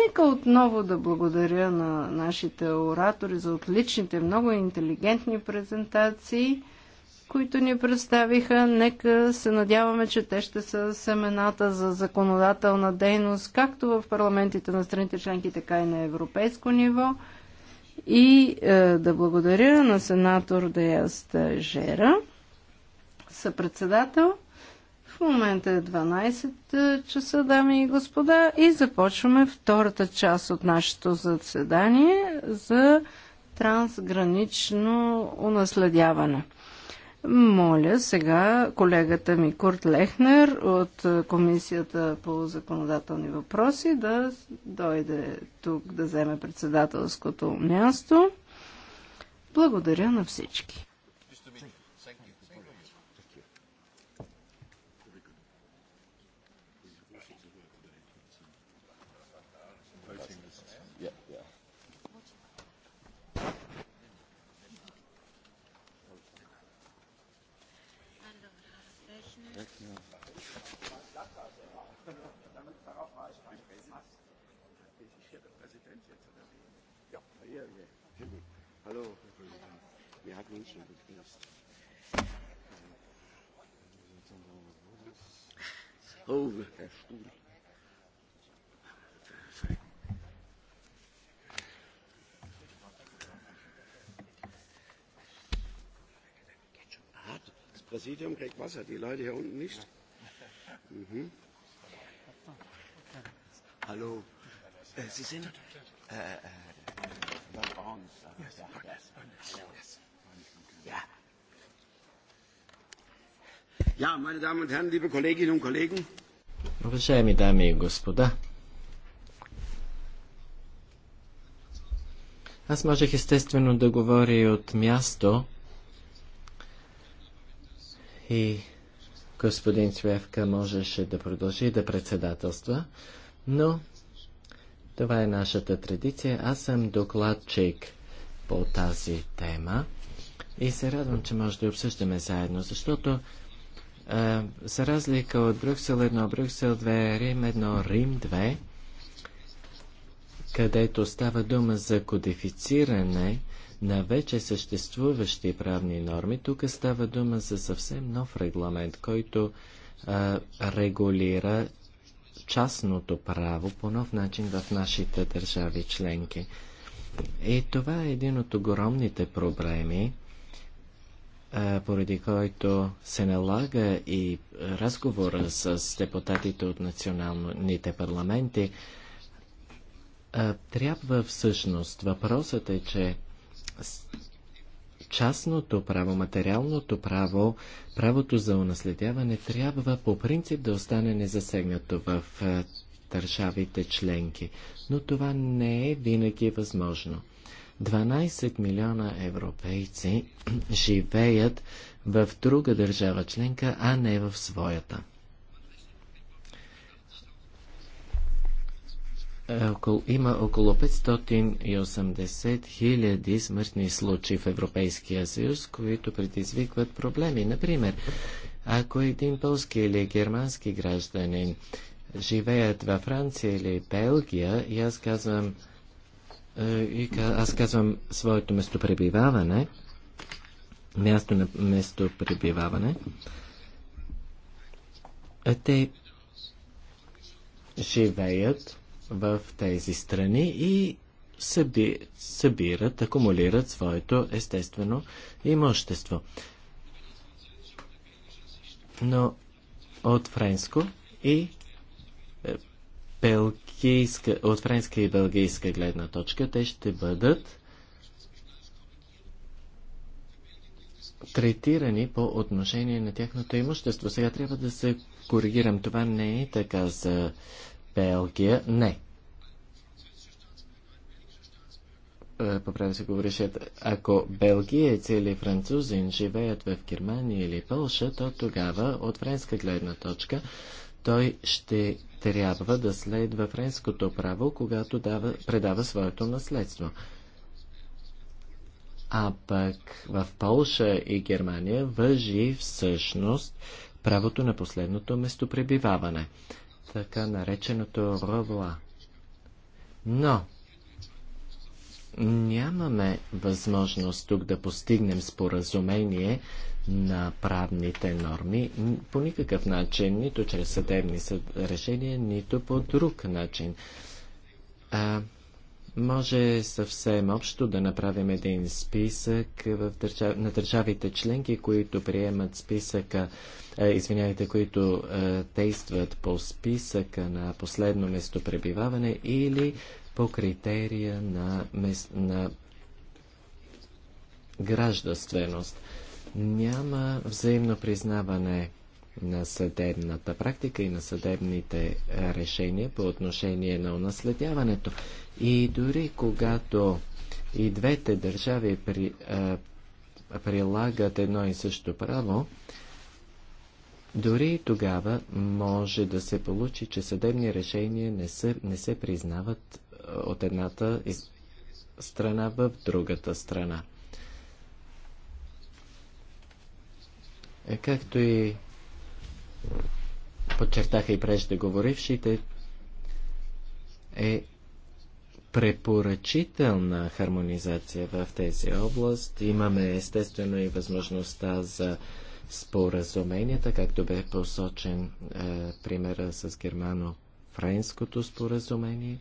Нека отново да благодаря на нашите оратори за отличните, много интелигентни презентации – които ни представиха. Нека се надяваме, че те ще са семената за законодателна дейност, както в парламентите на страните членки, така и на европейско ниво. И е, да благодаря на сенатор Деяст Жера, съпредседател. В момента е 12 е, часа, дами и господа, и започваме втората част от нашето заседание за трансгранично унаследяване. Моля сега колегата ми Курт Лехнер от е, Комисията по законодателни въпроси да дойде тук да вземе председателското място. Благодаря на всички. Oh, Herr Stuhl. Das Präsidium kriegt Wasser, die Leute hier unten nicht. Mhm. Hallo. Sie sind. Äh, äh, Ja. Ja, meine Damen und Herren, liebe Kolleginnen und Kollegen. Уважаеми дами и господа, аз можех естествено да говоря и от място и господин Цвевка можеше да продължи да председателства, но това е нашата традиция. Аз съм докладчик по тази тема. И се радвам, че може да обсъждаме заедно, защото а, за разлика от Брюксел 1, Брюксел 2, Рим 1, Рим 2, където става дума за кодифициране на вече съществуващи правни норми, тук става дума за съвсем нов регламент, който а, регулира частното право по нов начин в нашите държави членки. И това е един от огромните проблеми, поради който се налага и разговора с депутатите от националните парламенти, трябва всъщност. Въпросът е, че частното право, материалното право, правото за унаследяване трябва по принцип да остане незасегнато в държавите членки, но това не е винаги възможно. 12 милиона европейци (clears throat) живеят в друга държава членка, а не в своята. Има около 580 хиляди смъртни случаи в Европейския съюз, които предизвикват проблеми. Например, ако един полски или германски гражданин живеят във Франция или Белгия и аз казвам е, и аз казвам своето местопребиваване, място на местопребиваване, е, те живеят в тези страни и съби, събират, акумулират своето естествено имущество. Но от френско и е, белгийска, от френска и белгийска гледна точка, те ще бъдат третирани по отношение на тяхното имущество. Сега трябва да се коригирам. Това не е така за Белгия. Не. Е, поправя се говореше, ако белгиец или французин живеят в Германия или Пълша, то тогава от френска гледна точка той ще трябва да следва френското право, когато дава, предава своето наследство. А пък в Полша и Германия въжи всъщност правото на последното местопребиваване, така нареченото ровла. Но нямаме възможност тук да постигнем споразумение на правните норми по никакъв начин, нито чрез съдебни решения, нито по друг начин. А, може съвсем общо да направим един списък в държав... на държавите членки, които приемат списъка, а, извинявайте, които а, действат по списъка на последно местопребиваване или по критерия на, мес... на гражданственост. Няма взаимно признаване на съдебната практика и на съдебните е, решения по отношение на унаследяването. И дори когато и двете държави при, а, е, прилагат едно и също право, дори и тогава може да се получи, че съдебни решения не, са, не се признават е, от едната страна в другата страна. Е, както и подчертаха и преждеговорившите, е препоръчителна хармонизация в тези области. Имаме естествено и възможността за споразуменията, както бе посочен е, примера с германо-френското споразумение.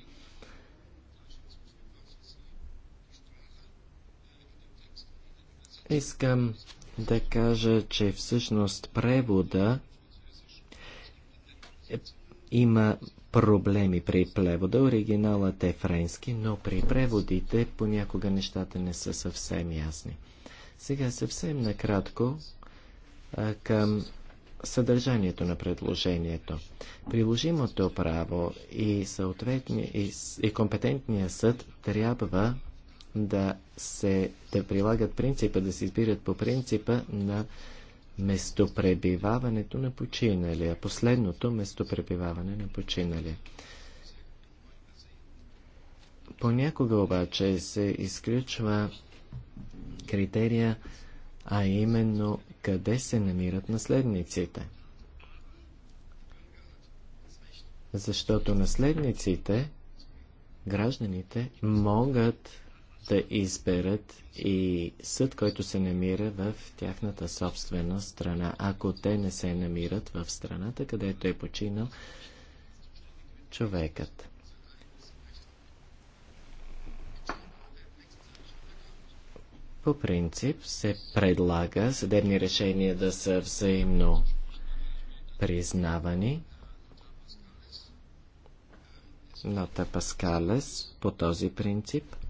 Искам да кажа, че всъщност превода има проблеми при превода. Оригиналът е френски, но при преводите понякога нещата не са съвсем ясни. Сега съвсем накратко а, към съдържанието на предложението. Приложимото право и, съответни, и, и компетентния съд трябва да, се, да прилагат принципа, да се избират по принципа на местопребиваването на починалия, последното местопребиваване на починалия. Понякога обаче се изключва критерия, а именно къде се намират наследниците. Защото наследниците, гражданите, могат да изберат и съд, който се намира в тяхната собствена страна. Ако те не се намират в страната, където е починал човекът. По принцип се предлага съдебни решения да са взаимно признавани. Нота Паскалес по този принцип –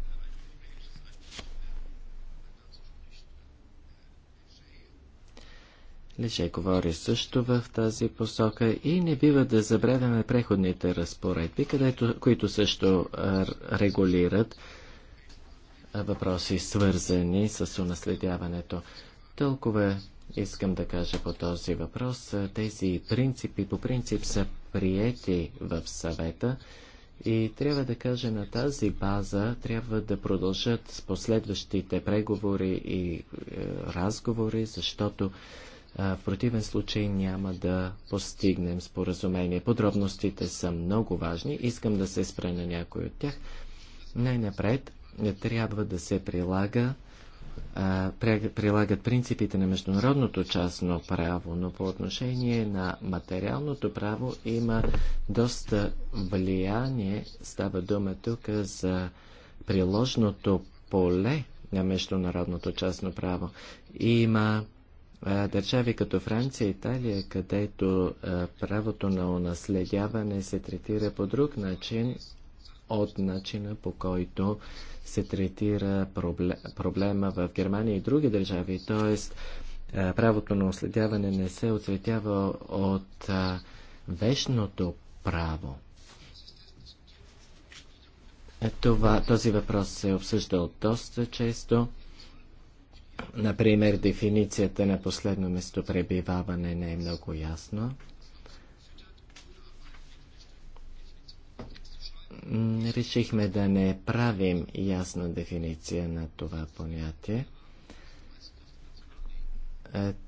Лише говори също в тази посока и не бива да забравяме преходните разпоредби, където, които също регулират въпроси свързани с унаследяването. Толкова искам да кажа по този въпрос. Тези принципи по принцип са приети в съвета и трябва да кажа на тази база трябва да продължат с последващите преговори и е, разговори, защото в противен случай няма да постигнем споразумение. Подробностите са много важни. Искам да се спра на някой от тях. Най-напред трябва да се прилага прилагат принципите на международното частно право, но по отношение на материалното право има доста влияние. Става дума тук за приложното поле на международното частно право. Има държави като Франция, и Италия, където правото на унаследяване се третира по друг начин от начина по който се третира проблема в Германия и други държави. Тоест, правото на унаследяване не се оцветява от вечното право. Е, това, този въпрос се обсъждал доста често. Например, дефиницията на последно местопребиваване не е много ясна. Решихме да не правим ясна дефиниция на това понятие.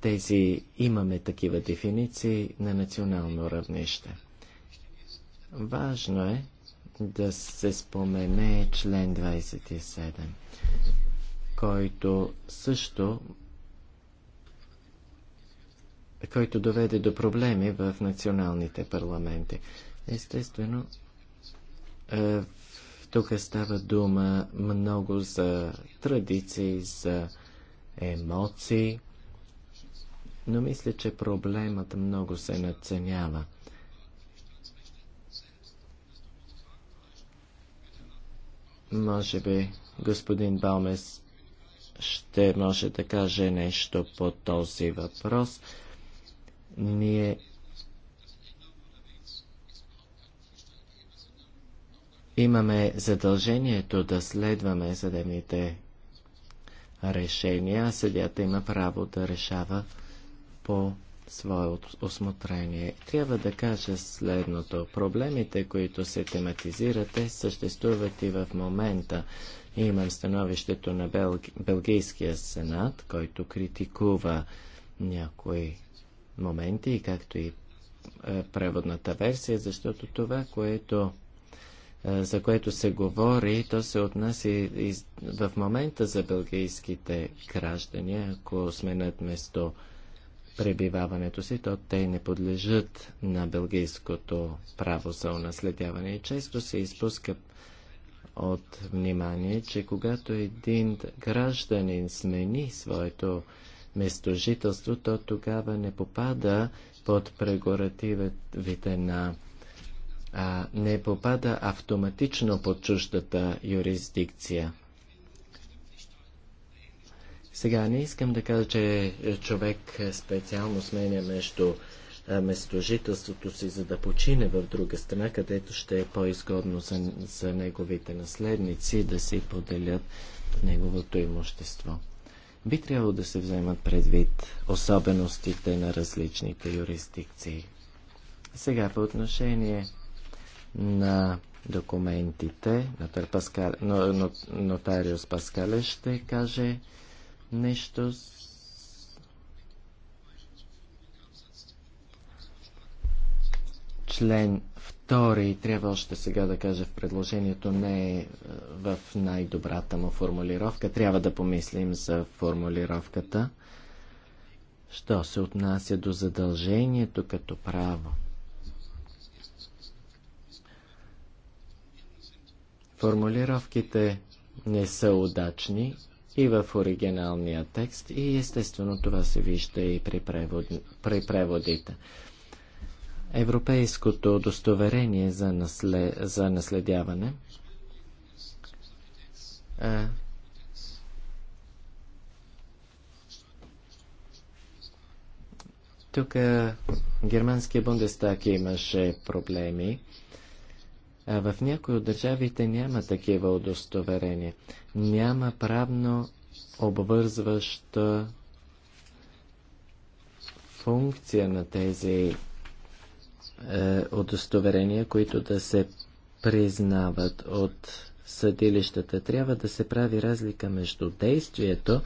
Тези имаме такива дефиниции на национално равнище. Важно е да се спомене член 27 който също който доведе до проблеми в националните парламенти. Естествено, е, тук става дума много за традиции, за емоции, но мисля, че проблемът много се надценява. Може би господин Балмес ще може да каже нещо по този въпрос. Ние имаме задължението да следваме съдебните решения, а съдята има право да решава по свое осмотрение. Трябва да кажа следното. Проблемите, които се тематизирате, съществуват и в момента имам становището на Белги... Белгийския сенат, който критикува някои моменти, както и е, преводната версия, защото това, което е, за което се говори, то се отнася и в момента за белгийските граждани. Ако сменят место пребиваването си, то те не подлежат на белгийското право за унаследяване. И често се изпуска от внимание, че когато един гражданин смени своето местожителство, то тогава не попада под прегоративите на а, не попада автоматично под чуждата юрисдикция. Сега не искам да кажа, че човек специално сменя между местожителството ами, си, за да почине в друга страна, където ще е по-изгодно за, за неговите наследници да си поделят неговото имущество. Би трябвало да се вземат предвид особеностите на различните юрисдикции. Сега по отношение на документите, на Паскал, но, но, нотариус Паскале ще каже нещо член 2, трябва още сега да кажа в предложението, не е, е в най-добрата му формулировка. Трябва да помислим за формулировката. Що се отнася до задължението като право? Формулировките не са удачни и в оригиналния текст, и естествено това се вижда и при, превод, при преводите европейското удостоверение за, наслед... за наследяване. А... Тук германския Бундестаг имаше проблеми. А в някои от държавите няма такива удостоверения. Няма правно обвързваща функция на тези е, удостоверения, които да се признават от съдилищата. Трябва да се прави разлика между действието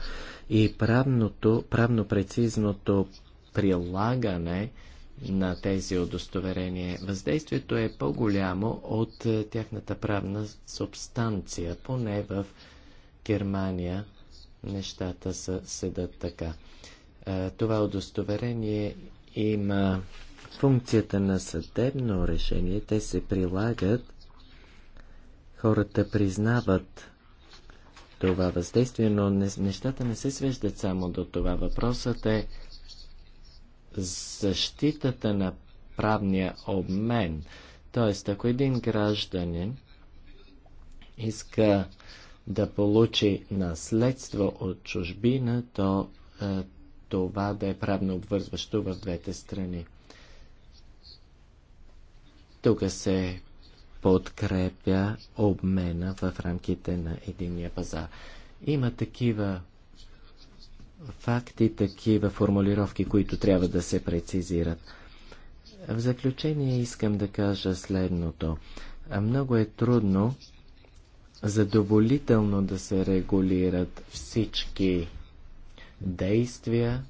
и правното, правно прецизното прилагане на тези удостоверения. Въздействието е по-голямо от е, тяхната правна субстанция. Поне в Германия нещата са, седат така. Е, това удостоверение има функцията на съдебно решение, те се прилагат, хората признават това въздействие, но не, нещата не се свеждат само до това. Въпросът е защитата на правния обмен. Тоест, ако един гражданин иска да получи наследство от чужбина, то е, това да е правно обвързващо в двете страни. Тук се подкрепя обмена в рамките на единния пазар. Има такива факти, такива формулировки, които трябва да се прецизират. В заключение искам да кажа следното. Много е трудно задоволително да се регулират всички действия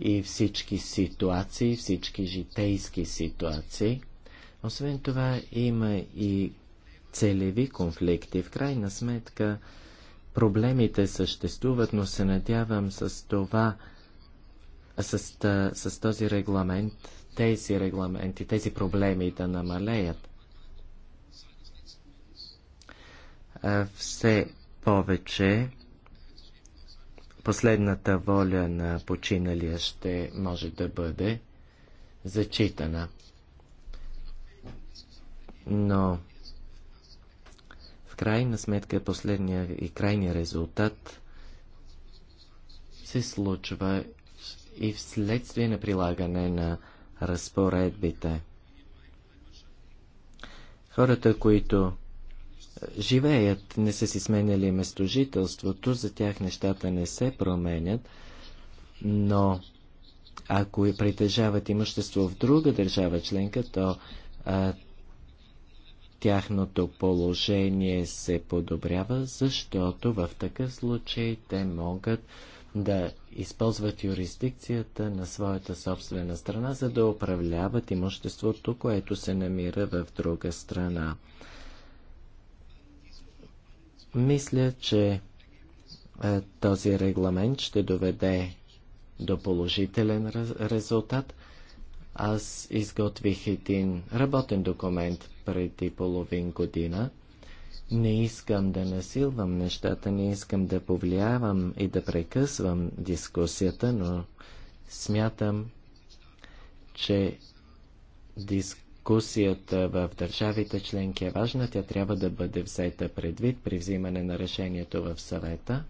и всички ситуации, всички житейски ситуации – освен това има и целеви конфликти. В крайна сметка проблемите съществуват, но се надявам с това, с, с този регламент, тези регламенти, тези проблеми да намалеят. Все повече последната воля на починалия ще може да бъде зачитана но в крайна сметка е последния и крайния резултат се случва и вследствие на прилагане на разпоредбите. Хората, които живеят, не са си сменяли местожителството, за тях нещата не се променят, но ако притежават имущество в друга държава членка, то а, тяхното положение се подобрява, защото в такъв случай те могат да използват юрисдикцията на своята собствена страна, за да управляват имуществото, което се намира в друга страна. Мисля, че е, този регламент ще доведе до положителен резултат. Аз изготвих един работен документ преди половин година. Не искам да насилвам нещата, не искам да повлиявам и да прекъсвам дискусията, но смятам, че дискусията в държавите членки е важна. Тя трябва да бъде взета предвид при взимане на решението в съвета.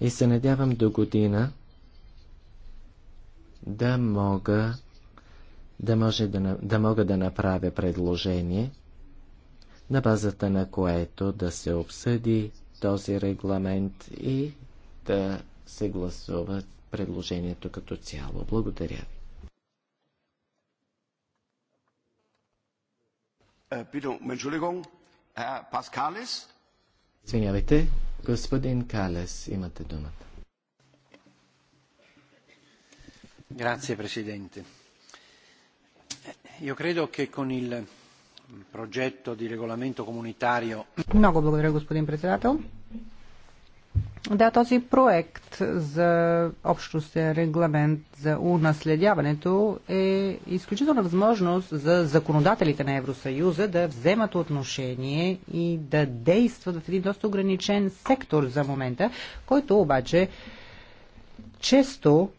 И се надявам до година да мога да, може да, да мога да направя предложение, на базата на което да се обсъди този регламент и да се гласува предложението като цяло. Благодаря ви. Е, е, Извинявайте, господин Калес, имате думата. Grazie Presidente. Io credo che con il progetto di regolamento comunitario... Много благодаря, господин председател. Да, този проект за общностен регламент за унаследяването е изключителна възможност за законодателите на Евросъюза да вземат отношение и да действат в един доста ограничен сектор за момента, който обаче често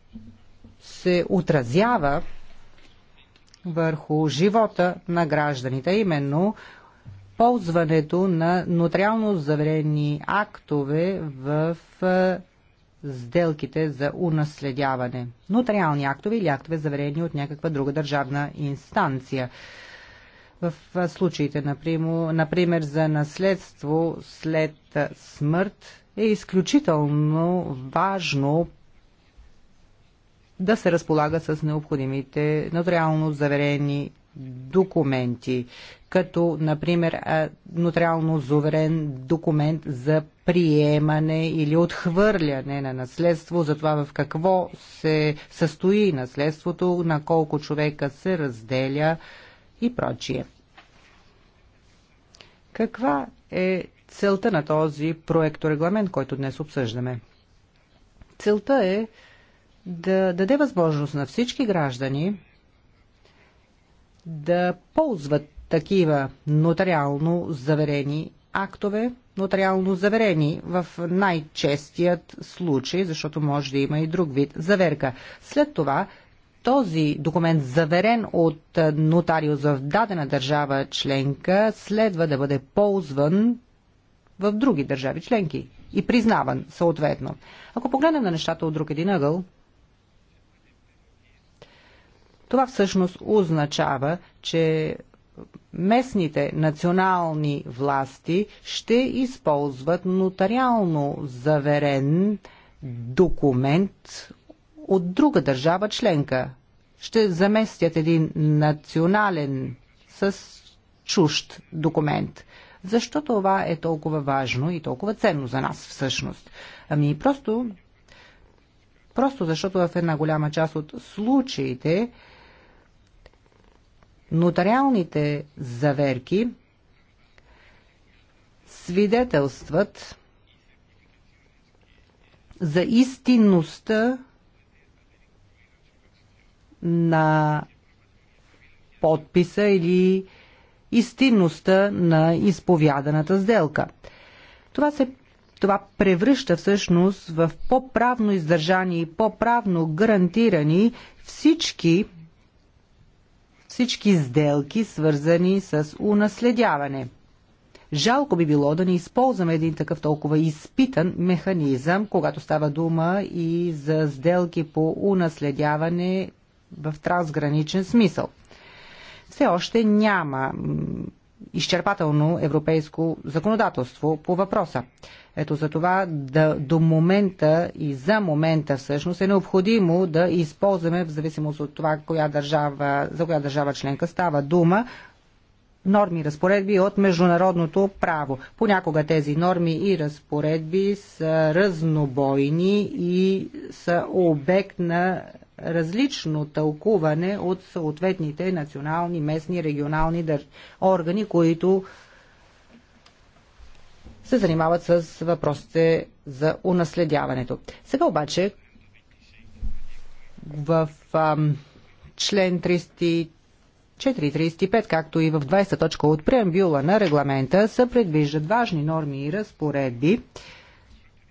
се отразява върху живота на гражданите, именно ползването на нотариално заверени актове в сделките за унаследяване. Нотариални актове или актове заверени от някаква друга държавна инстанция. В случаите, например, за наследство след смърт е изключително важно да се разполага с необходимите нотариално заверени документи, като, например, нотариално заверен документ за приемане или отхвърляне на наследство, за това в какво се състои наследството, на колко човека се разделя и прочие. Каква е целта на този проекторегламент, който днес обсъждаме? Целта е да даде възможност на всички граждани да ползват такива нотариално заверени актове, нотариално заверени в най-честият случай, защото може да има и друг вид заверка. След това този документ, заверен от нотариус в дадена държава членка, следва да бъде ползван в други държави членки и признаван съответно. Ако погледнем на нещата от друг един ъгъл, това всъщност означава, че местните национални власти ще използват нотариално заверен документ от друга държава членка. Ще заместят един национален с чужд документ. Защо това е толкова важно и толкова ценно за нас всъщност? Ами просто, просто защото в една голяма част от случаите Нотариалните заверки свидетелстват за истинността на подписа или истинността на изповяданата сделка. Това се това превръща всъщност в по-правно издържани и по-правно гарантирани всички всички сделки, свързани с унаследяване. Жалко би било да не използваме един такъв толкова изпитан механизъм, когато става дума и за сделки по унаследяване в трансграничен смисъл. Все още няма изчерпателно европейско законодателство по въпроса. Ето за това да, до момента и за момента всъщност е необходимо да използваме, в зависимост от това коя държава, за коя държава членка става дума, норми и разпоредби от международното право. Понякога тези норми и разпоредби са разнобойни и са обект на различно тълкуване от съответните национални, местни, регионални дър... органи, които се занимават с въпросите за унаследяването. Сега обаче в а, член 34-35, както и в 20 точка от преамбюла на регламента, се предвиждат важни норми и разпоредби,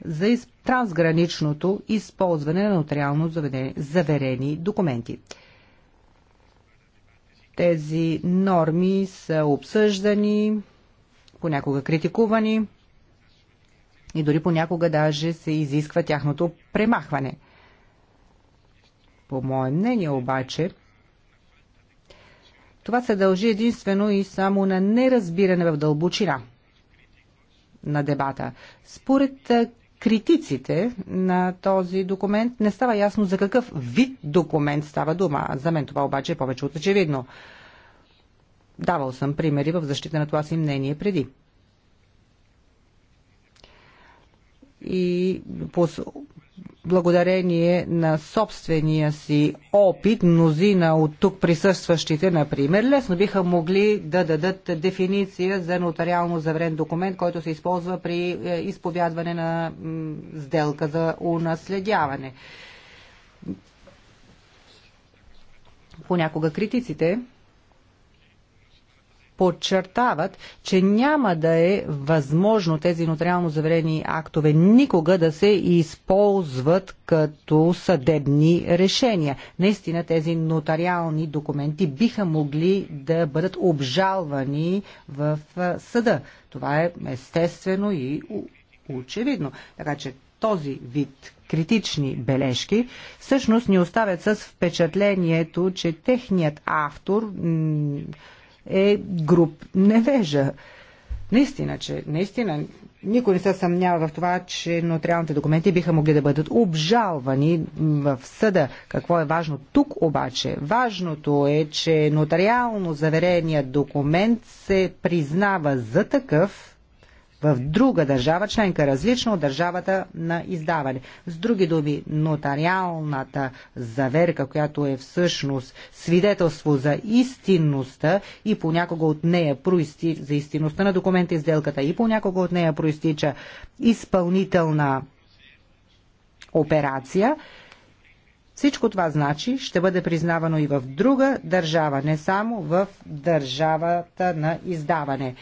за трансграничното използване на нотариално заверени документи. Тези норми са обсъждани, понякога критикувани и дори понякога даже се изисква тяхното премахване. По мое мнение обаче, това се дължи единствено и само на неразбиране в дълбочина на дебата. Според критиците на този документ. Не става ясно за какъв вид документ става дума. За мен това обаче е повече от очевидно. Давал съм примери в защита на това си мнение преди. И благодарение на собствения си опит, мнозина от тук присъстващите, например, лесно биха могли да дадат дефиниция за нотариално заверен документ, който се използва при е, изповядване на сделка за унаследяване. Понякога критиците подчертават, че няма да е възможно тези нотариално заверени актове никога да се използват като съдебни решения. Наистина тези нотариални документи биха могли да бъдат обжалвани в съда. Това е естествено и очевидно. Така че този вид критични бележки, всъщност ни оставят с впечатлението, че техният автор е груп невежа. Наистина, че, наистина, никой не се съмнява в това, че нотариалните документи биха могли да бъдат обжалвани в съда. Какво е важно тук обаче? Важното е, че нотариално заверения документ се признава за такъв в друга държава членка, различно от държавата на издаване. С други думи, нотариалната заверка, която е всъщност свидетелство за истинността и понякога от нея проистича, за истинността на документа и сделката и понякога от нея проистича изпълнителна операция, всичко това значи ще бъде признавано и в друга държава, не само в държавата на издаване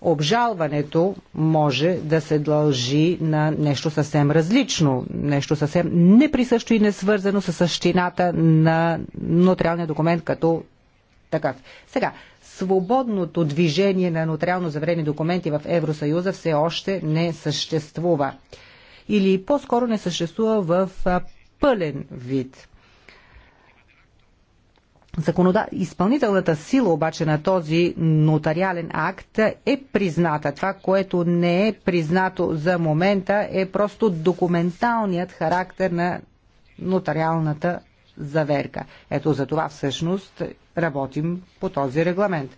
обжалването може да се дължи на нещо съвсем различно, нещо съвсем неприсъщо и несвързано с същината на нотариалния документ като такъв. Сега, свободното движение на нотариално заверени документи в Евросъюза все още не съществува. Или по-скоро не съществува в пълен вид. Законода... Изпълнителната сила обаче на този нотариален акт е призната. Това, което не е признато за момента е просто документалният характер на нотариалната заверка. Ето за това всъщност работим по този регламент.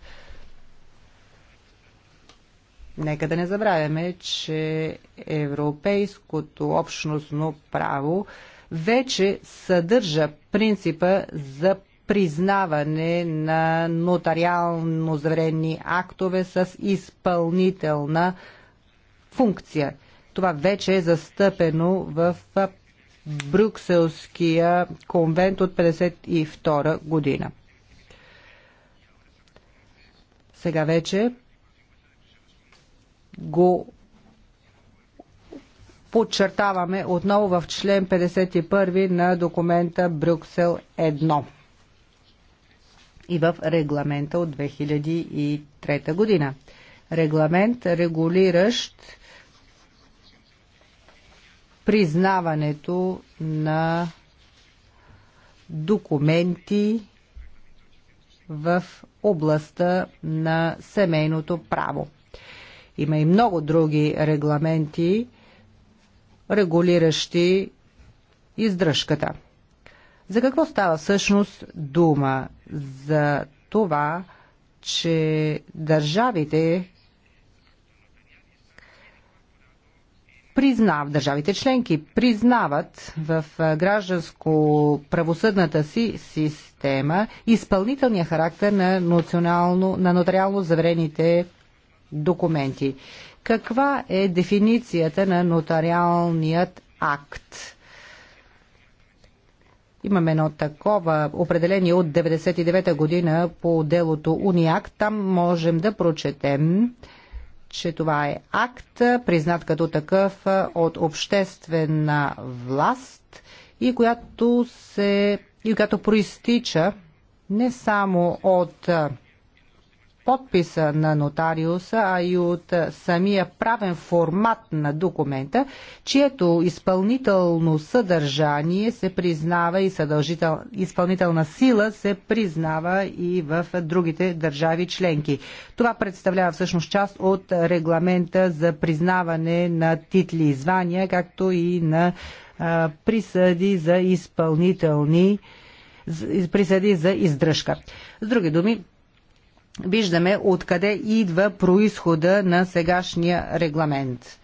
Нека да не забравяме, че европейското общностно право вече съдържа принципа за признаване на нотариално заверени актове с изпълнителна функция. Това вече е застъпено в Брюкселския конвент от 1952 година. Сега вече го подчертаваме отново в член 51 на документа Брюксел 1 и в регламента от 2003 година. Регламент, регулиращ признаването на документи в областта на семейното право. Има и много други регламенти, регулиращи издръжката. За какво става всъщност дума? за това, че държавите признав, държавите членки признават в гражданско-правосъдната си система изпълнителния характер на, национално, на нотариално заверените документи. Каква е дефиницията на нотариалният акт? Имаме едно такова определение от 99-та година по делото УНИАК. Там можем да прочетем, че това е акт, признат като такъв от обществена власт и която, се, и която проистича не само от подписа на нотариуса, а и от самия правен формат на документа, чието изпълнително съдържание се признава и съдължител... изпълнителна сила се признава и в другите държави членки. Това представлява всъщност част от регламента за признаване на титли и звания, както и на а, присъди за изпълнителни присъди за издръжка. С други думи, виждаме откъде идва происхода на сегашния регламент.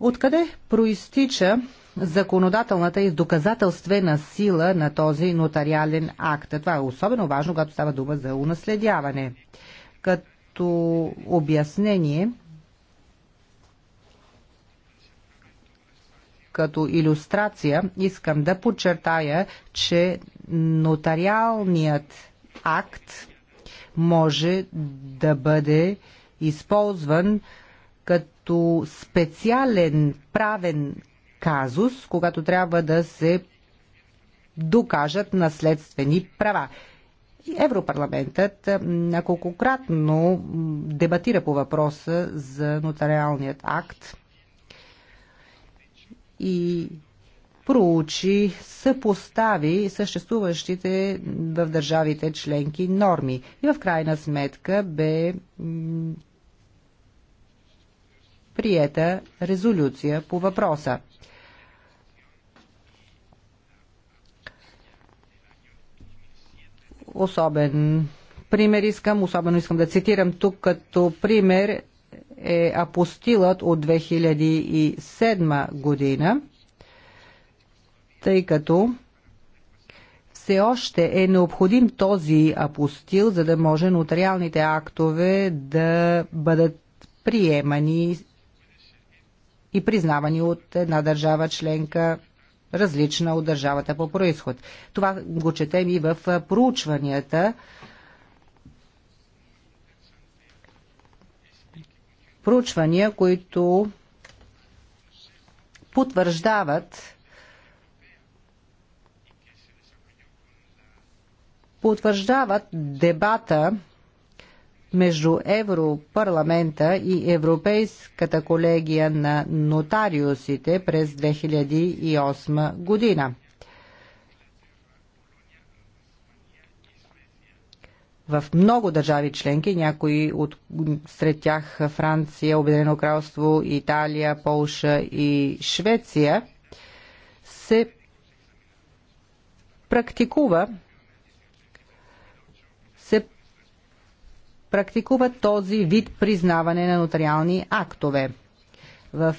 Откъде проистича законодателната и доказателствена сила на този нотариален акт? Това е особено важно, когато става дума за унаследяване. Като обяснение, като иллюстрация, искам да подчертая, че нотариалният акт може да бъде използван като специален правен казус, когато трябва да се докажат наследствени права. Европарламентът няколкократно дебатира по въпроса за нотариалният акт и проучи, съпостави съществуващите в държавите членки норми. И в крайна сметка бе приета резолюция по въпроса. Особен пример искам, особено искам да цитирам тук като пример е апостилът от 2007 година – тъй като все още е необходим този апостил, за да може нотариалните актове да бъдат приемани и признавани от една държава членка, различна от държавата по происход. Това го четем и в проучванията. Проучвания, които потвърждават потвърждават дебата между Европарламента и Европейската колегия на нотариусите през 2008 година. в много държави членки, някои от сред тях Франция, Обединено кралство, Италия, Полша и Швеция, се практикува практикуват този вид признаване на нотариални актове. В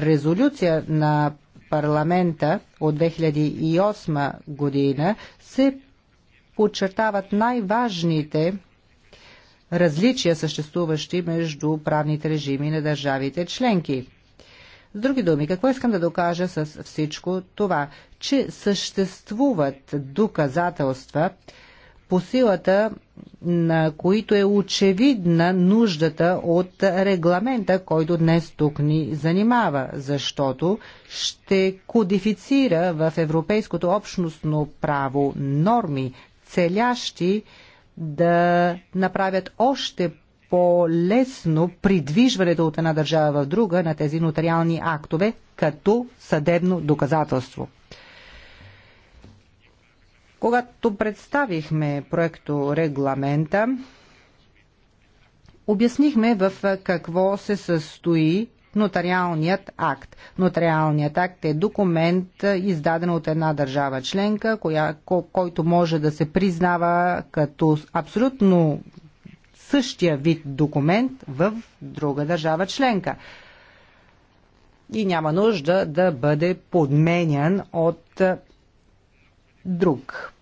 резолюция на парламента от 2008 година се подчертават най-важните различия, съществуващи между правните режими на държавите членки. С други думи, какво искам да докажа с всичко това? Че съществуват доказателства по силата на които е очевидна нуждата от регламента, който днес тук ни занимава, защото ще кодифицира в европейското общностно право норми, целящи да направят още по-лесно придвижването от една държава в друга на тези нотариални актове като съдебно доказателство. Когато представихме проекто регламента, обяснихме в какво се състои нотариалният акт. Нотариалният акт е документ, издаден от една държава членка, коя, който може да се признава като абсолютно същия вид документ в друга държава членка. И няма нужда да бъде подменян от друг.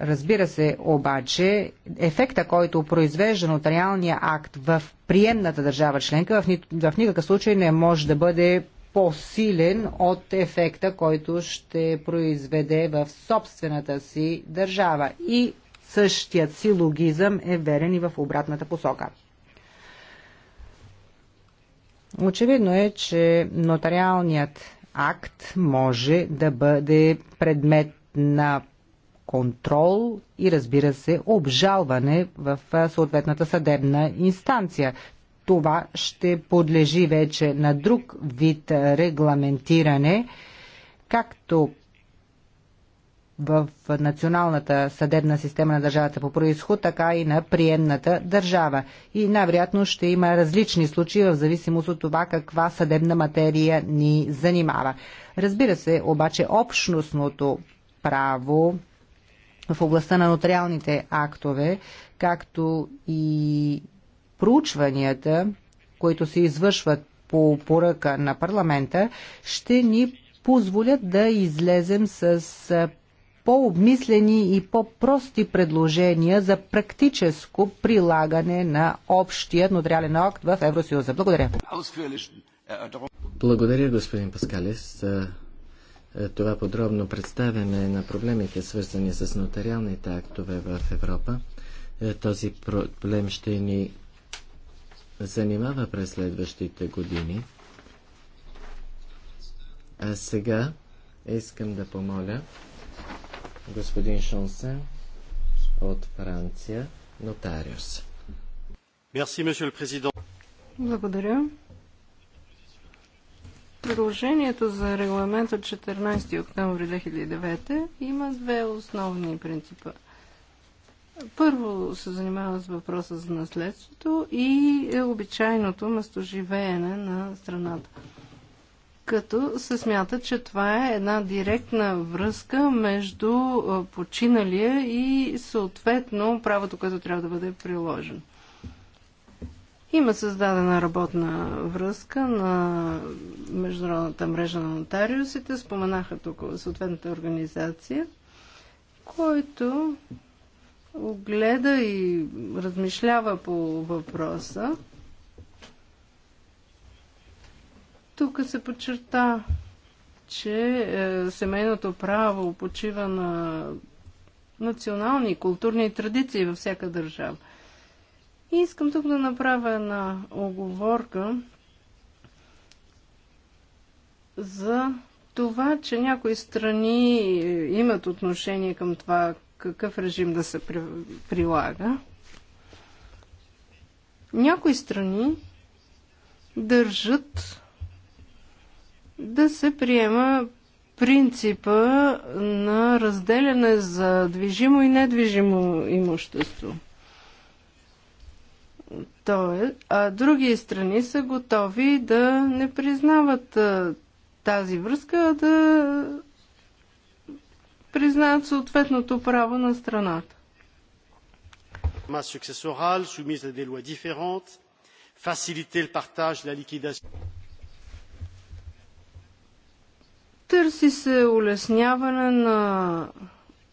Разбира се, обаче, ефекта, който произвеждан от реалния акт в приемната държава членка, в, ни, в никакъв случай не може да бъде по-силен от ефекта, който ще произведе в собствената си държава. И същият си логизъм е верен и в обратната посока. Очевидно е, че нотариалният акт може да бъде предмет на контрол и разбира се обжалване в съответната съдебна инстанция. Това ще подлежи вече на друг вид регламентиране, както в националната съдебна система на държавата по происход, така и на приемната държава. И най-вероятно ще има различни случаи в зависимост от това каква съдебна материя ни занимава. Разбира се, обаче общностното право в областта на нотариалните актове, както и проучванията, които се извършват по поръка на парламента, ще ни позволят да излезем с по-обмислени и по-прости предложения за практическо прилагане на общия нотариален акт в Евросъюза. Благодаря. Благодаря, господин Паскалис, за е, е, това подробно представяне на проблемите, свързани с нотариалните актове в Европа. Е, този проблем ще ни занимава през следващите години. А сега искам да помоля господин Шонсен от Франция, нотариус. Мерси, месье президент. Благодаря. Предложението за регламент от 14 октомври 2009 има две основни принципа. Първо се занимава с въпроса за наследството и е обичайното местоживеене на страната като се смята, че това е една директна връзка между починалия и съответно правото, което трябва да бъде приложено. Има създадена работна връзка на Международната мрежа на нотариусите, споменаха тук съответната организация, който огледа и размишлява по въпроса. Тук се подчерта, че е, семейното право почива на национални и културни традиции във всяка държава. И искам тук да направя една оговорка за това, че някои страни е, имат отношение към това какъв режим да се при... прилага. Някои страни държат да се приема принципа на разделяне за движимо и недвижимо имущество. Тоест, а други страни са готови да не признават тази връзка, а да признаят съответното право на страната. Ма successorale soumise à des фасилите партаж faciliter le Търси се улесняване на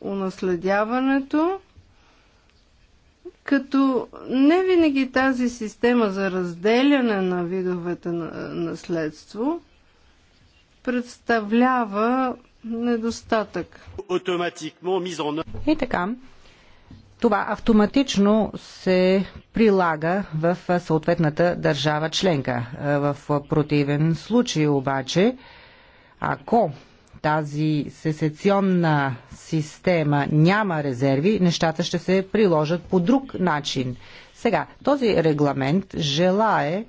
унаследяването, като не винаги тази система за разделяне на видовете на наследство представлява недостатък. И така, това автоматично се прилага в съответната държава членка. В противен случай обаче, ако тази сесеционна система няма резерви, нещата ще се приложат по друг начин. Сега, този регламент желае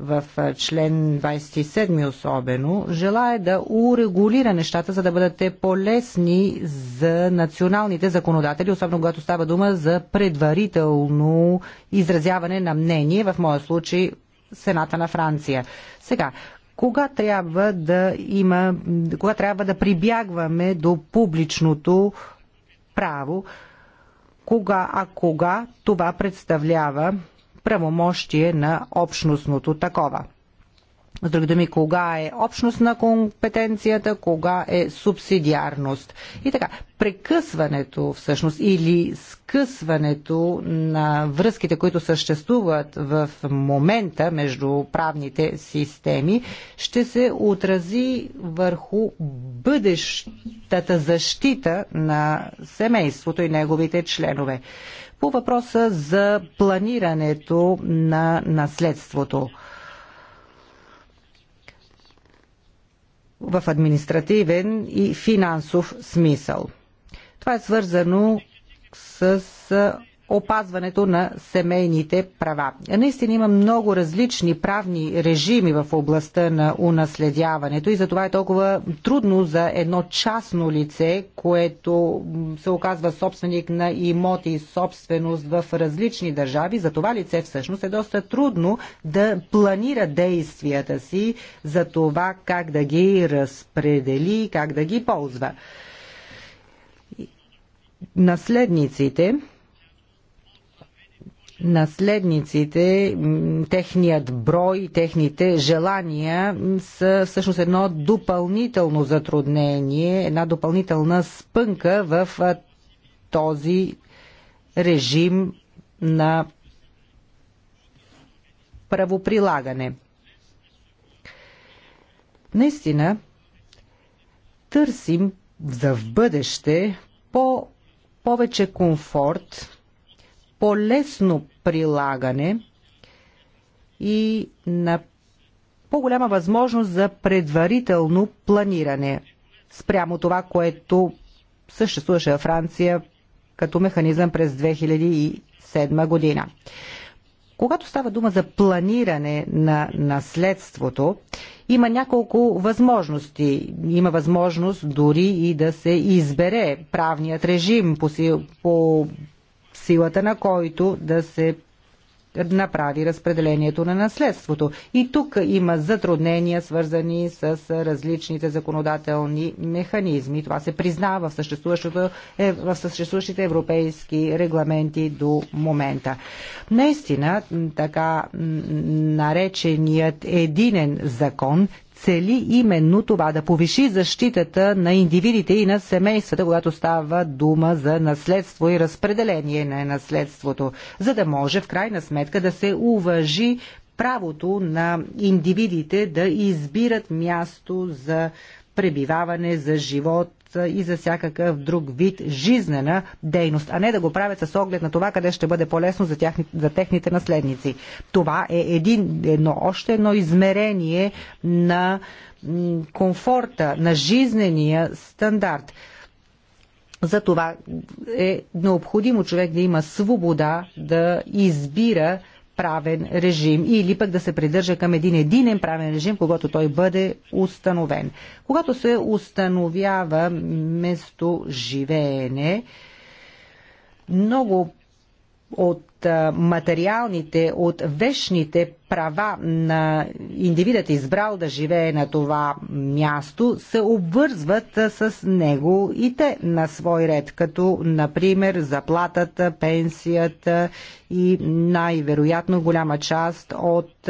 в член 27 особено, желая да урегулира нещата, за да бъдат те по-лесни за националните законодатели, особено когато става дума за предварително изразяване на мнение, в моя случай Сената на Франция. Сега, кога трябва да има, кога трябва да прибягваме до публичното право, кога, а кога това представлява правомощие на общностното такова. С други думи, кога е общност на компетенцията, кога е субсидиарност. И така, прекъсването всъщност или скъсването на връзките, които съществуват в момента между правните системи, ще се отрази върху бъдещата защита на семейството и неговите членове. По въпроса за планирането на наследството. в административен и финансов смисъл. Това е свързано с опазването на семейните права. Наистина има много различни правни режими в областта на унаследяването и затова е толкова трудно за едно частно лице, което се оказва собственик на имоти и собственост в различни държави. За това лице всъщност е доста трудно да планира действията си за това как да ги разпредели, как да ги ползва. Наследниците наследниците, техният брой, техните желания са всъщност едно допълнително затруднение, една допълнителна спънка в този режим на правоприлагане. Наистина, търсим за в бъдеще по повече комфорт по-лесно прилагане и на по-голяма възможност за предварително планиране спрямо това, което съществуваше във Франция като механизъм през 2007 година. Когато става дума за планиране на наследството, има няколко възможности. Има възможност дори и да се избере правният режим по, по силата на който да се направи разпределението на наследството. И тук има затруднения, свързани с различните законодателни механизми. Това се признава в, е, в съществуващите европейски регламенти до момента. Наистина, така нареченият единен закон цели именно това да повиши защитата на индивидите и на семействата, когато става дума за наследство и разпределение на наследството, за да може в крайна сметка да се уважи правото на индивидите да избират място за пребиваване, за живот и за всякакъв друг вид жизнена дейност, а не да го правят с оглед на това къде ще бъде по-лесно за, за техните наследници. Това е един, едно, още едно измерение на комфорта, на жизнения стандарт. За това е необходимо човек да има свобода да избира правен режим или пък да се придържа към един единен правен режим, когато той бъде установен. Когато се установява место живеене, много от материалните, от вечните права на индивидът избрал да живее на това място, се обвързват с него и те на свой ред, като например заплатата, пенсията и най-вероятно голяма част от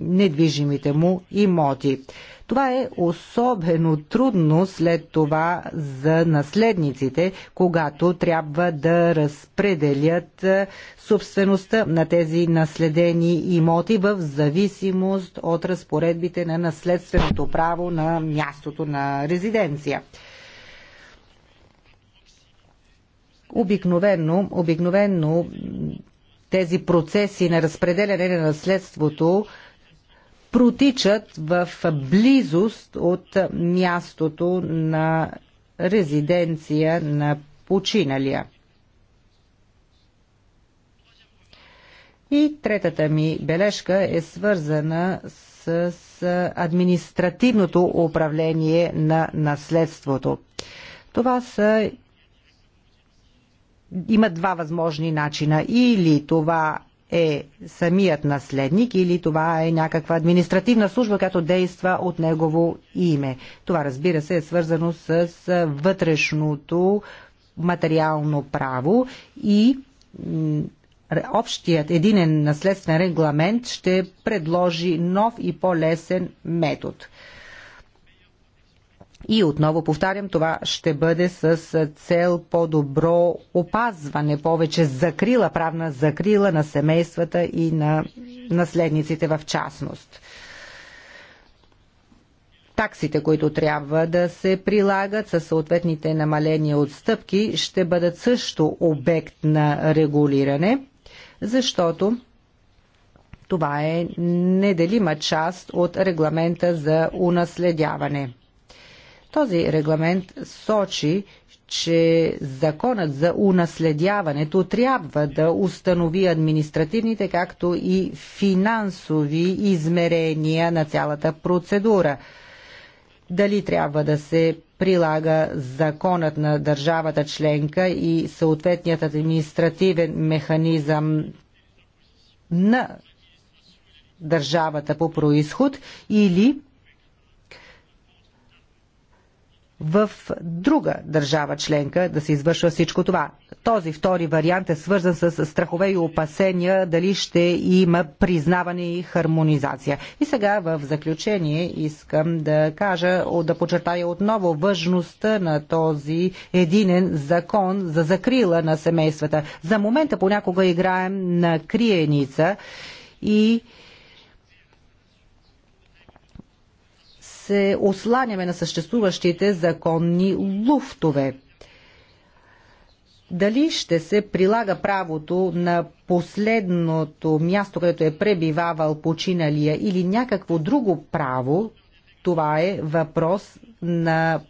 недвижимите му имоти. Това е особено трудно след това за наследниците, когато трябва да разпределят собствеността на тези наследени имоти в зависимост от разпоредбите на наследственото право на мястото на резиденция. Обикновенно, обикновенно тези процеси на разпределяне на наследството протичат в близост от мястото на резиденция на починалия. И третата ми бележка е свързана с административното управление на наследството. Това са има два възможни начина. Или това е самият наследник, или това е някаква административна служба, която действа от негово име. Това, разбира се, е свързано с вътрешното материално право и общият единен наследствен регламент ще предложи нов и по-лесен метод. И отново повтарям, това ще бъде с цел по-добро опазване, повече закрила, правна закрила на семействата и на наследниците в частност таксите, които трябва да се прилагат със съответните намаления отстъпки, ще бъдат също обект на регулиране защото това е неделима част от регламента за унаследяване. Този регламент сочи, че законът за унаследяването трябва да установи административните, както и финансови измерения на цялата процедура. Дали трябва да се прилага законът на държавата членка и съответният административен механизъм на държавата по происход или в друга държава членка да се извършва всичко това. Този втори вариант е свързан с страхове и опасения дали ще има признаване и хармонизация. И сега в заключение искам да кажа, да почертая отново важността на този единен закон за закрила на семействата. За момента понякога играем на криеница и се осланяме на съществуващите законни луфтове. Дали ще се прилага правото на последното място, където е пребивавал починалия или някакво друго право, това е въпрос на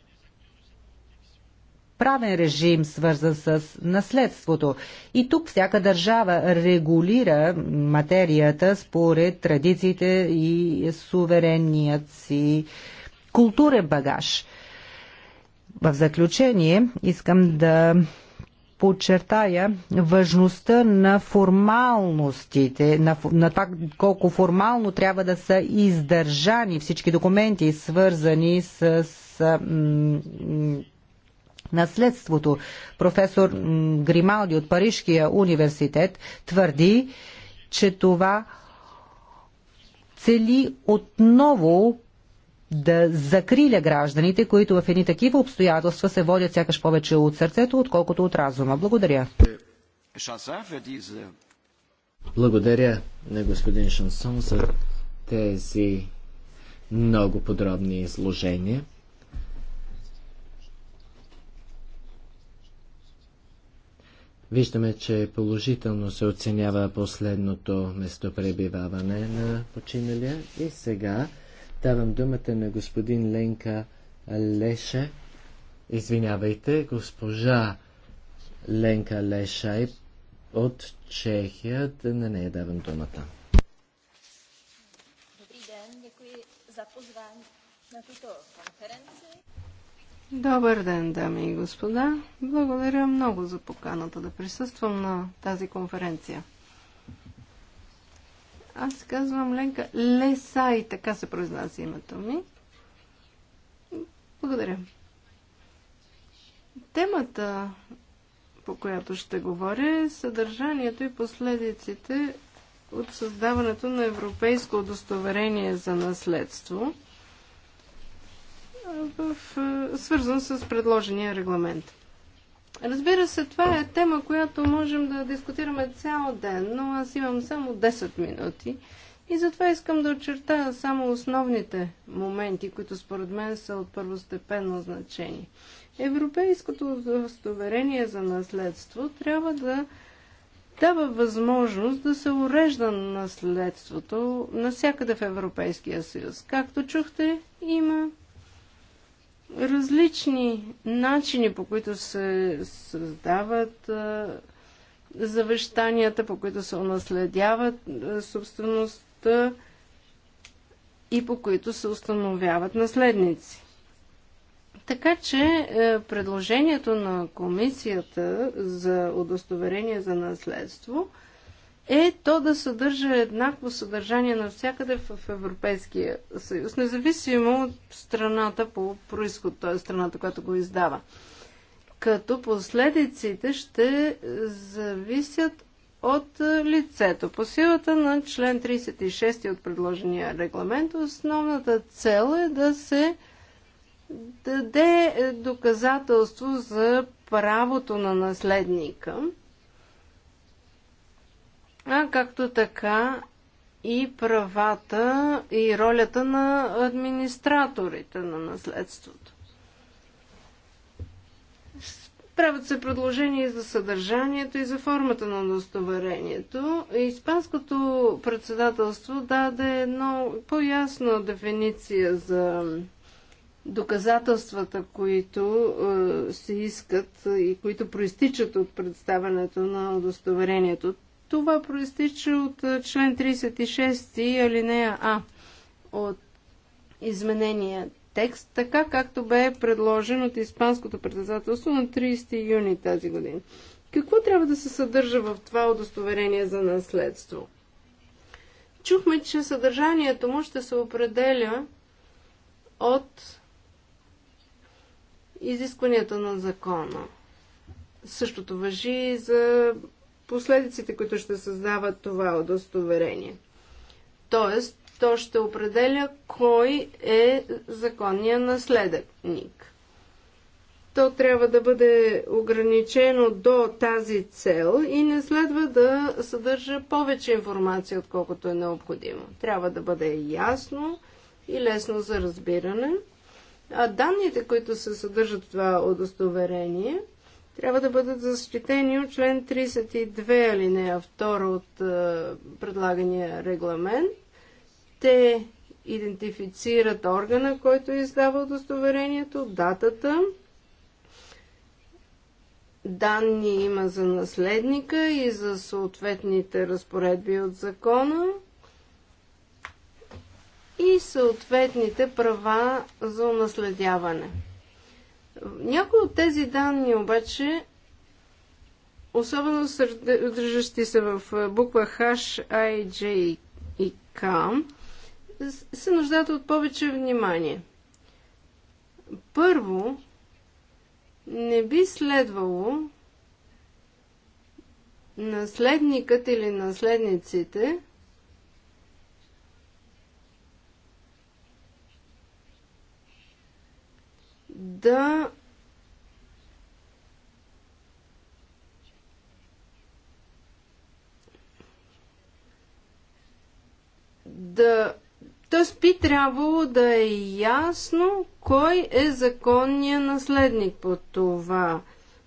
правен режим, свързан с наследството. И тук всяка държава регулира материята според традициите и суверенният си културен багаж. В заключение искам да подчертая важността на формалностите, на, на това колко формално трябва да са издържани всички документи, свързани с наследството. Професор Грималди от Парижкия университет твърди, че това цели отново да закриля гражданите, които в едни такива обстоятелства се водят сякаш повече от сърцето, отколкото от разума. Благодаря. Благодаря на господин Шансон за тези много подробни изложения. Виждаме, че положително се оценява последното местопребиваване на починалия. И сега давам думата на господин Ленка Леше. Извинявайте, госпожа Ленка Лешай е от Чехия. да На нея давам думата. Добри ден, děkuji за pozvání на tuto Добър ден, дами и господа. Благодаря много за поканата да присъствам на тази конференция. Аз казвам Ленка Леса и така се произнася името ми. Благодаря. Темата, по която ще говоря, е съдържанието и последиците от създаването на европейско удостоверение за наследство – в, е, свързан с предложения регламент. Разбира се, това е тема, която можем да дискутираме цял ден, но аз имам само 10 минути и затова искам да очертая само основните моменти, които според мен са от първостепенно значение. Европейското удостоверение за наследство трябва да дава възможност да се урежда наследството навсякъде в Европейския съюз. Както чухте, има различни начини, по които се създават завещанията, по които се унаследяват собствеността и по които се установяват наследници. Така че е, предложението на комисията за удостоверение за наследство – е то да съдържа еднакво съдържание навсякъде в Европейския съюз, независимо от страната по происход, т.е. страната, която го издава. Като последиците ще зависят от лицето. По силата на член 36 от предложения регламент, основната цел е да се даде доказателство за правото на наследника – а както така и правата и ролята на администраторите на наследството. Правят се предложения и за съдържанието, и за формата на удостоверението. Испанското председателство даде едно по-ясна дефиниция за доказателствата, които е, се искат и които проистичат от представянето на удостоверението. Това проистича от член 36 алинея А от изменения текст, така както бе предложен от Испанското председателство на 30 юни тази година. Какво трябва да се съдържа в това удостоверение за наследство? Чухме, че съдържанието му ще се определя от изискванията на закона. Същото въжи и за последиците, които ще създават това удостоверение. Тоест, то ще определя кой е законния наследник. То трябва да бъде ограничено до тази цел и не следва да съдържа повече информация, отколкото е необходимо. Трябва да бъде ясно и лесно за разбиране. А данните, които се съдържат в това удостоверение, трябва да бъдат защитени от член 32 алинея 2 от е, предлагания регламент. Те идентифицират органа, който е издава удостоверението, датата, данни има за наследника и за съответните разпоредби от закона и съответните права за унаследяване. Някои от тези данни обаче, особено съдържащи се в буква H, I, J и K, се нуждаят от повече внимание. Първо, не би следвало наследникът или наследниците да да Тоест би трябвало да е ясно кой е законния наследник по това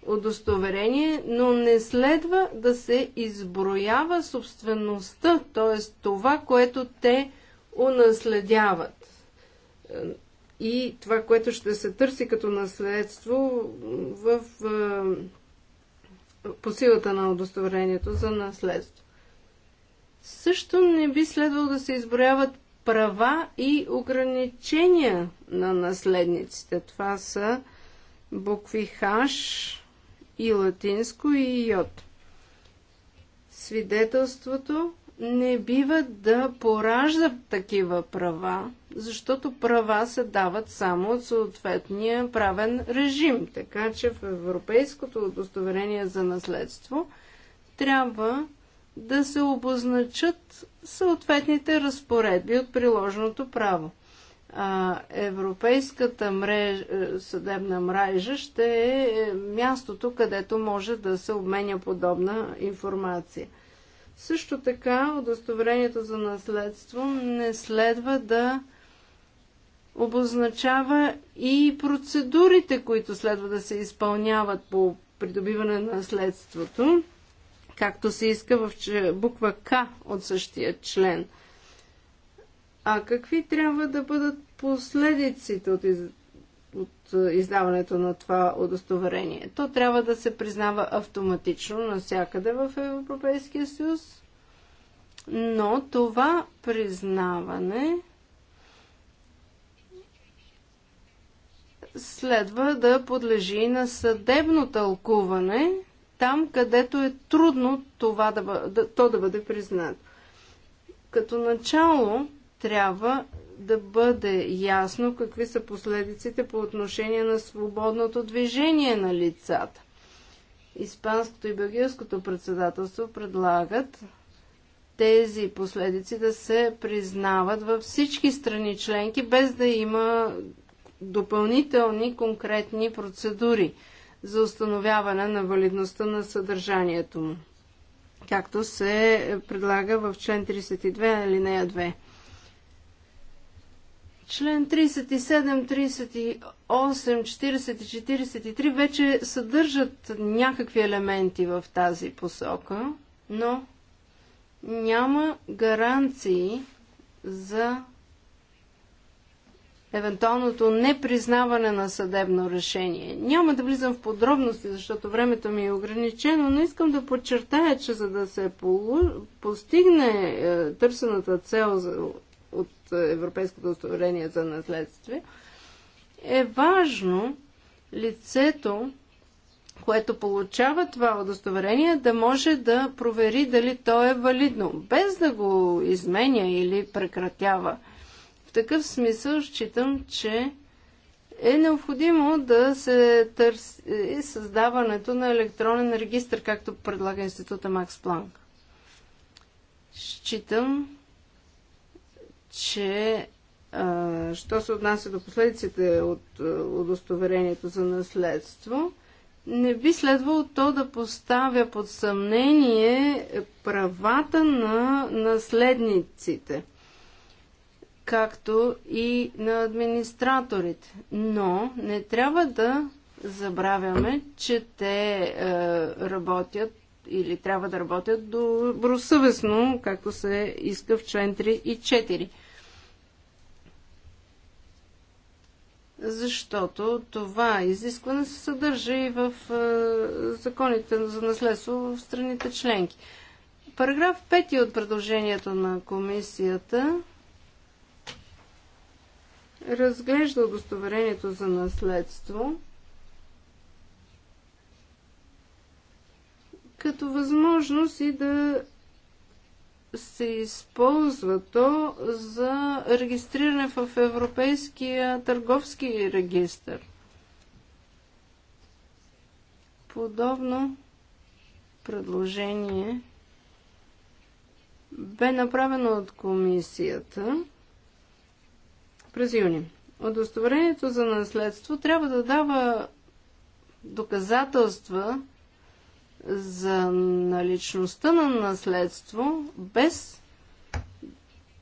удостоверение, но не следва да се изброява собствеността, т.е. това, което те унаследяват и това, което ще се търси като наследство в, по силата на удостоверението за наследство. Също не би следвало да се изброяват права и ограничения на наследниците. Това са букви Х и латинско и йод. Свидетелството не бива да пораждат такива права, защото права се дават само от съответния правен режим. Така че в Европейското удостоверение за наследство трябва да се обозначат съответните разпоредби от приложеното право. А, европейската мреж, е, съдебна мрежа ще е, е мястото, където може да се обменя подобна информация – също така удостоверението за наследство не следва да обозначава и процедурите, които следва да се изпълняват по придобиване на наследството, както се иска в буква К от същия член. А какви трябва да бъдат последиците от от е, издаването на това удостоверение. То трябва да се признава автоматично навсякъде в Европейския съюз, но това признаване следва да подлежи на съдебно тълкуване там, където е трудно това да, да, то да бъде признато. Като начало трябва да бъде ясно какви са последиците по отношение на свободното движение на лицата. Испанското и Белгийското председателство предлагат тези последици да се признават във всички страни членки, без да има допълнителни конкретни процедури за установяване на валидността на съдържанието му, както се предлага в член 32 алинея 2. Член 37, 38, 40 и 43 вече съдържат някакви елементи в тази посока, но няма гаранции за евентуалното непризнаване на съдебно решение. Няма да влизам в подробности, защото времето ми е ограничено, но искам да подчертая, че за да се постигне е, търсената цел за от Европейското устроение за наследствие, е важно лицето, което получава това удостоверение, да може да провери дали то е валидно, без да го изменя или прекратява. В такъв смисъл считам, че е необходимо да се търси създаването на електронен регистр, както предлага института Макс Планк. Считам, че а, що се отнася до последиците от удостоверението за наследство, не би следвало то да поставя под съмнение правата на наследниците, както и на администраторите. Но не трябва да забравяме, че те е, работят или трябва да работят добросъвестно, както се иска в член 3 и 4. защото това изискване се съдържа и в е, законите за наследство в страните членки. Параграф 5 от предложението на комисията разглежда удостоверението за наследство като възможност и да се използва то за регистриране в Европейския търговски регистр. Подобно предложение бе направено от комисията през юни. Удостоверението за наследство трябва да дава доказателства за наличността на наследство, без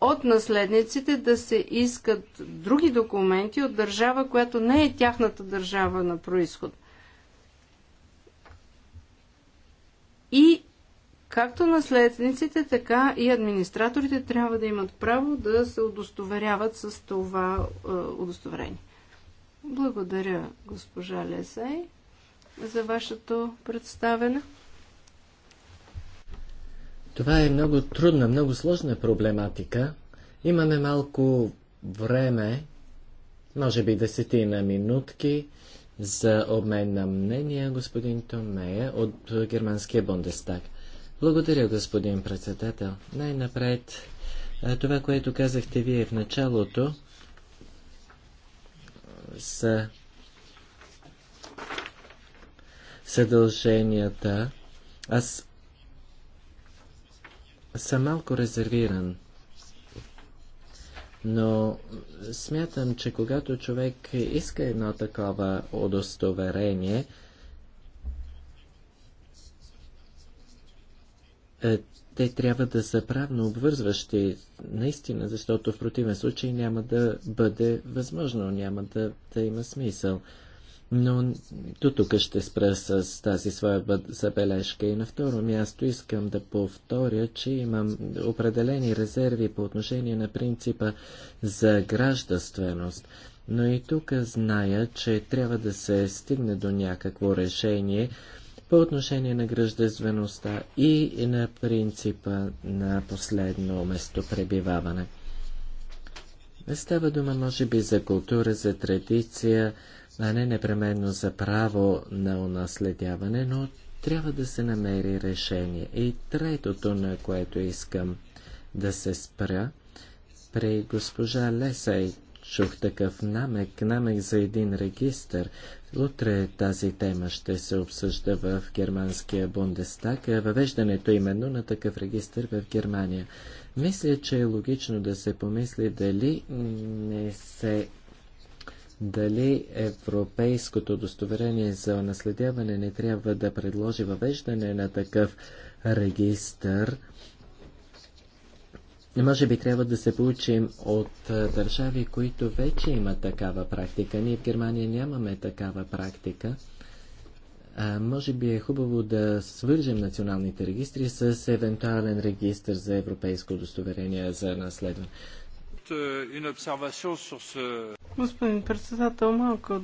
от наследниците да се искат други документи от държава, която не е тяхната държава на происход. И както наследниците, така и администраторите трябва да имат право да се удостоверяват с това е, удостоверение. Благодаря, госпожа Лесей за вашето представене. Това е много трудна, много сложна проблематика. Имаме малко време, може би десетина минутки, за обмен на мнения, господин Томея от Германския Бундестаг. Благодаря, господин председател. Най-напред, това, което казахте вие в началото, са задълженията, аз съм малко резервиран. Но смятам, че когато човек иска едно такова удостоверение, е, те трябва да са правно обвързващи, наистина, защото в противен случай няма да бъде възможно, няма да, да има смисъл. Но до тук ще спра с тази своя забележка. И на второ място искам да повторя, че имам определени резерви по отношение на принципа за гражданственост. Но и тук зная, че трябва да се стигне до някакво решение по отношение на гражданствеността и на принципа на последно местопребиваване. Става дума, може би, за култура, за традиция, а не непременно за право на унаследяване, но трябва да се намери решение. И третото, на което искам да се спра, при госпожа Лесай чух такъв намек, намек за един регистр. Утре тази тема ще се обсъжда в германския Бундестаг, въвеждането именно на такъв регистр в Германия. Мисля, че е логично да се помисли дали не се дали европейското удостоверение за наследяване не трябва да предложи въвеждане на такъв регистр. Може би трябва да се получим от държави, които вече имат такава практика. Ние в Германия нямаме такава практика. А, може би е хубаво да свържем националните регистри с евентуален регистр за европейско удостоверение за наследване. Euh, Господин председател, малко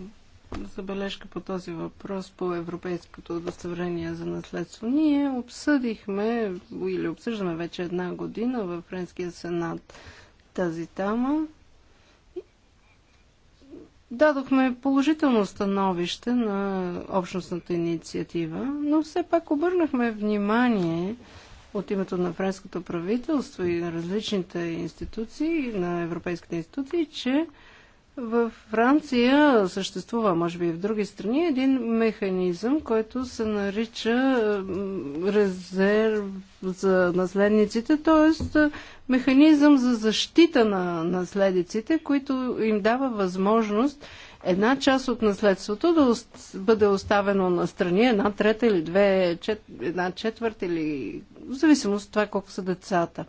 забележка по този въпрос по европейското удостоверение за наследство. Ние обсъдихме или обсъждаме вече една година във Френския сенат тази тема. Дадохме положително становище на общностната инициатива, но все пак обърнахме внимание, от името на френското правителство и на различните институции, на европейските институции, че в Франция съществува, може би и в други страни, един механизъм, който се нарича резерв за наследниците, т.е. механизъм за защита на наследиците, които им дава възможност една част от наследството да бъде оставено на страни, една трета или две, чет, една четвърт или в зависимост от това колко са децата.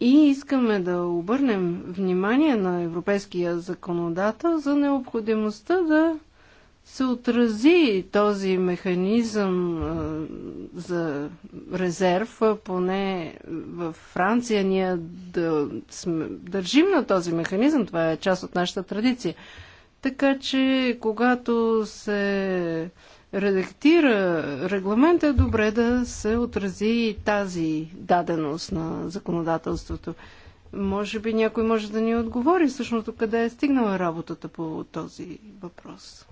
И искаме да обърнем внимание на европейския законодател за необходимостта да се отрази този механизъм за резерв, поне в Франция ние да сме, държим на този механизъм, това е част от нашата традиция. Така че, когато се редактира регламента, е добре да се отрази тази даденост на законодателството. Може би някой може да ни отговори всъщност къде е стигнала работата по този въпрос.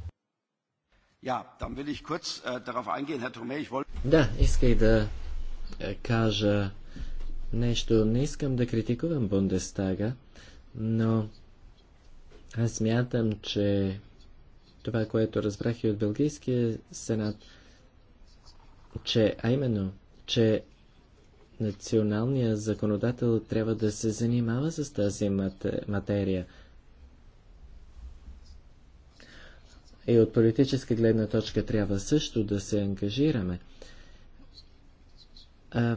Да, исках да е, кажа нещо. Не искам да критикувам Бундестага, но аз мятам, че това, което разбрах и от Белгийския сенат, че, а именно, че националният законодател трябва да се занимава с тази материя. И от политическа гледна точка трябва също да се ангажираме. А,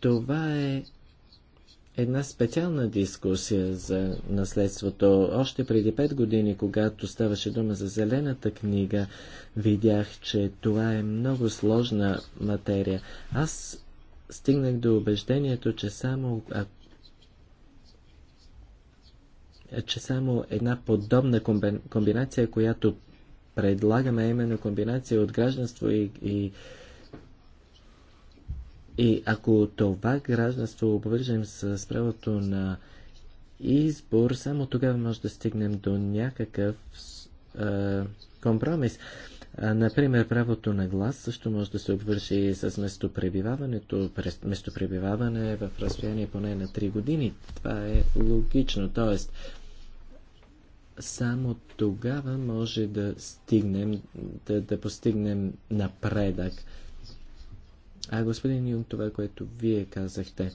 това е една специална дискусия за наследството. Още преди 5 години, когато ставаше дума за зелената книга, видях, че това е много сложна материя. Аз стигнах до убеждението, че само че само една подобна комбинация, която предлагаме, именно комбинация от гражданство и, и и ако това гражданство обвържем с правото на избор, само тогава може да стигнем до някакъв е, компромис. Например, правото на глас също може да се обвърши с местопребиваването. Местопребиваване в разстояние поне на 3 години. Това е логично. Тоест, само тогава може да стигнем, да, да постигнем напредък а господин Юнг, това, което вие казахте,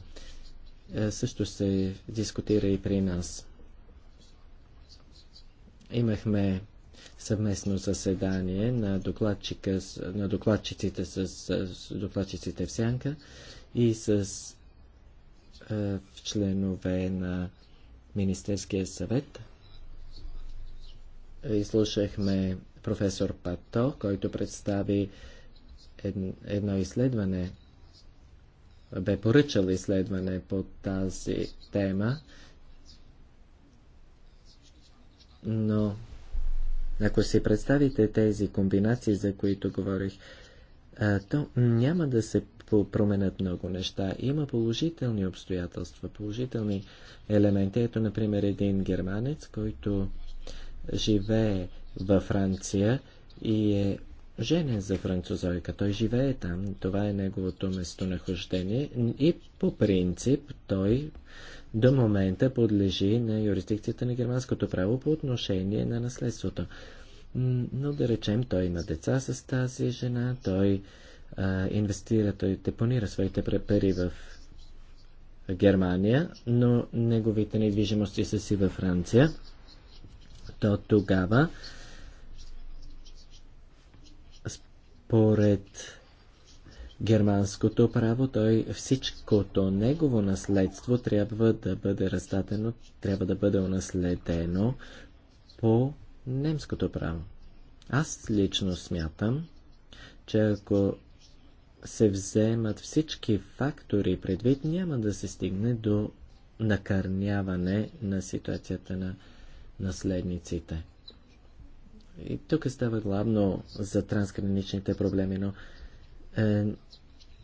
е, също се дискутира и при нас. Имахме съвместно заседание на, докладчика, на докладчиците с, с докладчиците в Сянка и с е, членове на Министерския съвет. Изслушахме професор Пато, който представи е, едно изследване, бе поръчал изследване по тази тема, но ако си представите тези комбинации, за които говорих, то няма да се променят много неща. Има положителни обстоятелства, положителни елементи. Ето, например, един германец, който живее във Франция и е женен за французойка. Той живее там. Това е неговото местонахождение. И по принцип той до момента подлежи на юрисдикцията на германското право по отношение на наследството. Но да речем, той има деца с тази жена, той а, инвестира, той депонира своите пари в Германия, но неговите недвижимости са си във Франция. То тогава Според германското право, той всичкото негово наследство трябва да бъде раздадено, трябва да бъде унаследено по немското право. Аз лично смятам, че ако се вземат всички фактори предвид, няма да се стигне до накърняване на ситуацията на наследниците. И тук става главно за трансграничните проблеми, но е,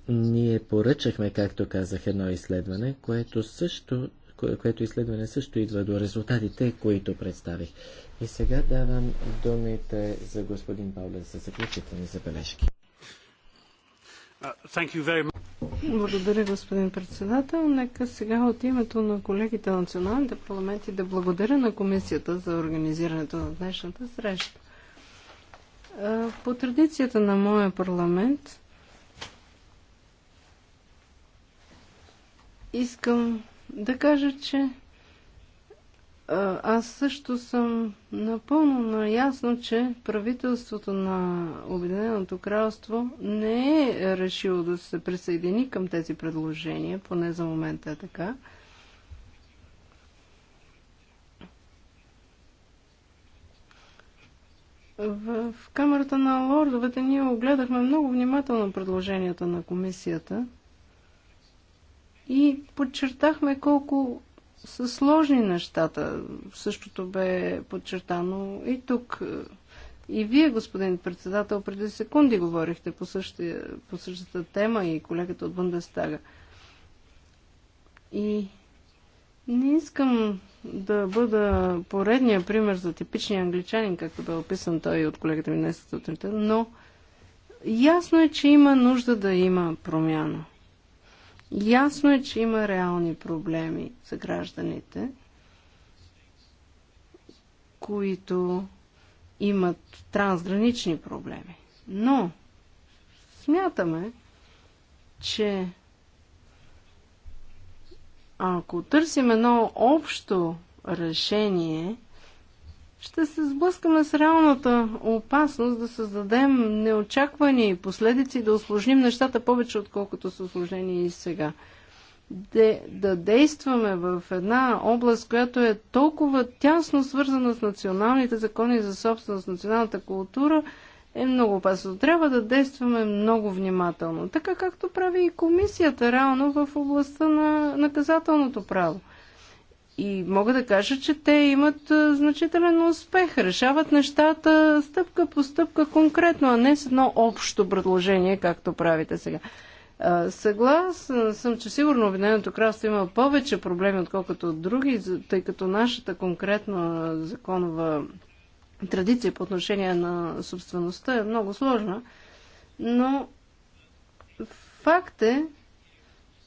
ние поръчахме, както казах, едно изследване, което също което изследване също идва до резултатите, които представих. И сега давам думите за господин Паулен за заключителни забележки. Благодаря, господин председател. Нека сега от името на колегите на националните парламенти да благодаря на комисията за организирането на днешната среща. По традицията на моя парламент искам да кажа, че аз също съм напълно наясно, че правителството на Обединеното кралство не е решило да се присъедини към тези предложения, поне за момента е така. В Камерата на лордовете ние огледахме много внимателно предложенията на комисията и подчертахме колко са сложни нещата. Същото бе подчертано и тук. И вие, господин председател, преди секунди говорихте по, същия, по същата тема и колегата от Бундестага. И не искам да бъда поредния пример за типичния англичанин, както бе описан той от колегата ми днес сутринта, но ясно е, че има нужда да има промяна. Ясно е, че има реални проблеми за гражданите, които имат трансгранични проблеми. Но смятаме, че ако търсим едно общо решение, ще се сблъскаме с реалната опасност да създадем неочаквани последици, да осложним нещата повече, отколкото са осложнени и сега. Де, да действаме в една област, която е толкова тясно свързана с националните закони за собственост, националната култура, е много опасно. Трябва да действаме много внимателно, така както прави и комисията реално в областта на наказателното право. И мога да кажа, че те имат значителен успех. Решават нещата стъпка по стъпка конкретно, а не с едно общо предложение, както правите сега. Съгласен съм, че сигурно Обединеното кралство има повече проблеми, отколкото от други, тъй като нашата конкретна законова традиция по отношение на собствеността е много сложна, но факт е,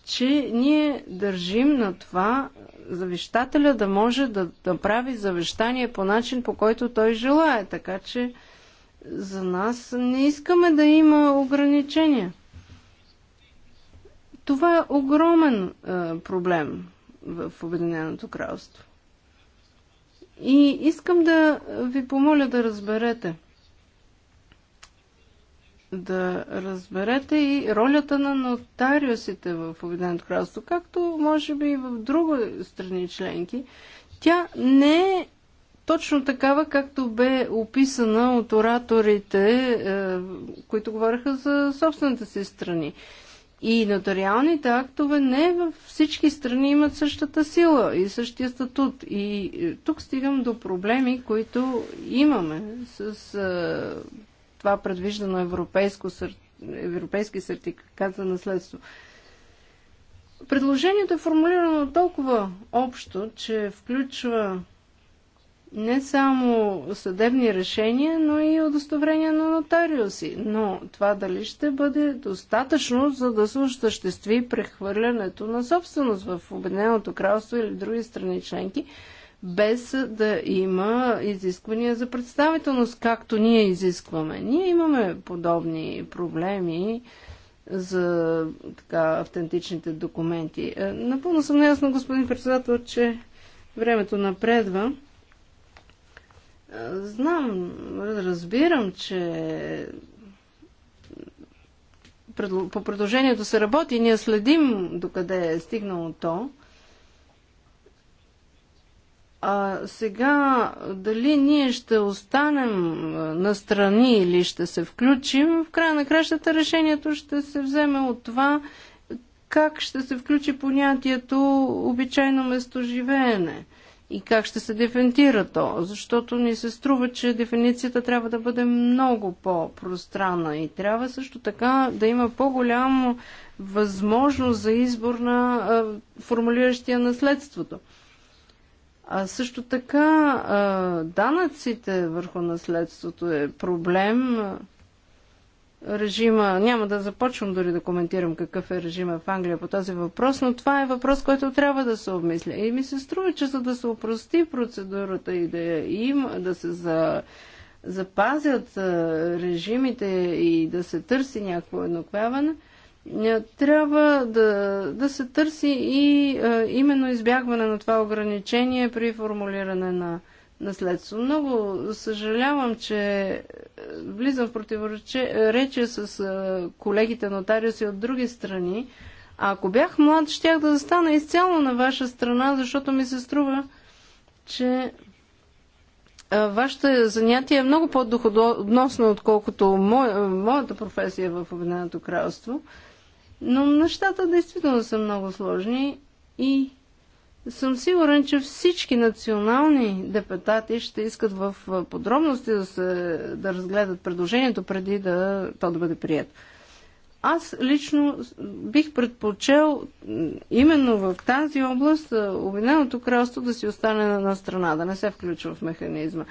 че ние държим на това завещателя да може да, да прави завещание по начин, по който той желае. Така че за нас не искаме да има ограничения. Това е огромен е, проблем в Обединеното кралство. И искам да ви помоля да разберете. Да разберете и ролята на нотариусите в Обединеното кралство, както може би и в други страни членки. Тя не е точно такава, както бе описана от ораторите, е, които говореха за собствените си страни. И нотариалните актове не във всички страни имат същата сила и същия статут. И тук стигам до проблеми, които имаме с а, това предвиждано европейско, европейски сертификат за наследство. Предложението е формулирано толкова общо, че включва не само съдебни решения, но и удостоверения на нотариуси. Но това дали ще бъде достатъчно, за да се осъществи прехвърлянето на собственост в Обединеното кралство или други страни членки, без да има изисквания за представителност, както ние изискваме. Ние имаме подобни проблеми за така, автентичните документи. Е, напълно съм неясна, господин председател, че времето напредва. Знам, разбирам, че по предложението се работи, и ние следим докъде е стигнало то. А сега, дали ние ще останем на страни или ще се включим, в края на кращата решението ще се вземе от това как ще се включи понятието обичайно местоживеене и как ще се дефинира то, защото ни се струва, че дефиницията трябва да бъде много по-пространна и трябва също така да има по-голяма възможност за избор на а, формулиращия наследството. А също така а, данъците върху наследството е проблем режима, няма да започвам дори да коментирам какъв е режима в Англия по този въпрос, но това е въпрос, който трябва да се обмисля. И ми се струва, че за да се опрости процедурата и да им, да се за, запазят режимите и да се търси някакво едноквяване, трябва да, да се търси и именно избягване на това ограничение при формулиране на наследство. Много съжалявам, че е, влизам в противоречие е, с е, колегите нотариуси от други страни. А ако бях млад, щях да застана изцяло на ваша страна, защото ми се струва, че вашето занятие е много по-доходоносно, отколкото моя, моята професия в Обединеното кралство. Но нещата действително са много сложни и съм сигурен, че всички национални депутати ще искат в подробности да, се, да разгледат предложението преди да то да бъде прието. Аз лично бих предпочел именно в тази област Обединеното кралство да си остане на страна, да не се включва в механизма.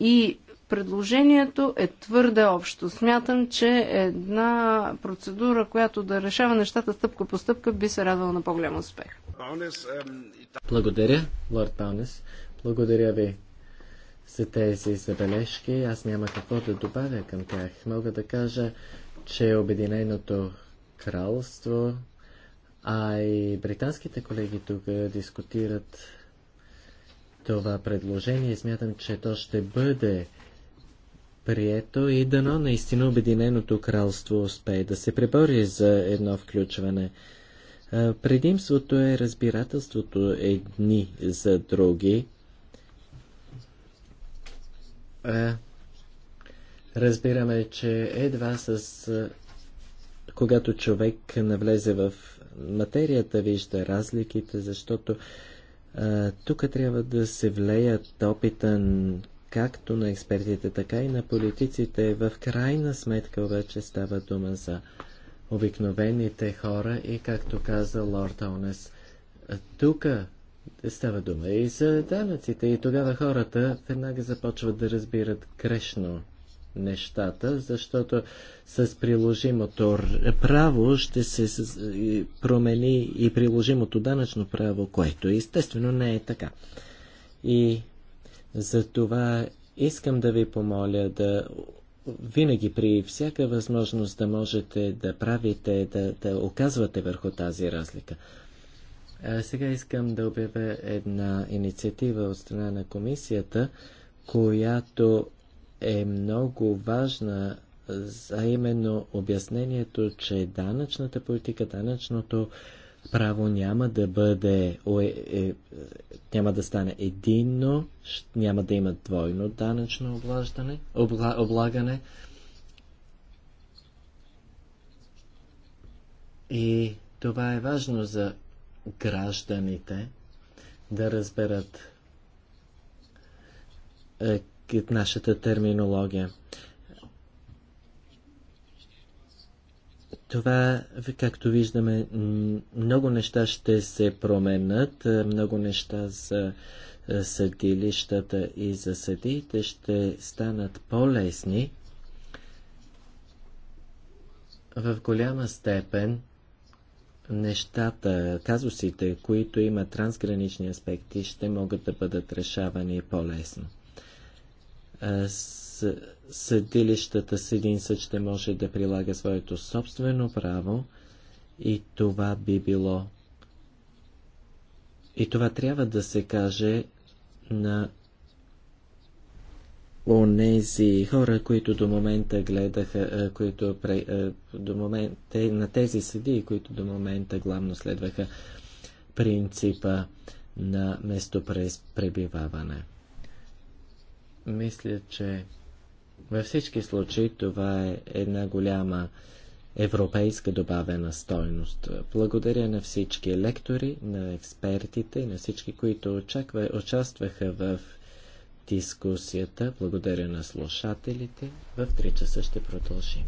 И предложението е твърде общо. Смятам, че една процедура, която да решава нещата стъпка по стъпка, би се радвала на по-голям успех. Благодаря, Лорд Паунес. Благодаря ви за тези забележки. Аз няма какво да добавя към тях. Мога да кажа, че Обединеното кралство, а и британските колеги тук дискутират това предложение и смятам, че то ще бъде прието и дано наистина Обединеното кралство успее да се пребори за едно включване. Предимството е разбирателството едни за други. Разбираме, че едва с когато човек навлезе в материята, вижда разликите, защото тук трябва да се влеят опита както на експертите, така и на политиците. В крайна сметка обаче става дума за обикновените хора и както каза лорд Онес, тук става дума и за данъците и тогава хората веднага започват да разбират грешно нещата, защото с приложимото право ще се промени и приложимото данъчно право, което естествено не е така. И затова искам да ви помоля да винаги при всяка възможност да можете да правите, да, да оказвате върху тази разлика. А сега искам да обявя една инициатива от страна на комисията, която е много важна, а именно обяснението, че данъчната политика, данъчното право няма да бъде, е, няма да стане единно, няма да има двойно данъчно обла, облагане. И това е важно за гражданите да разберат е, нашата терминология. това, както виждаме, много неща ще се променят, е, много неща за е, съдилищата и за съдиите ще станат по-лесни. В голяма степен нещата, казусите, които имат трансгранични аспекти, ще могат да бъдат решавани по-лесно. Е, съдилищата с един съд ще може да прилага своето собствено право и това би било. И това трябва да се каже на онези хора, които до момента гледаха, които пре, до момента, на тези съдии, които до момента главно следваха принципа на местопребиваване. Мисля, че във всички случаи това е една голяма европейска добавена стойност. Благодаря на всички лектори, на експертите, и на всички, които очаква, участваха в дискусията. Благодаря на слушателите. В 3 часа ще продължим.